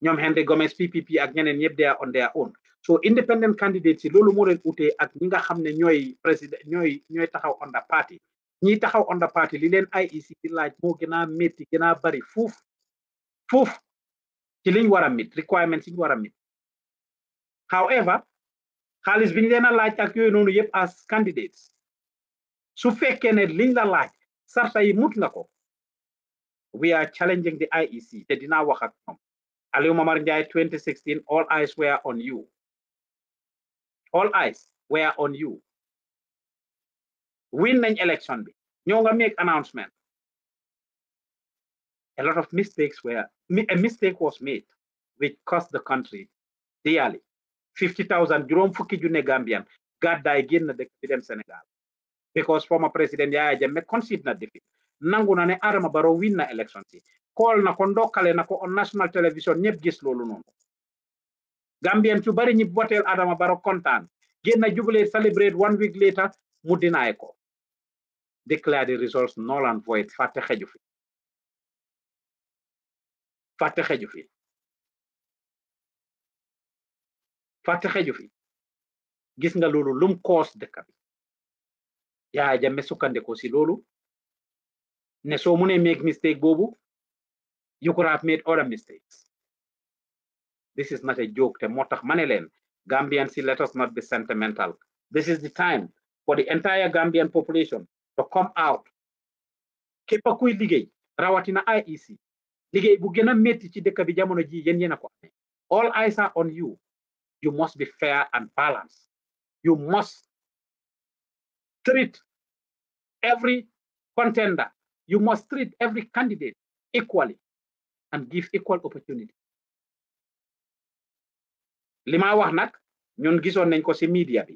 ñoom PPP ak ñeneen yëpp they are on their own so independent candidates yi loolu moo leen ak ñi nga xam ne ñooy président ñooy ñooy taxaw on the party ñiy taxaw on the party li leen IEC di laaj moo gën a gën a bari fuuf fuuf ci liñ war a mit requirements yi ñu war a mit however xaalis bi ñu leen a laaj ak yooyu noonu yëpp as candidates su fekkee ne liñ la laaj sarta yi mut na ko we are challenging the IEC te dinaa wax ak ñoom Alieu Momar Njie 2016 all eyes were on you all eyes were on you win nañ election bi ñoo nga make announcement a lot of mistakes were a mistake was made which cost the country dearly fifty thousand juróom fukki junne Gambian gàddaay génn dëkk bi dem Sénégal because former président Yahya Jammeh concede na defeat nangu na ne Adama Barrow win na élection si kool na ko ndokkale na ko on national television ñëpp gis loolu noonu Gambian su bari ñi voteel Adama Barrow kontaan génn jubilee celebrate one week later mu dinaay ko declare the results null and void fi fàtte xeju fi fàtte xeju fi gis nga loolu lum koos dëkk bi Yahya Jammeh sukkandikoo si loolu ne soo mu ne make mistake boobu you could have made other mistakes this is not a joke te moo tax ma Gambian si let us not be sentimental this is the time for the entire Gambian population to come out képp kuy liggéey rawatina IEC liggéey bu gën a métti ci dëkk bi jamono ji yéen yéen ko all eyes are on you you must be fair and balanced. You must treat every contender, you must treat every candidate equally and give equal opportunity. li ma wax nag media bi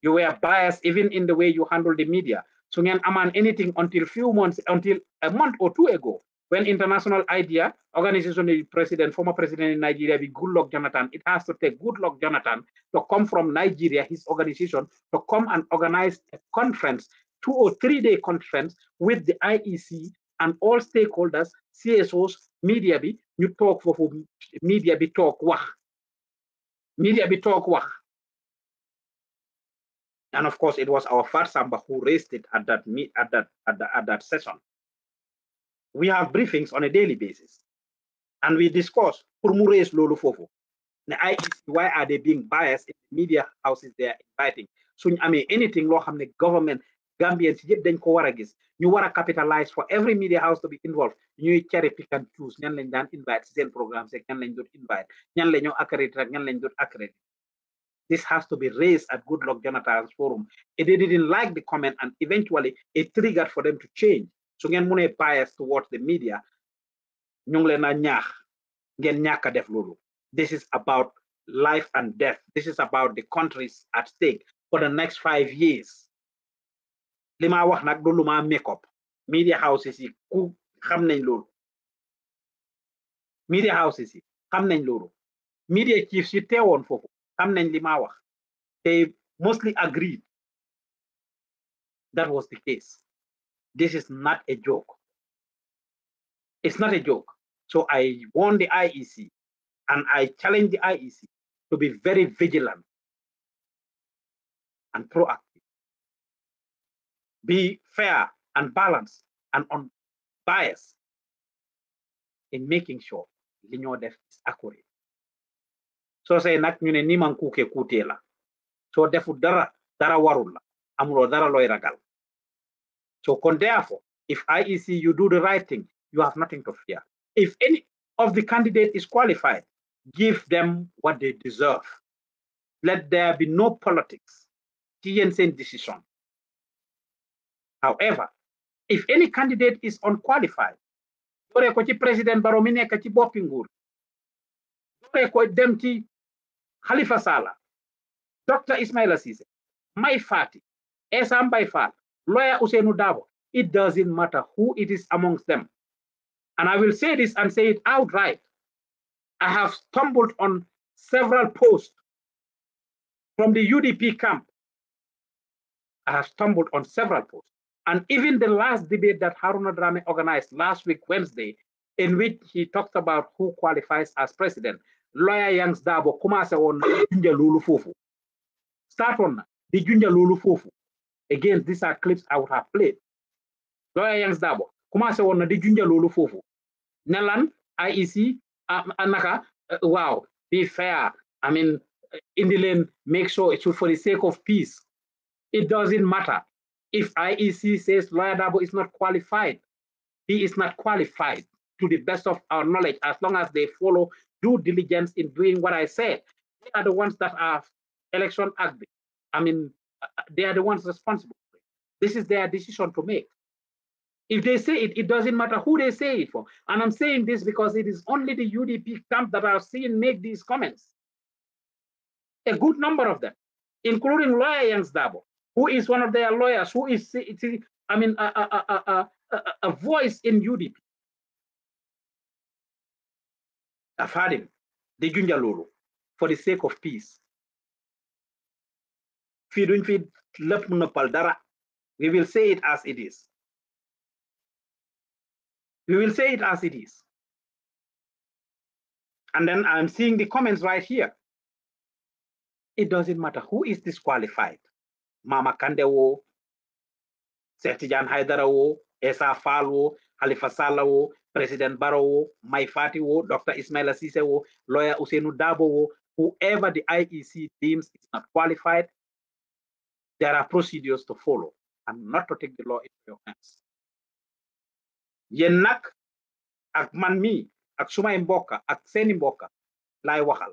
you were biased even in the way you handled the media So ngeen amaan anything until few months until a month or two ago when international idea organization president former president in nigeria be good luck jonathan it has to take good luck jonathan to come from nigeria his organization to come and organize a conference two or three day conference with the iec and all stakeholders csos media be you talk for, media be talk wah media be talk wah and of course it was our first samba who raised it at that meet at that at, the, at that session we have briefings on a daily basis and we discuss Lolo Fofo. Why are they being biased in the media houses they are inviting? So, I mean, anything law from the government, Gambians, then Kowaragis, you want to capitalize for every media house to be involved. You cherry pick and choose. Nyan len invite, Zen programs, Then len dot invite, nyan len yon accurate, nyan len dot accurate. This has to be raised at Good Luck Jonathan's forum. If They didn't like the comment, and eventually it triggered for them to change su ngeen bias towards the media ñu ngi leen a ñaax ngeen ñàkk a def loolu this is about life and death this is about the countries at stake for the next five years li ma wax nag du lu ma make up media houses yi ku xam nañ loolu media houses yi xam nañ loolu media chiefs yi teewoon foofu xam nañ li ma wax they mostly agreed that was the case this is not a joke. It's not a joke. So I warn the IEC and I challenge the IEC to be very vigilant and proactive. Be fair and balanced and unbiased in making sure the ñoo def is accurate. So say not ñu ni man kuke kuutee so soo dara dara warul la dara looy so therefore, if IEC you do the right thing, you have nothing to fear. If any of the candidate is qualified, give them what they deserve. Let there be no politics, TNC decision. However, if any candidate is unqualified, dore ko ci président Barrow mi nekk ci boppi nguur dore ko dem ci Halifa Sallah Dr Ismaila Ceesay Mai Fatty Essa Mbye Fall lawyer Usainu Dabo, it doesn't matter who it is amongst them. And I will say this and say it outright. I have stumbled on several posts from the UDP camp. I have stumbled on several posts. And even the last debate that Haruna Drame organized last week, Wednesday, in which he talked about who qualifies as president, lawyer Yangs Dabo, Kumase on Junja Lulu Fufu. Start on the Junja Lulu Fufu again these are clips I would have played lawyer Yangs Dabo commencé woon na di junja loolu foofu ne IEC um, Anaka, uh, wow, be fair I mean uh, indi make sure it's for the sake of peace it doesn't matter if IEC says lawyer Dabo is not qualified he is not qualified to the best of our knowledge as long as they follow due diligence in doing what I said they are the ones that are election act I mean they are the ones responsible. This is their decision to make. If they say it, it doesn't matter who they say it for. And I'm saying this because it is only the UDP camp that I've seen make these comments. A good number of them, including lawyer Jens Dabo, who is one of their lawyers, who is, I mean, a, a, a, a voice in UDP. I've had him, the Junja for the sake of peace we will say it as it is we will say it as it is and then i'm seeing the comments right here it doesn't matter who is disqualified mama kande wo setijan haidara wo esa wo halifa sallah wo president barrow wo mai fati wo dr Ismail sise lawyer usenu wo whoever the iec deems is not qualified there are procedures to follow and not to take the law into your hands Yenak nag ak man mi ak sumay mbokka ak seeni mbokka laay waxal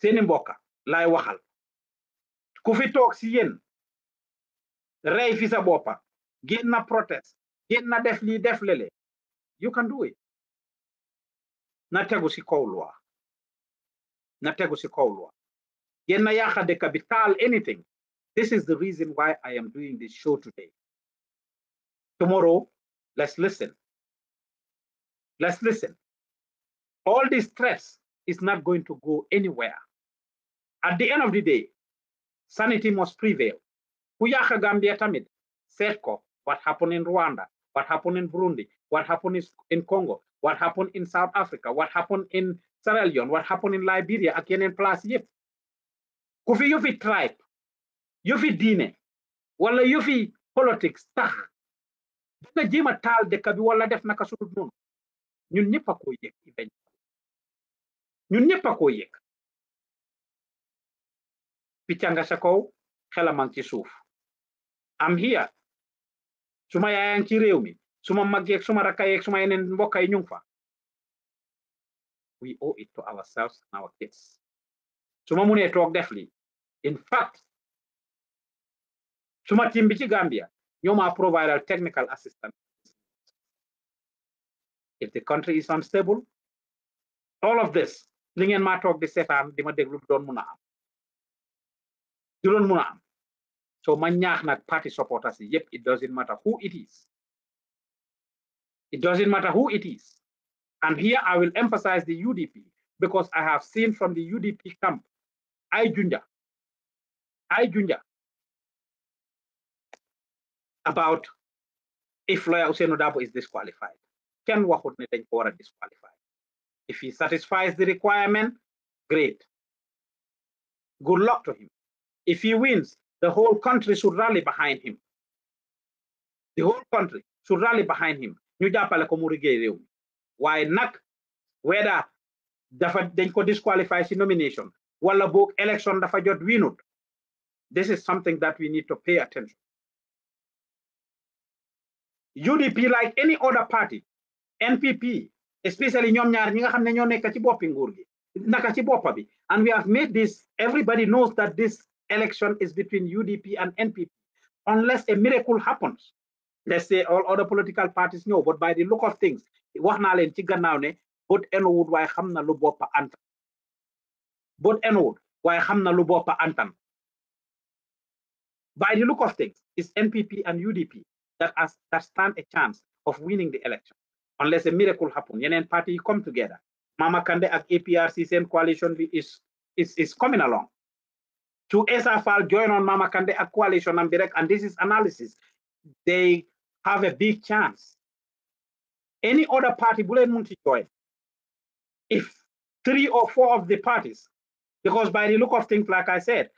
seeni mbokka laay waxal ku fi toog si yéen rey fi sa boppa génn na protest génn na def lii def lele you can do it na tegu si kaw loi na tegu si kaw loi Yenayaka de Capital, anything. This is the reason why I am doing this show today. Tomorrow, let's listen. Let's listen. All these threats is not going to go anywhere. At the end of the day, sanity must prevail. Kuyaka Gambia Tamid, Serko, what happened in Rwanda, what happened in Burundi, what happened in Congo, what happened in South Africa, what happened in Sierra Leone, what happened in Liberia, again in Plus ku fi yu fi tribe yu fi diine wala yu fi politics tax dina jéem a taal dëkk bi wala def naka sudut noonu ñun ñëpp a koo yëg ñun ñëpp a koo yëg picca nga sa kaw xelamang ci suuf am su ma yaayang ci réew mi suma mag yeeg suma rakka su ma yeneen mbokk yi ñu ngi fa we So mune talk definitely. in fact suma team bi ci gambia ñoma providal technical assistance if the country is unstable all of this li ma tok di setan dima deglu don muna am don muna am so many ñaax nak party supporters yep it doesn't matter who it is it doesn't matter who it is and here i will emphasize the udp because i have seen from the udp camp I junja I junja about if lawyer Usain Dabo is disqualified Ken waxut ne dañ ko war disqualify if he satisfies the requirement great good luck to him if he wins the whole country should rally behind him the whole country should rally behind him Why not? whether dafa dañ ko disqualify nomination wala boog élection dafa jot wiinut this is something that we need to pay attention UDP like any other party NPP especially ñoom ñaar ñi nga xam ne ñoo nekk ci boppi nguur gi naka ci boppa bi and we have made this everybody knows that this election is between UDP and NPP unless a miracle happens let's say all other political parties know. but by the look of things wax na leen ci gannaaw ne bët enuwut waaye xam na lu boppa anta both enuwul waaye xam na lu boppa antan by the look of things it's NPP and UDP that as that stand a chance of winning the election unless a miracle happen Yenen party come together Mama Kande ak APRC same coalition bi is is is coming along to SFR join on Mama Kande ak coalition am direct. and this is analysis they have a big chance any other party bu munti join if three or four of the parties because by the look of things, like I said,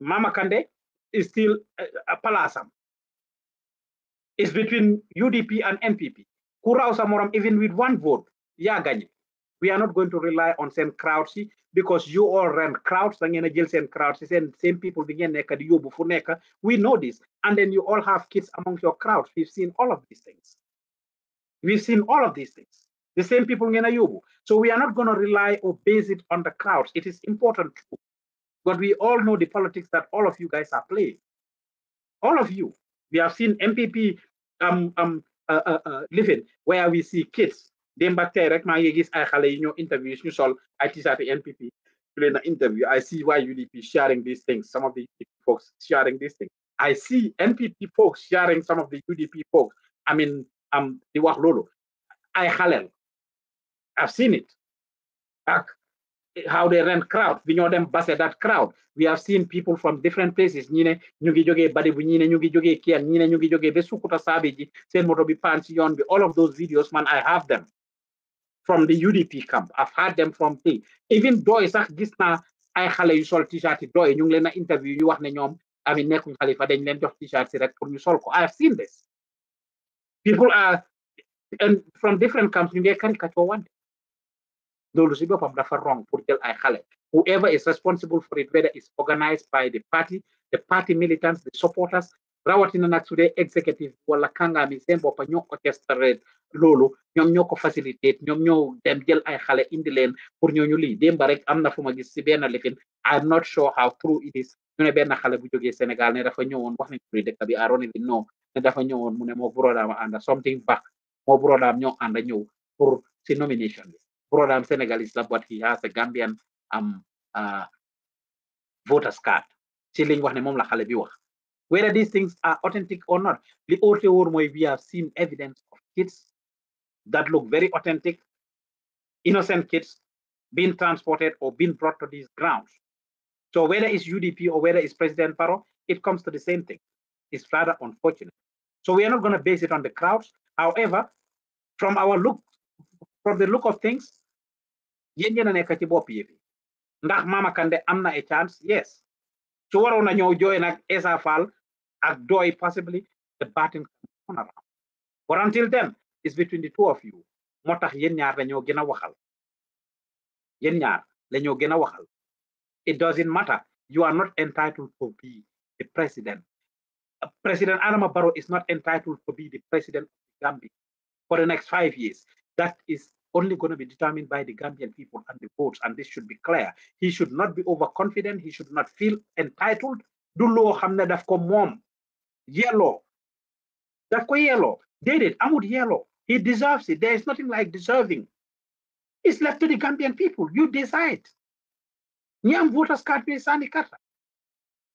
Mama Kande is still a, a palasam. It's between UDP and MPP. Kura osamoram even with one vote, Yaganye. We are not going to rely on same crowds because you all ran crowds, and jail Sen and same people begin neka, the Yobufuneka. We know this. And then you all have kids among your crowds. We've seen all of these things. We've seen all of these things the same people in Ayubu. So we are not going to rely or base it on the crowds. It is important too. But we all know the politics that all of you guys are playing. All of you. We have seen MPP um, um, uh, uh, uh, living where we see kids. dem back tey my maa I gis ay xale yi ñoo interview suñu sol ay t-shirt MPP su leen interview I see why UDP sharing these things some of the folks sharing these things I see NPP folks sharing some of the UDP folks I mean am um, di wax loolu ay xaleel I've seen it. how they rent crowd We know them, base that crowd we have seen people from different places ñi nyugi joge, ngi jógee Badegu nyugi joge kia. ngi nyugi joge. ñi ne ñu ngi jógee ba Sukuta moto bi paan ci bi all of those videos man I have them from the UDP camp I've had them from tey even doy sax gis naa ay xale yu sol t-shirt yi doy ñu ngi leen interview ñu wax ne ñoom ami nekkuñ xalifa dañ leen jox t-shirt yi rek pour ñu sol ko I have seen this people are and from different camps ñu ngi caricature wante loolu si boppam dafa wrong pour jël ay xale whoever is responsible for it whether it's organized by the party the party militants the supporters rawatina nag su executive wala kanga seen boppa ñoo orchestrate lolo ñoom ñoo ko facilitate ñoom ñoo dem jël ay xale indi leen pour ñooñu lii démba rek am na fu gis si benn lifin I'm not sure how true it is ñu ne benn xale bu jógee Sénégal ne dafa ñëwoon wax nañ turi dëkk bi aronili non ne dafa ñëwoon mu ne moo brodaam a ànda something back moo brodaam ñoo ànda ñëw pour si nomination bi program Senegal Islam, but he has a Gambian um uh, voters card. ci la whether these things are authentic or not the we have seen evidence of kids that look very authentic innocent kids being transported or being brought to these grounds. So whether it's UDP or whether it's President Faro, it comes to the same thing. It's rather unfortunate. So we are not going to base it on the crowds. However, from our look, from the look of things, yéen na nekati nekk ci bopp Mama kande amna na a chance yes su waroon a ñëw jooy nag ak doy possibly the batting turn around but until then it's between the two of you moo tax yéen ñaar dañoo gën a waxal yéen it doesn't matter you are not entitled to be the president President Adama Barrow is not entitled to be the president of Gambia for the next five years that is only going to be determined by the Gambian people and the votes, and this should be clear. He should not be overconfident. He should not feel entitled. Dulo loo xam ne daf ko yellow. yelloo daf yellow. Did it? amut yellow. he deserves it there is nothing like deserving it's left to the Gambian people you decide ñi am voters card bi sànni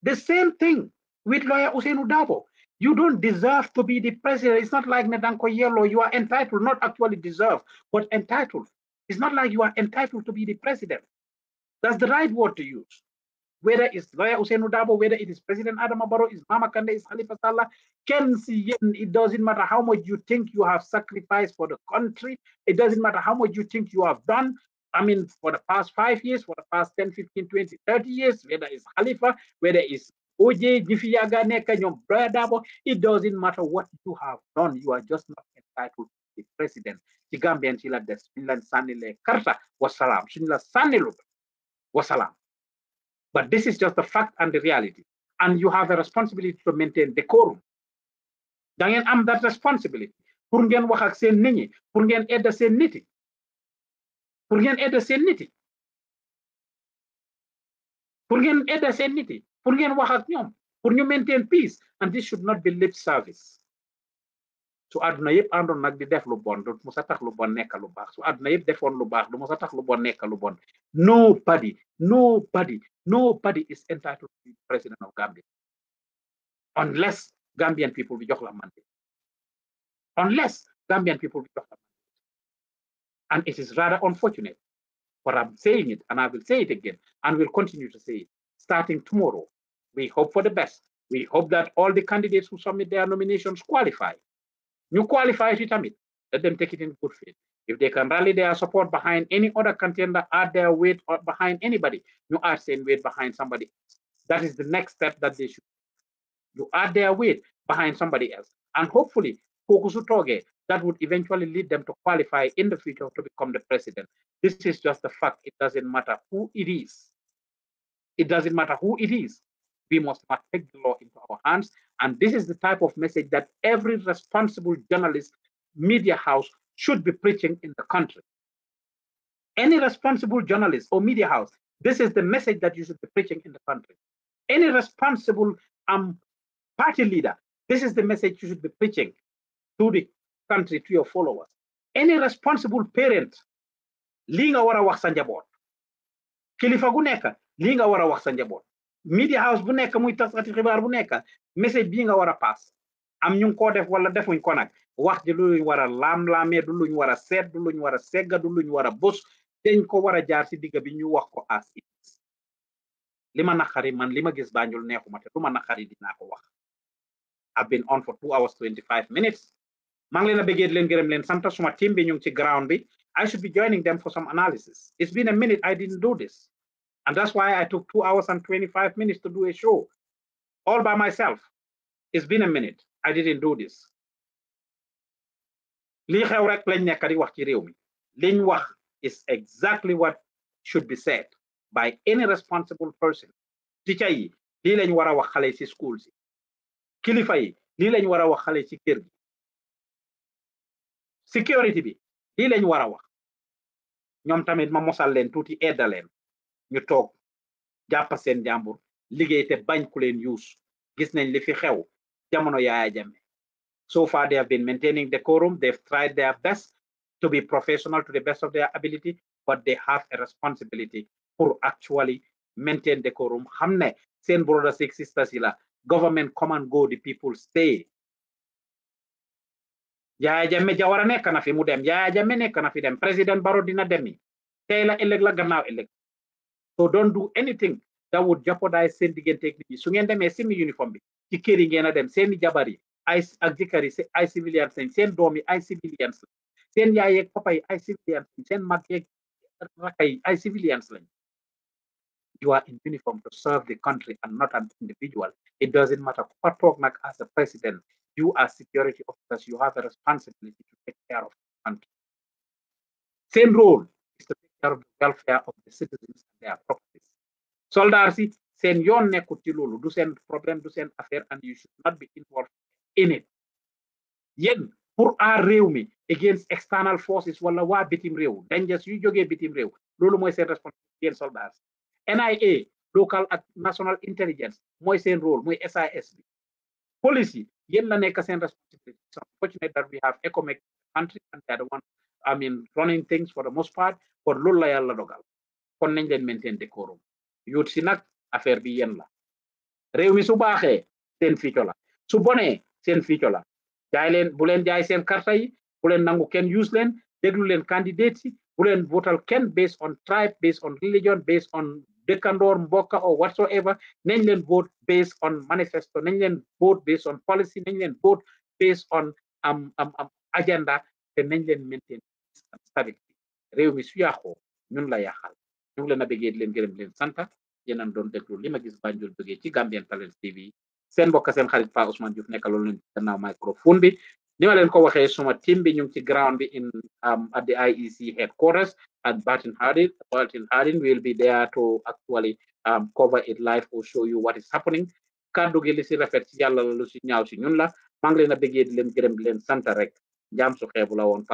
the same thing with lawyer Ousseynou Dabo you don't deserve to be the president. It's not like Nadanko Yellow. You are entitled, not actually deserve, but entitled. It's not like you are entitled to be the president. That's the right word to use. Whether it's Lawyer Hussein Udabo, whether it is President Adam Abaro, is Mama Kande, is Khalifa Sallah, Ken Siyen, it doesn't matter how much you think you have sacrificed for the country. It doesn't matter how much you think you have done. I mean, for the past five years, for the past 10, 15, 20, 30 years, whether it's Khalifa, whether it's OJ, Jifiyaga, Neka, Nyong, Bradabo, it doesn't matter what you have done. You are just not entitled to be president. The Gambian Chila des Finland Sanile Karta Wasalam. Shinla Sanilub Wasalam. But this is just the fact and the reality. And you have a responsibility to maintain decorum. Dangen am that responsibility. Pour ngeen wax ak seen nit ñi, pour ngeen aide seen nit yi. Pour ngeen aide seen nit yi. Pour ngeen aide seen nit yi. Purgen For you, maintain peace. And this should not be lip service. su àdduna yëpp àndoon nag di def lu bon du mu sa tax lu bon nekk lu baax su àdduna yëpp defoon lu baax du mu sa tax lu bon lu bon nobody nobody nobody is entitled to be president of Gambia unless Gambian people bi jox la unless Gambian people bi jox la and it is rather unfortunate but I'm saying it and I will say it again and will continue to say it starting tomorrow. We hope for the best. We hope that all the candidates who submit their nominations qualify. You qualify you submit. Let them take it in good faith. If they can rally their support behind any other contender, add their weight or behind anybody, you add saying weight behind somebody. That is the next step that they should. You add their weight behind somebody else. And hopefully, Kokusu Toge, that would eventually lead them to qualify in the future to become the president. This is just a fact. It doesn't matter who it is. It doesn't matter who it is. We must take the law into our hands. And this is the type of message that every responsible journalist, media house should be preaching in the country. Any responsible journalist or media house, this is the message that you should be preaching in the country. Any responsible um, party leader, this is the message you should be preaching to the country, to your followers. Any responsible parent, lii nga war a wax nga wax sa media house bu nekk muy xibaar bu nekk message nga am ñu def wala defuñ ko wax ji lu du luñ du luñ segga du luñ bus dañ ko jaar bi ñu wax ko man gis neexuma te ko wax I've been on for two hours twenty five minutes maa ngi leen leen gërëm leen suma team bi ñu ci ground bi I should be joining them for some analysis it's been a minute I didn't do this and that's why I took two hours and 25 minutes to do a show all by myself. It's been a minute. I didn't do this. li xew rek lañ nekk is exactly what should be said by any responsible person tica yi lii lañ war a wax xale ci school si kilifa security bi lii lañ war a wax ñoom tamit ma mosal leen tuuti edda ñu toog jàpp seen jàmbur liggéey te bañ ku leen yuus gis nañ li fi xew jamono Yaya Jammeh so far they have been maintaining decorum they've tried their best to be professional to the best of their ability but they have a responsibility pour actually maintain decorum xam Sen seen brothers ak sisters yi la government come and go the people stay Yaya Jammeh Jawara nekk na fi mu dem Yaya Jammeh nekk na fi dem président Barrow dina demi tey la ëllëg la gannaaw ëllëg so don't do anything that would jeopardize sending diggante ak nit ñi su ngeen demee simi uniforme bi ci kër send ngeen a I seeni jabar yi civilians lañ seen doom civilians lañ seen yaay papa civilians lañ seen mag civilians you are in uniform to serve the country and not an individual it doesn't matter what talk toog as a president you are security officers you have a responsibility to take care of the country Same rule care of the welfare of the citizens and their properties soldats yi seen yoon nekkul Do loolu du seen problème du seen affaire and you should not be involved in it yéen pour aar réew mi against external forces wala waa bitim réew dangers you jógee bitim real. loolu mooy seen responsabilité yéen NIA local ak national intelligence mooy seen rôle mooy SIS bi police yi yéen la nekk seen responsabilité it's unfortunate that we have ECOMEC country and they are the one I mean, running things for the most part for lula la yàlla dogal kon nañ leen maintain décorum yuut si nag affaire bi yéen la réew mi su baaxee seen fiico la su bonee seen fiico la jaay leen bu leen jaay seen karta yi bu leen nangu kenn use leen déglu leen candidates yi bu leen votal kenn based on tribe based on religion based on dëkkandoor mbokka or whatsoever nañ leen vote based on manifesto nañ leen vote based on policy nañ leen vote based on am um, am um, am um, agenda te nañ leen maintain salit bi réew mi su yàqoo ñun la yàqal ñu ngi leen a bëggee di leen gërëm di leen santa yéen doon déglu li ma gis Banjul jógee ci Gambian Talents TV seen mbokk seen xarit Paa Ousmane Diouf nekka loolu leen gannaaw microphone bi ni ma leen ko waxee suma team bi ñu ci ground bi in um, at the IEC headquarters at Barton Hardin Barton Hardin will be there to actually um, cover it live or show you what is happening kàddu gi li si rafet si yàlla la lu si ñaaw si ñun la maa ngi leen a bëggee di leen gërëm di leen santa rek njaam so xeebu la woon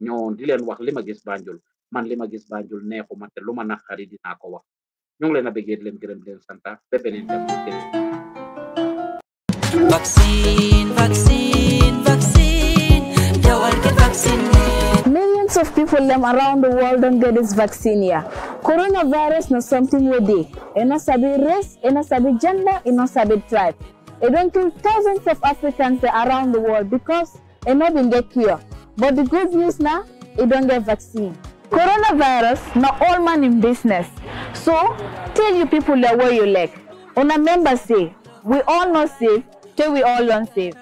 ñoon di leen wax lima gis Banjul man lima gis Banjul ma te lu ma naqari dinaa ko wax ñu ngi leen a bëggee di leen gërëm di leen santa ba beneen dem Millions of people them around the world don't get this vaccine here. Coronavirus not something we dey. It not sabi race, it not sabi gender, it not sabi tribe. It don't kill thousands of Africans around the world because it not been get cure. But the good news now, you don't get vaccine. Coronavirus, not all man in business. So tell you people that where you like. On a member say, we all not safe till we all learn safe.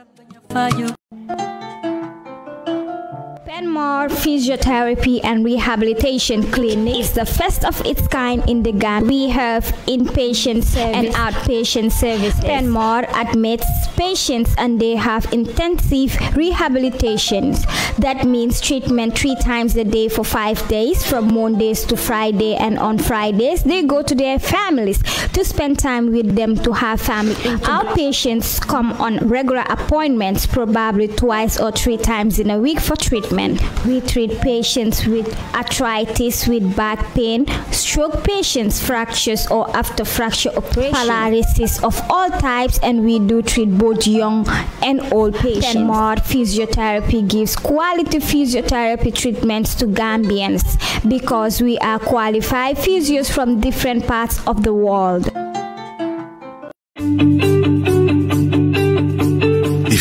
Benmar Physiotherapy and Rehabilitation Clinic is the first of its kind in the Ghana. We have inpatient service and outpatient services. Benmar admits patients and they have intensive rehabilitations. That means treatment three times a day for five days from Mondays to Friday and on Fridays they go to their families to spend time with them to have family. Outpatients come on regular appointments probably twice or three times in a week for treatment we treat patients with arthritis, with back pain, stroke patients, fractures or after fracture operation, paralysis of all types, and we do treat both young and old patients. Denmark Physiotherapy gives quality physiotherapy treatments to Gambians because we are qualified physios from different parts of the world.